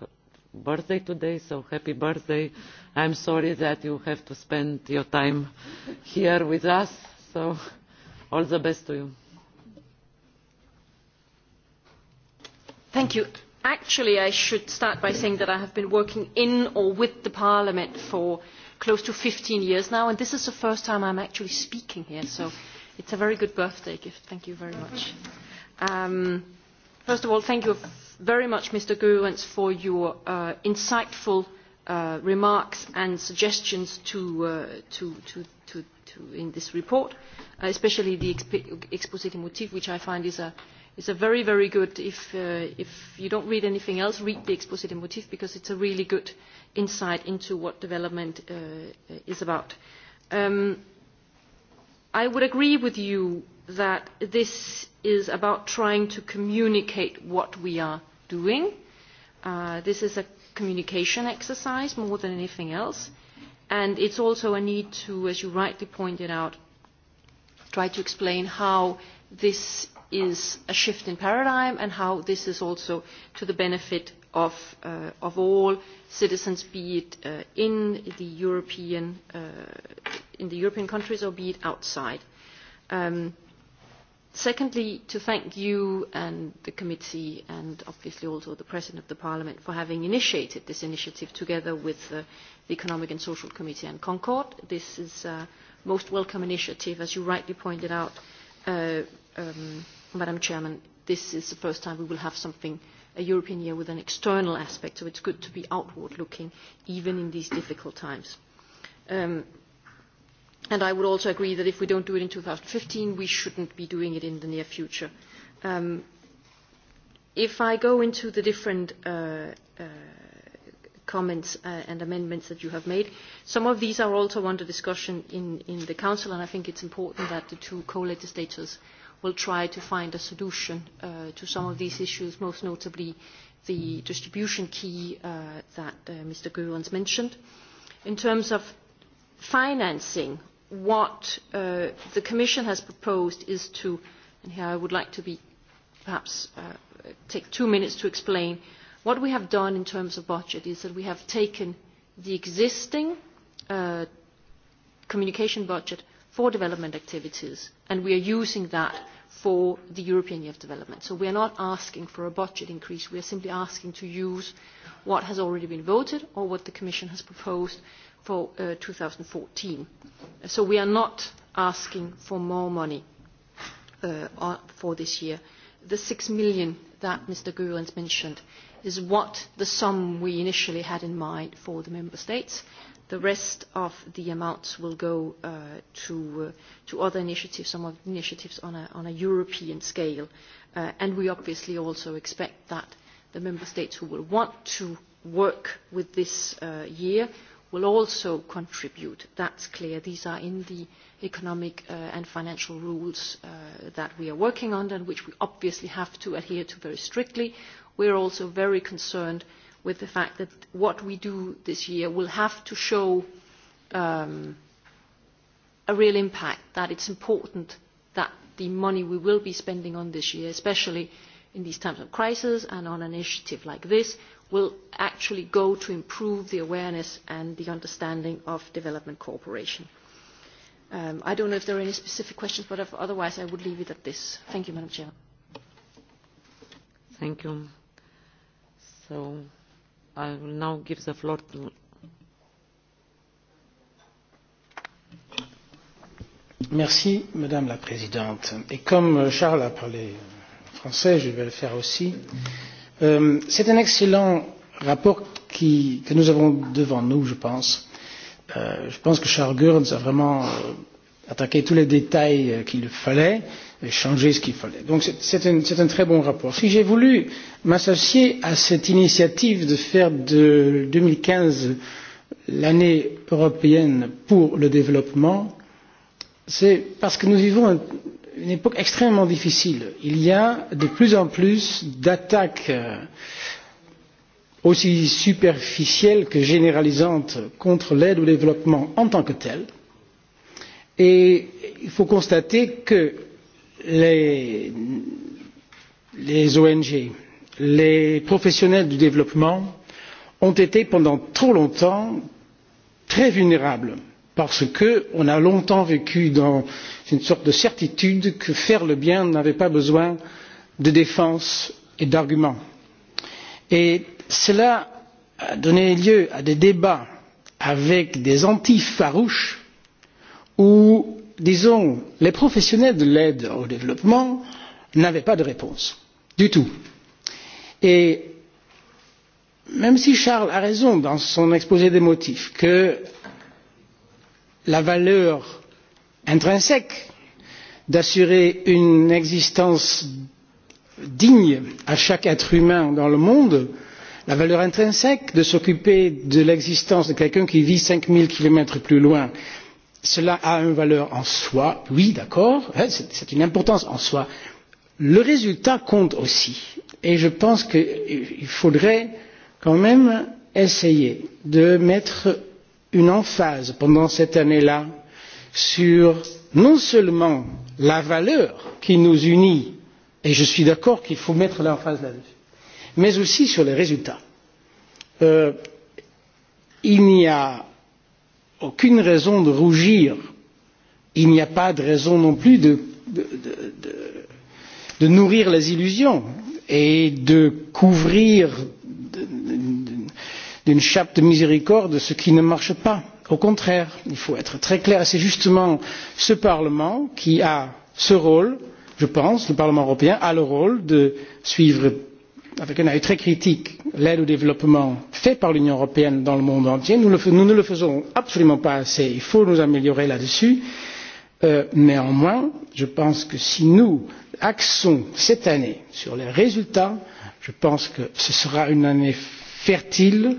birthday today so happy birthday. i am sorry that you have to spend your time here with us so all the best to you. Thank you. actually i should start by saying that i have been working in or with parliament for close to fifteen years now and this is the first time i am actually speaking here so it is a very good birthday gift. thank you very much. Um, first of all thank you very much, Mr. Goerens, for your uh, insightful uh, remarks and suggestions to, uh, to, to, to, to in this report, uh, especially the exp exposite motif, which I find is a, is a very, very good, if, uh, if you don't read anything else, read the exposite motif because it's a really good insight into what development uh, is about. Um, I would agree with you that this is about trying to communicate what we are doing. Uh, this is a communication exercise more than anything else. And it's also a need to, as you rightly pointed out, try to explain how this is a shift in paradigm and how this is also to the benefit of, uh, of all citizens, be it uh, in, the European, uh, in the European countries or be it outside. Um, Secondly, to thank you and the committee and obviously also the President of the Parliament for having initiated this initiative together with uh, the Economic and Social Committee and Concord. This is a most welcome initiative, as you rightly pointed out, uh, um, Madam Chairman. This is the first time we will have something, a European year with an external aspect, so it's good to be outward looking, even in these difficult times. Um, and i would also agree that if we do not do it in two thousand and fifteen we should not be doing it in the near future. Um, if i go into the different uh, uh, comments uh, and amendments that you have made. Some of these are also under discussion in, in the Council, and I think it's important that the two co-legislators will try to find a solution uh, to some of these issues, most notably the distribution key uh, that uh, Mr. Goerens mentioned. In terms of financing what uh, the Commission has proposed is to, and here I would like to be perhaps uh, take two minutes to explain, what we have done in terms of budget is that we have taken the existing uh, communication budget for development activities and we are using that for the European Year of Development. So we are not asking for a budget increase, we are simply asking to use what has already been voted or what the Commission has proposed uh, for uh, 2014. So we are not asking for more money uh, uh for this year. The 6 million that Mr. Goerens mentioned is what the sum we initially had in mind for the member states. The rest of the amounts will go uh, to, uh, to other initiatives, some of the initiatives on a, on a European scale. Uh, and we obviously also expect that the member states who will want to work with this uh, year will also contribute. That's clear. These are in the economic uh, and financial rules uh, that we are working on and which we obviously have to adhere to very strictly. We're also very concerned with the fact that what we do this year will have to show um, a real impact, that it's important that the money we will be spending on this year, especially in these times of crisis and on an initiative like this, will actually go to improve the awareness and the understanding of development cooperation. Um, I don't know if there are any specific questions, but if, otherwise I would leave it at this. Thank you, Madam Chair. Thank you. So I will now give the floor to Merci, Madame la Présidente. Et comme Charles a parlé français, je vais le faire aussi. Mmh Euh, C'est un excellent rapport qui, que nous avons devant nous, je pense. Euh, je pense que Charles Goerns a vraiment euh, attaqué tous les détails euh, qu'il fallait et changé ce qu'il fallait. Donc c'est un, un très bon rapport. Si j'ai voulu m'associer à cette initiative de faire de 2015 l'année européenne pour le développement, c'est parce que nous vivons un, une époque extrêmement difficile. Il y a de plus en plus d'attaques euh, aussi superficielles que généralisantes contre l'aide au développement en tant que telle. Et il faut constater que les, les ONG, les professionnels du développement ont été pendant trop longtemps très vulnérables parce qu'on a longtemps vécu dans une sorte de certitude que faire le bien n'avait pas besoin de défense et d'arguments. Et cela a donné lieu à des débats avec des anti farouches où, disons, les professionnels de l'aide au développement n'avaient pas de réponse du tout. Et même si Charles a raison dans son exposé des motifs que la valeur intrinsèque d'assurer une existence digne à chaque être humain dans le monde la valeur intrinsèque de s'occuper de l'existence de quelqu'un qui vit cinq mille kilomètres plus loin cela a une valeur en soi oui d'accord c'est une importance en soi le résultat compte aussi et je pense qu'il faudrait quand même essayer de mettre une emphase pendant cette année là sur non seulement la valeur qui nous unit et je suis d'accord qu'il faut mettre l'emphase là dessus mais aussi sur les résultats. Euh, il n'y a aucune raison de rougir il n'y a pas de raison non plus de, de, de, de, de nourrir les illusions et de couvrir de, de, d'une chape de miséricorde ce qui ne marche pas. au contraire il faut être très clair et c'est justement ce parlement qui a ce rôle je pense le parlement européen a le rôle de suivre avec un œil très critique l'aide au développement faite par l'union européenne dans le monde entier. nous, le, nous ne le faisons absolument pas assez il faut nous améliorer là dessus. Euh, néanmoins je pense que si nous axons cette année sur les résultats je pense que ce sera une année fertile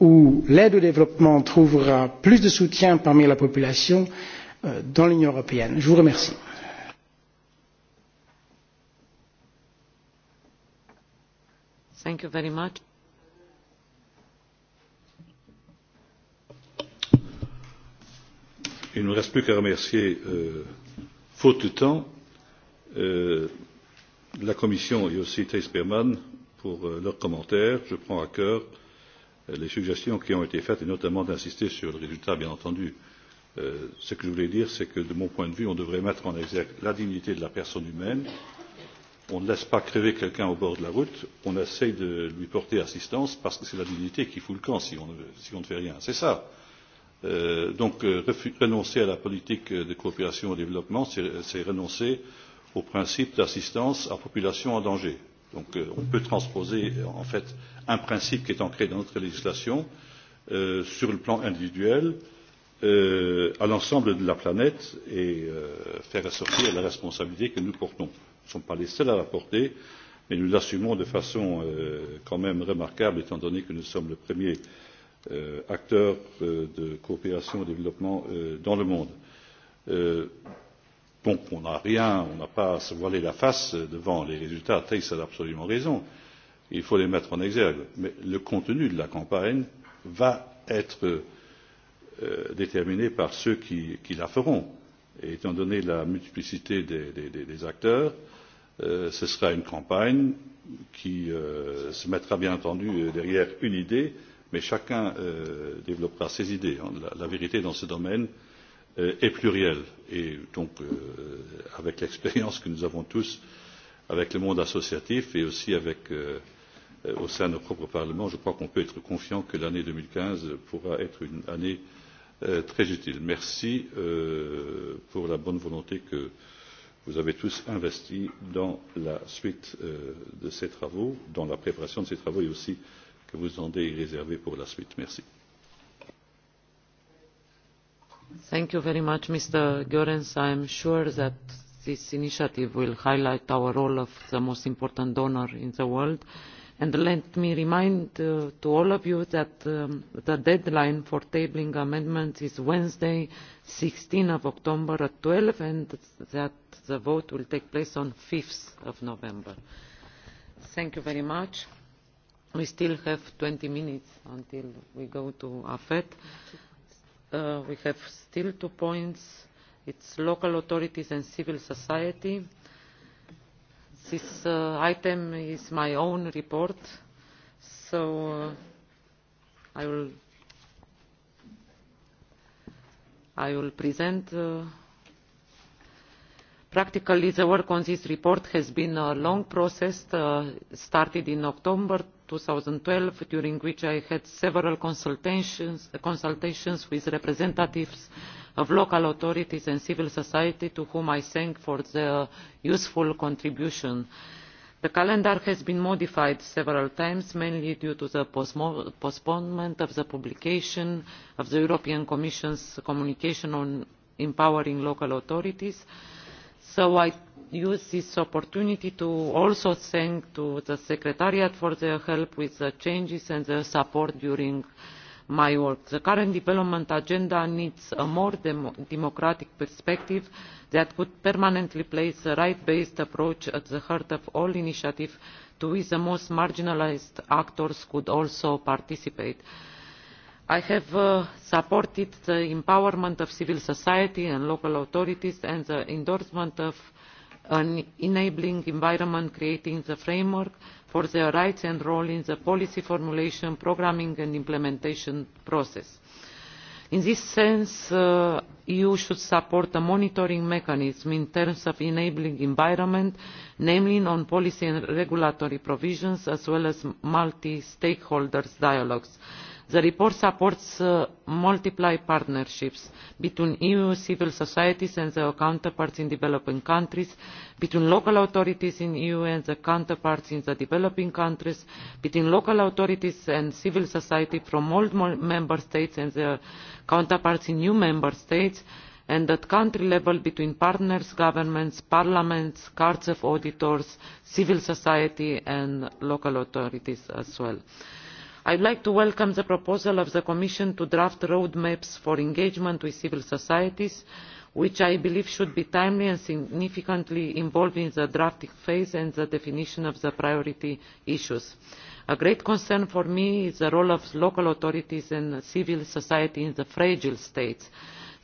où l'aide au développement trouvera plus de soutien parmi la population euh, dans l'union européenne. je vous remercie. Thank you very much. il ne me reste plus qu'à remercier euh, faute de temps euh, la commission et aussi thijs berman pour euh, leurs commentaires. je prends à cœur euh, les suggestions qui ont été faites et notamment d'insister sur le résultat bien entendu. Euh, ce que je voulais dire c'est que de mon point de vue on devrait mettre en exergue la dignité de la personne humaine on ne laisse pas crever quelqu'un au bord de la route on essaie de lui porter assistance parce que c'est la dignité qui fout le camp si on ne, si on ne fait rien. c'est ça. Euh, donc euh, renoncer à la politique de coopération au développement c'est renoncer au principe d'assistance à population en danger Donc euh, on peut transposer euh, en fait un principe qui est ancré dans notre législation euh, sur le plan individuel euh, à l'ensemble de la planète et euh, faire ressortir la responsabilité que nous portons. Nous ne sommes pas les seuls à la porter, mais nous l'assumons de façon euh, quand même remarquable étant donné que nous sommes le premier euh, acteur euh, de coopération au développement euh, dans le monde. Euh, donc on n'a rien on n'a pas à se voiler la face devant les résultats thys a absolument raison il faut les mettre en exergue mais le contenu de la campagne va être euh, déterminé par ceux qui, qui la feront et étant donné la multiplicité des, des, des acteurs euh, ce sera une campagne qui euh, se mettra bien entendu euh, derrière une idée mais chacun euh, développera ses idées. La, la vérité dans ce domaine et euh, plurielle et donc euh, avec l'expérience que nous avons tous avec le monde associatif et aussi avec, euh, au sein de nos propres parlements je crois qu'on peut être confiant que l'année deux mille quinze pourra être une année très utile. merci pour la bonne volonté que vous avez tous investie dans la suite de ces travaux dans la préparation de ces travaux et aussi que vous entendez y réserver pour la suite. merci. Thank you very much, Mr. Goerens. I am sure that this initiative will highlight our role of the most important donor in the world. And let me remind uh, to all of you that um, the deadline for tabling amendments is Wednesday, 16 of October at 12, and that the vote will take place on 5th of November. Thank you very much. We still have 20 minutes until we go to AFET. Thank you uh, we have still two points it's local authorities and civil society. this uh, item is my own report so uh, i will i will present uh, practically the work on this report has been a long process uh, started in october two thousand and twelve during which i had several consultations, consultations with representatives of local authorities and civil society to whom i thank for their useful contribution. the calendar has been modified several times mainly due to the postponement of the publication of the european commission's communication on empowering local authorities so use this opportunity to also thank to the secretariat for their help with the changes and their support during my work. the current development agenda needs a more dem democratic perspective that would permanently place the right based approach at the heart of all initiatives to which the most marginalised actors could also participate i have uh, supported the empowerment of civil society and local authorities and the endorsement of an enabling environment creating the framework for their rights and role in the policy formulation programming and implementation process. in this sense the uh, eu should support a monitoring mechanism in terms of enabling environment namely on policy and regulatory provisions as well as multi stakeholder dialogues the report supports uh, multiple partnerships between eu civil societies and their counterparts in developing countries between local authorities in e the eu and their counterparts in the developing countries between local authorities and civil society from old member states and their counterparts in new member states and at country level between partners governments parliaments courts of auditors civil society and local authorities as well i would like to welcome the proposal of the commission to draft roadmaps for engagement with civil societies which i believe should be timely and significantly involved in the drafting phase and the definition of the priority issues. a great concern for me is the role of local authorities and civil society in the fragile states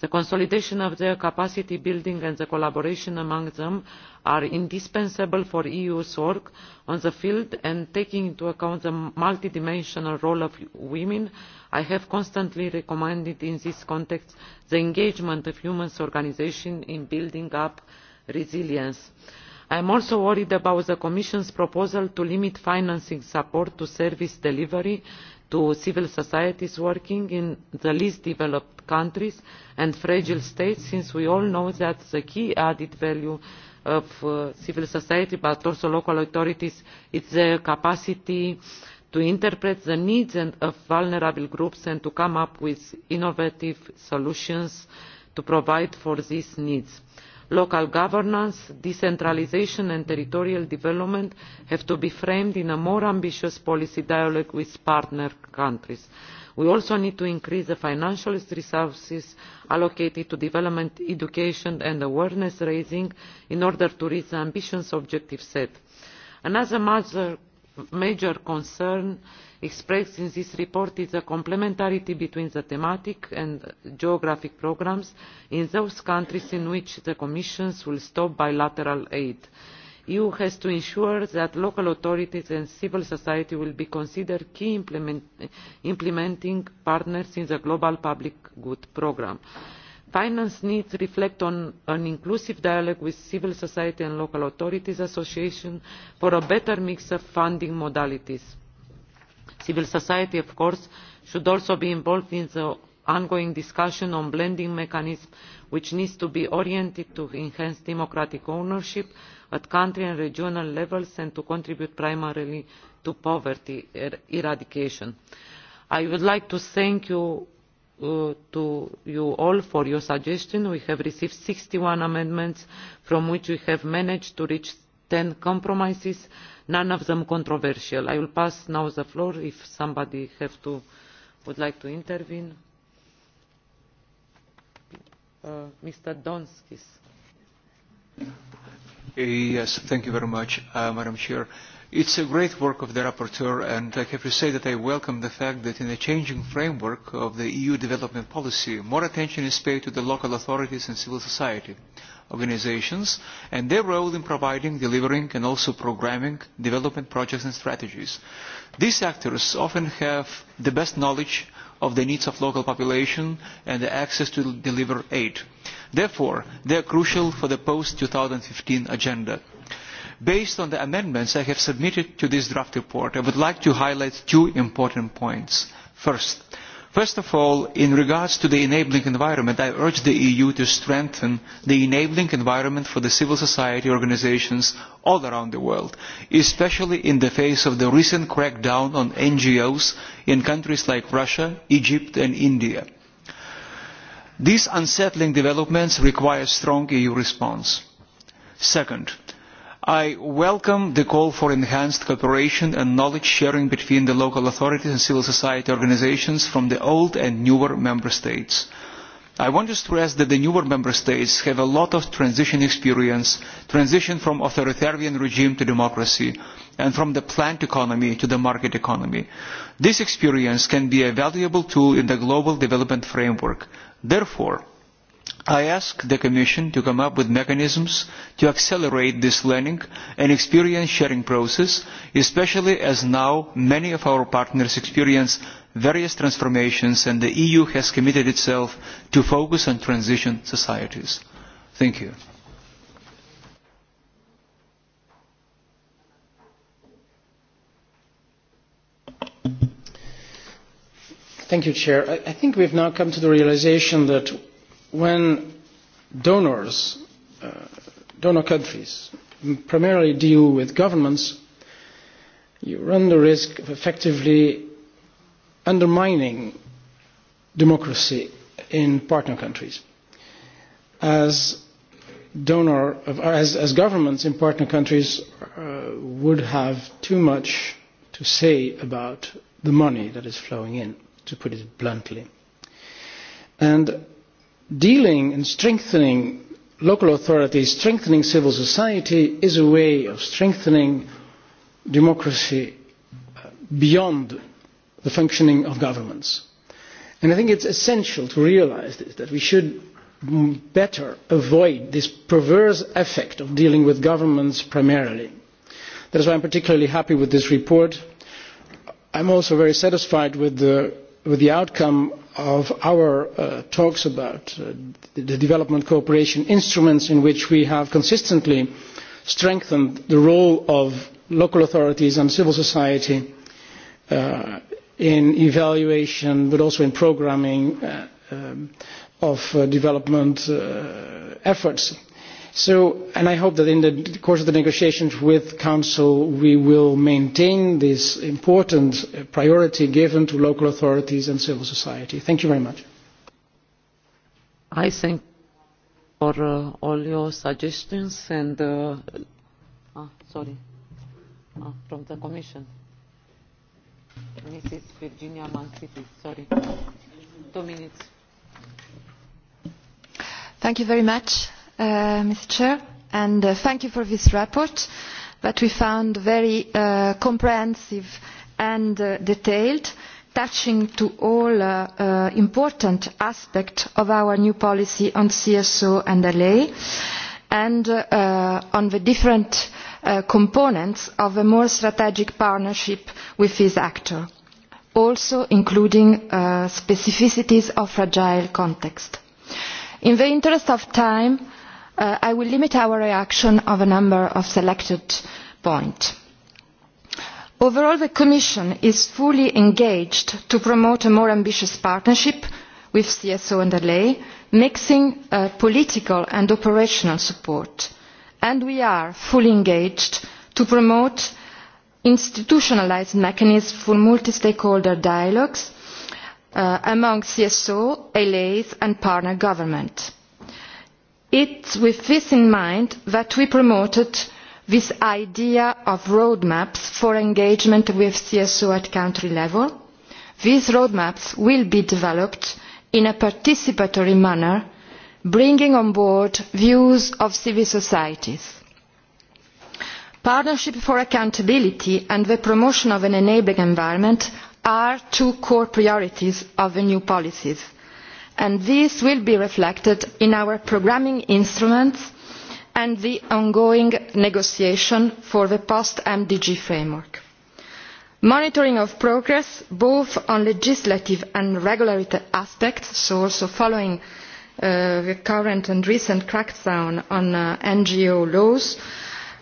the consolidation of their capacity building and the collaboration among them are indispensable for the eu's work on the field and taking into account the multi dimensional role of women i have constantly recommended in this context the engagement of women's organisations in building up resilience i am also worried about the commission's proposal to limit financing support to service delivery to civil societies working in the least developed countries and fragile states since we all know that the key added value of uh, civil society but also local authorities is their capacity to interpret the needs of vulnerable groups and to come up with innovative solutions to provide for these needs local governance decentralisation and territorial development have to be framed in a more ambitious policy dialogue with partner countries. we also need to increase the financial resources allocated to development education and awareness raising in order to reach the ambitious objectives set. another major major concern expressed in this report is the complementarity between the thematic and geographic programmes in those countries in which the commission will stop bilateral aid. the eu has to ensure that local authorities and civil society will be considered key implementing partners in the global public good programme finance needs reflect on an inclusive dialogue with civil society and local authorities associations for a better mix of funding modalities. civil society of course should also be involved in the ongoing discussion on blending mechanisms which needs to be oriented to enhance democratic ownership at country and regional levels and to contribute primarily to poverty er, eradication. i would like to thank uh, to you all for your suggestion. we have received sixty one amendments from which we have managed to reach ten compromises none of them controversial. i will pass now the floor if somebody to, would like to intervene. Uh, mr donskis. yes, thank you very much, uh, madam chair. Uh, It's a great work of the rapporteur, and I have to say that I welcome the fact that in the changing framework of the EU development policy, more attention is paid to the local authorities and civil society organizations and their role in providing, delivering, and also programming development projects and strategies. These actors often have the best knowledge of the needs of local population and the access to deliver aid. Therefore, they are crucial for the post-2015 agenda Based on the amendments I have submitted to this draft report, I would like to highlight two important points. First, First of all, in regards to the enabling environment, I urge the EU to strengthen the enabling environment for the civil society organizations all around the world, especially in the face of the recent crackdown on NGOs in countries like Russia, Egypt and India. These unsettling developments require strong EU response. Second, I welcome the call for enhanced cooperation and knowledge sharing between the local authorities and civil society organizations from the old and newer member states. I want to stress that the newer member states have a lot of transition experience, transition from authoritarian regime to democracy, and from the planned economy to the market economy. This experience can be a valuable tool in the global development framework. Therefore, I ask the Commission to come up with mechanisms to accelerate this learning and experience sharing process, especially as now many of our partners experience various transformations and the EU has committed itself to focus on transition societies. Thank you. Thank you, Chair. I, I think we've now come to the realization that when donors, uh, donor countries, primarily deal with governments, you run the risk of effectively undermining democracy in partner countries. As donor, as, as governments in partner countries uh, would have too much to say about the money that is flowing in, to put it bluntly. And dealing and strengthening local authorities, strengthening civil society is a way of strengthening democracy uh, beyond the functioning of governments. And I think it's essential to realize this, that we should better avoid this perverse effect of dealing with governments primarily. That is why I'm particularly happy with this report. I'm also very satisfied with the, with the outcome of our uh, talks about uh, the development cooperation instruments in which we have consistently strengthened the role of local authorities and civil society uh, in evaluation but also in programming uh, um, of uh, development uh, efforts So, and I hope that in the course of the negotiations with Council we will maintain this important uh, priority given to local authorities and civil society. Thank you very much. I thank for uh, all your suggestions and uh, ah, sorry ah, from the Commission. Mrs. Virginia Mancitis, sorry. Two minutes. Thank you very much uh, Mr. Chair, and uh, thank you for this report that we found very uh, comprehensive and uh, detailed, touching to all uh, uh, important aspects of our new policy on CSO and LA, and uh, uh, on the different uh, components of a more strategic partnership with this actor, also including uh, specificities of fragile context. In the interest of time, Uh, I will limit our reaction of a number of selected points. Overall, the Commission is fully engaged to promote a more ambitious partnership with CSO and LA, mixing uh, political and operational support. And we are fully engaged to promote institutionalised mechanisms for multi-stakeholder dialogues uh, among CSO, LAs and partner governments it is with this in mind that we promoted this idea of roadmaps for engagement with cso at country level. these roadmaps will be developed in a participatory manner bringing on board views of civil societies. partnership for accountability and the promotion of an enabling environment are two core priorities of the new policies and this will be reflected in our programming instruments and the ongoing negotiation for the post mdg framework. monitoring of progress both on legislative and regulatory aspects so also following uh, the current and recent crackdown on uh, ngo laws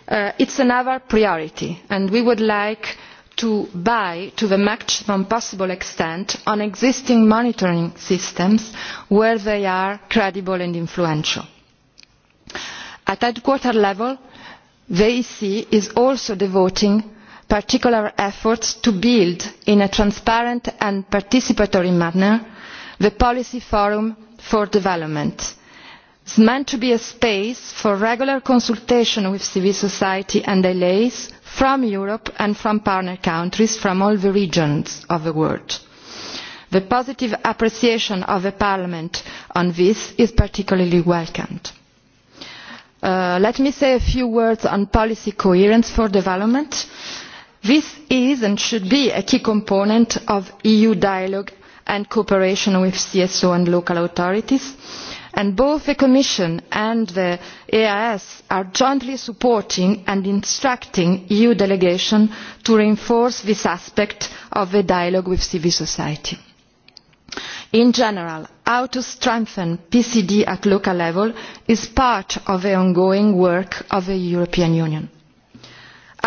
uh, is another priority and we would like to buy to the maximum possible extent on existing monitoring systems where they are credible and influential. At headquarter level, the EC is also devoting particular efforts to build in a transparent and participatory manner the Policy Forum for Development. It's meant to be a space for regular consultation with civil society and LAs from europe and from partner countries from all the regions of the world. the positive appreciation of parliament on this is particularly welcomed. Uh, let me say a few words on policy coherence for development. this is and should be a key component of eu dialogue and cooperation with cso and local authorities and both the commission and the eeas are jointly supporting and instructing eu delegations to reinforce this aspect of the dialogue with civil society. in general how to strengthen pcd at local level is part of the ongoing work of the european union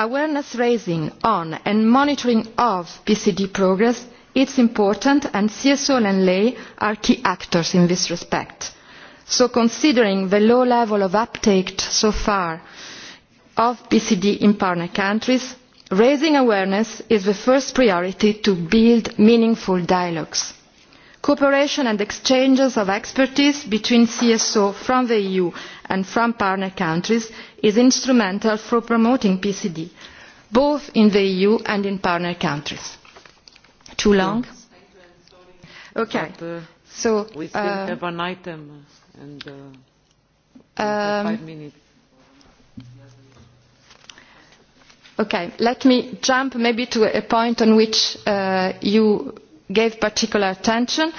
awareness raising on and monitoring of pcd progress is important and csol and ley are key actors in this respect so considering the low level of uptake so far of bcd in partner countries raising awareness is the first priority to build meaningful dialogues. cooperation and exchanges of expertise between csos from the eu and from partner countries is instrumental for promoting pcd both in the eu and in partner countries. too long? okay. Uh, so uh, and uh, um, five minutes. Okay, let me jump maybe to a point on which uh, you gave particular attention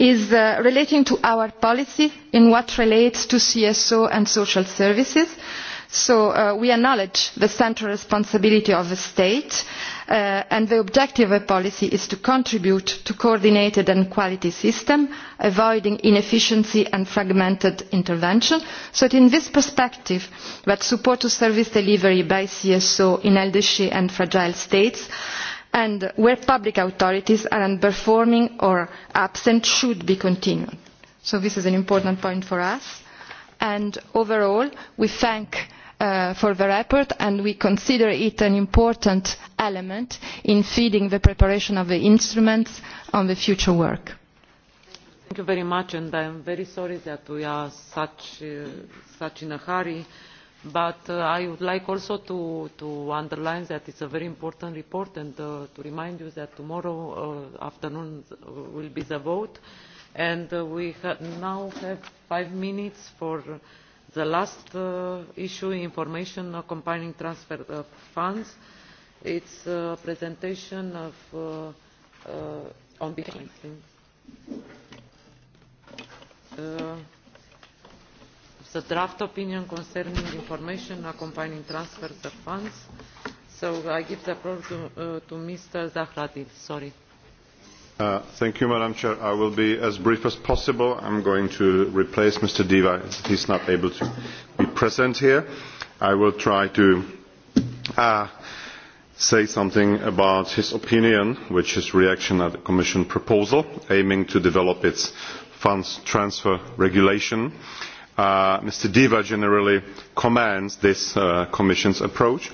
is uh, relating to our policy in what relates to CSO and social services. Uh, so uh, we acknowledge the central responsibility of the state uh, and the objective of policy is to contribute to a coordinated and quality system avoiding inefficiency and fragmented intervention so in this perspective that support to service delivery by cso in ldc and fragile states and where public authorities are underperforming or absent should be continued. so this is an important point for us and overall we thank uh, for the report and we consider it an important element in feeding the preparation of the instruments on the future work. Thank you very much and I am very sorry that we are such, uh, such in a hurry but uh, I would like also to, to underline that it's a very important report and uh, to remind you that tomorrow uh, afternoon uh, will be the vote and uh, we ha now have five minutes for uh, the last uh, issue information accompanying transfer of funds it's a presentation of uh, uh, on behind uh, the draft opinion concerning information accompanying transfers of funds so i give the floor to, uh, to mr zahradil sorry Uh, thank you, Madam Chair. I will be as brief as possible. I'm going to replace Mr. Diva. He's not able to be present here. I will try to uh, say something about his opinion, which is reaction at the Commission proposal aiming to develop its funds transfer regulation. Uh, Mr. Diva generally commends this uh, Commission's approach.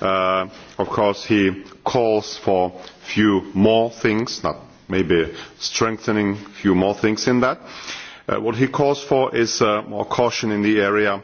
Uh, of course, he calls for few more things, not maybe strengthening a few more things in that. Uh, what he calls for is uh, more caution in the area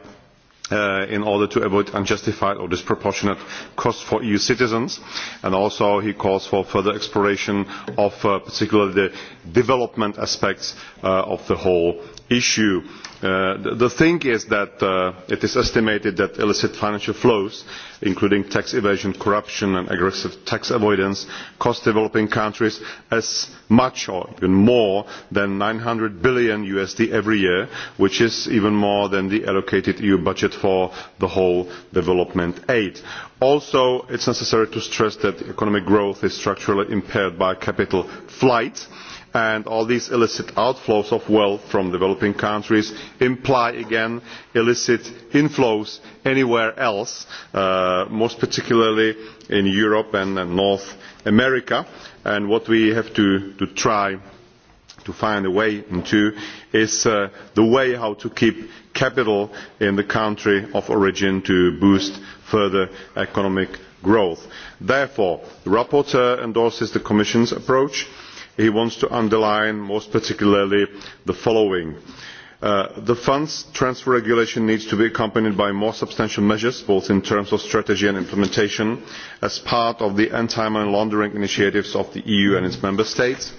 uh, in order to avoid unjustified or disproportionate costs for EU citizens. And also he calls for further exploration of uh, particularly the development aspects uh, of the whole issue Uh, the, the thing is that uh, it is estimated that illicit financial flows including tax evasion corruption and aggressive tax avoidance cost developing countries as much or even more than usd nine hundred billion USD every year which is even more than the allocated eu budget for the whole development aid. also it is necessary to stress that economic growth is structurally impaired by capital flight and and all these illicit outflows of wealth from developing countries imply again illicit inflows anywhere else uh, most particularly in europe and, and north america and what we have to, to try to find a way into is uh, the way how to keep capital in the country of origin to boost further economic growth. therefore the rapporteur endorses the commission's approach he wants to underline most particularly the following uh, the funds transfer regulation needs to be accompanied by more substantial measures, both in terms of strategy and implementation, as part of the anti-money laundering initiatives of the EU and its member states.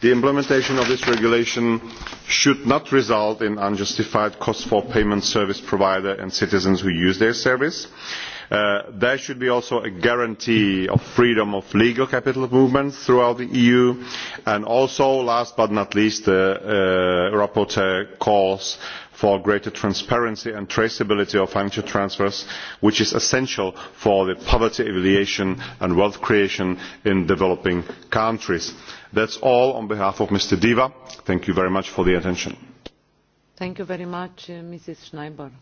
The implementation of this regulation should not result in unjustified costs for payment service provider and citizens who use their service. Uh, Uh, there should be also a guarantee of freedom of legal capital movements throughout the eu and also last but not least the uh, uh, rapporteur calls for greater transparency and traceability of financial transfers which is essential for poverty alleviation and wealth creation in developing countries. that is all on behalf of mr deva. thank you very much for your attention. thank you very much uh, ms schreiber.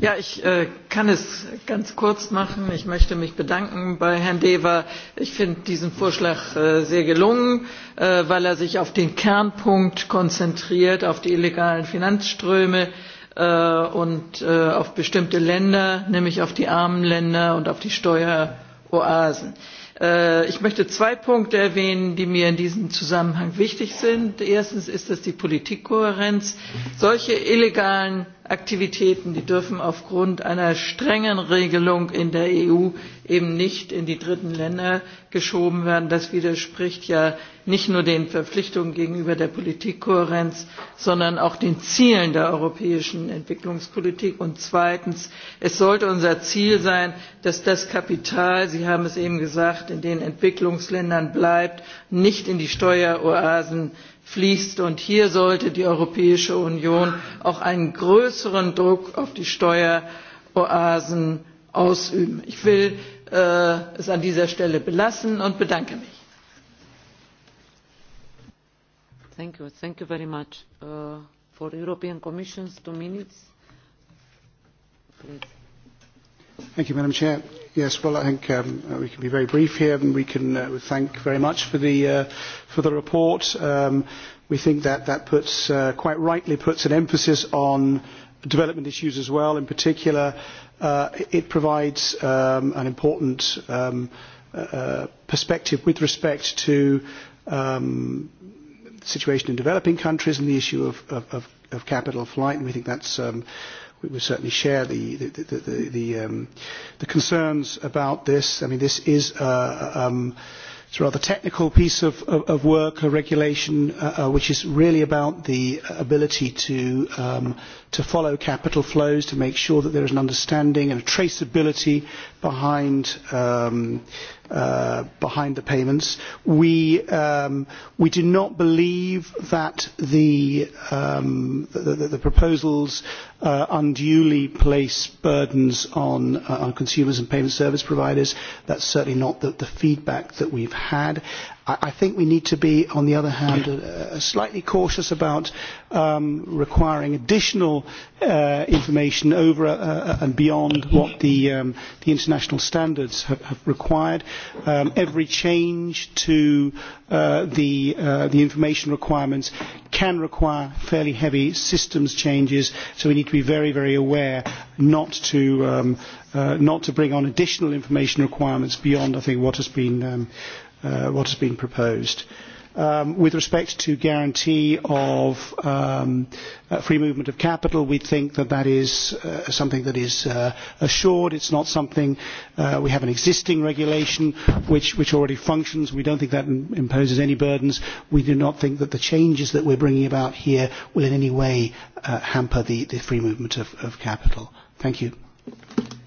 Ja, ich äh, kann es ganz kurz machen. Ich möchte mich bedanken bei Herrn Deva. Ich finde diesen Vorschlag äh, sehr gelungen, äh, weil er sich auf den Kernpunkt konzentriert, auf die illegalen Finanzströme äh, und äh, auf bestimmte Länder, nämlich auf die armen Länder und auf die Steueroasen. Äh, Äh, ich möchte zwei Punkte erwähnen, die mir in diesem Zusammenhang wichtig sind. Erstens ist das die Politikkohärenz. Solche illegalen Aktivitäten, die dürfen aufgrund einer strengen Regelung in der EU eben nicht in die dritten Länder geschoben werden. Das widerspricht ja nicht nur den verpflichtungen gegenüber der politikkohärenz sondern auch den zielen der europäischen entwicklungspolitik und zweitens es sollte unser ziel sein dass das kapital sie haben es eben gesagt in den entwicklungsländern bleibt nicht in die steueroasen fließt und hier sollte die europäische union auch einen größeren druck auf die steueroasen ausüben. ich will äh, es an dieser stelle belassen und bedanke mich. Thank you. Thank you very much. Uh, for European Commission's two minutes, please. Thank you, Madam Chair. Yes, well, I think um, uh, we can be very brief here, and we can uh, thank very much for the uh, for the report. Um, we think that that puts uh, quite rightly puts an emphasis on development issues as well. In particular, uh, it provides um, an important um, uh, uh perspective with respect to um, situation in developing countries and the issue of, of, of, of capital flight, and we think that's um, we, we certainly share the the, the, the, the, um, the concerns about this. I mean, this is uh, um, it's a rather technical piece of, of, of work, a regulation uh, uh, which is really about the ability to um, to follow capital flows to make sure that there is an understanding and a traceability behind um, uh, behind the payments. We um, we do not believe that the um, the, the, the proposals uh, unduly place burdens on uh, on consumers and payment service providers. That's certainly not the, the feedback that we've had. I, I think we need to be, on the other hand, uh, uh slightly cautious about um, requiring additional uh, information over uh, uh, and beyond what the, um, the international standards have, have required. Um, every change to uh, the, uh, the information requirements can require fairly heavy systems changes, so we need to be very, very aware not to, um, uh, not to bring on additional information requirements beyond, I think, what has been um, uh, what has been proposed. Um, with respect to guarantee of um, uh, free movement of capital, we think that that is uh, something that is uh, assured. It's not something uh, we have an existing regulation which, which already functions. We don't think that m- imposes any burdens. We do not think that the changes that we're bringing about here will in any way uh, hamper the, the free movement of, of capital. Thank you. Thank you.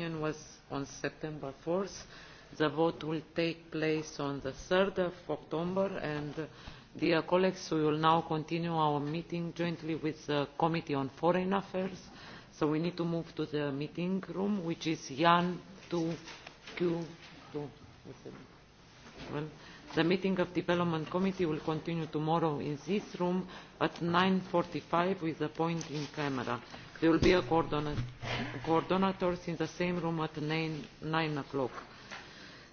opinion was on september four the vote will take place on three october and uh, dear colleagues we will now continue our meeting jointly with the committee on foreign affairs so we need to move to the meeting room which is yan two q two well, the meeting of the development committee will continue tomorrow in this room at nine forty five with a point in camera there will be a coordinators in the same room at nine o'clock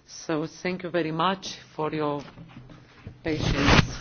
so thank you very much for your patience.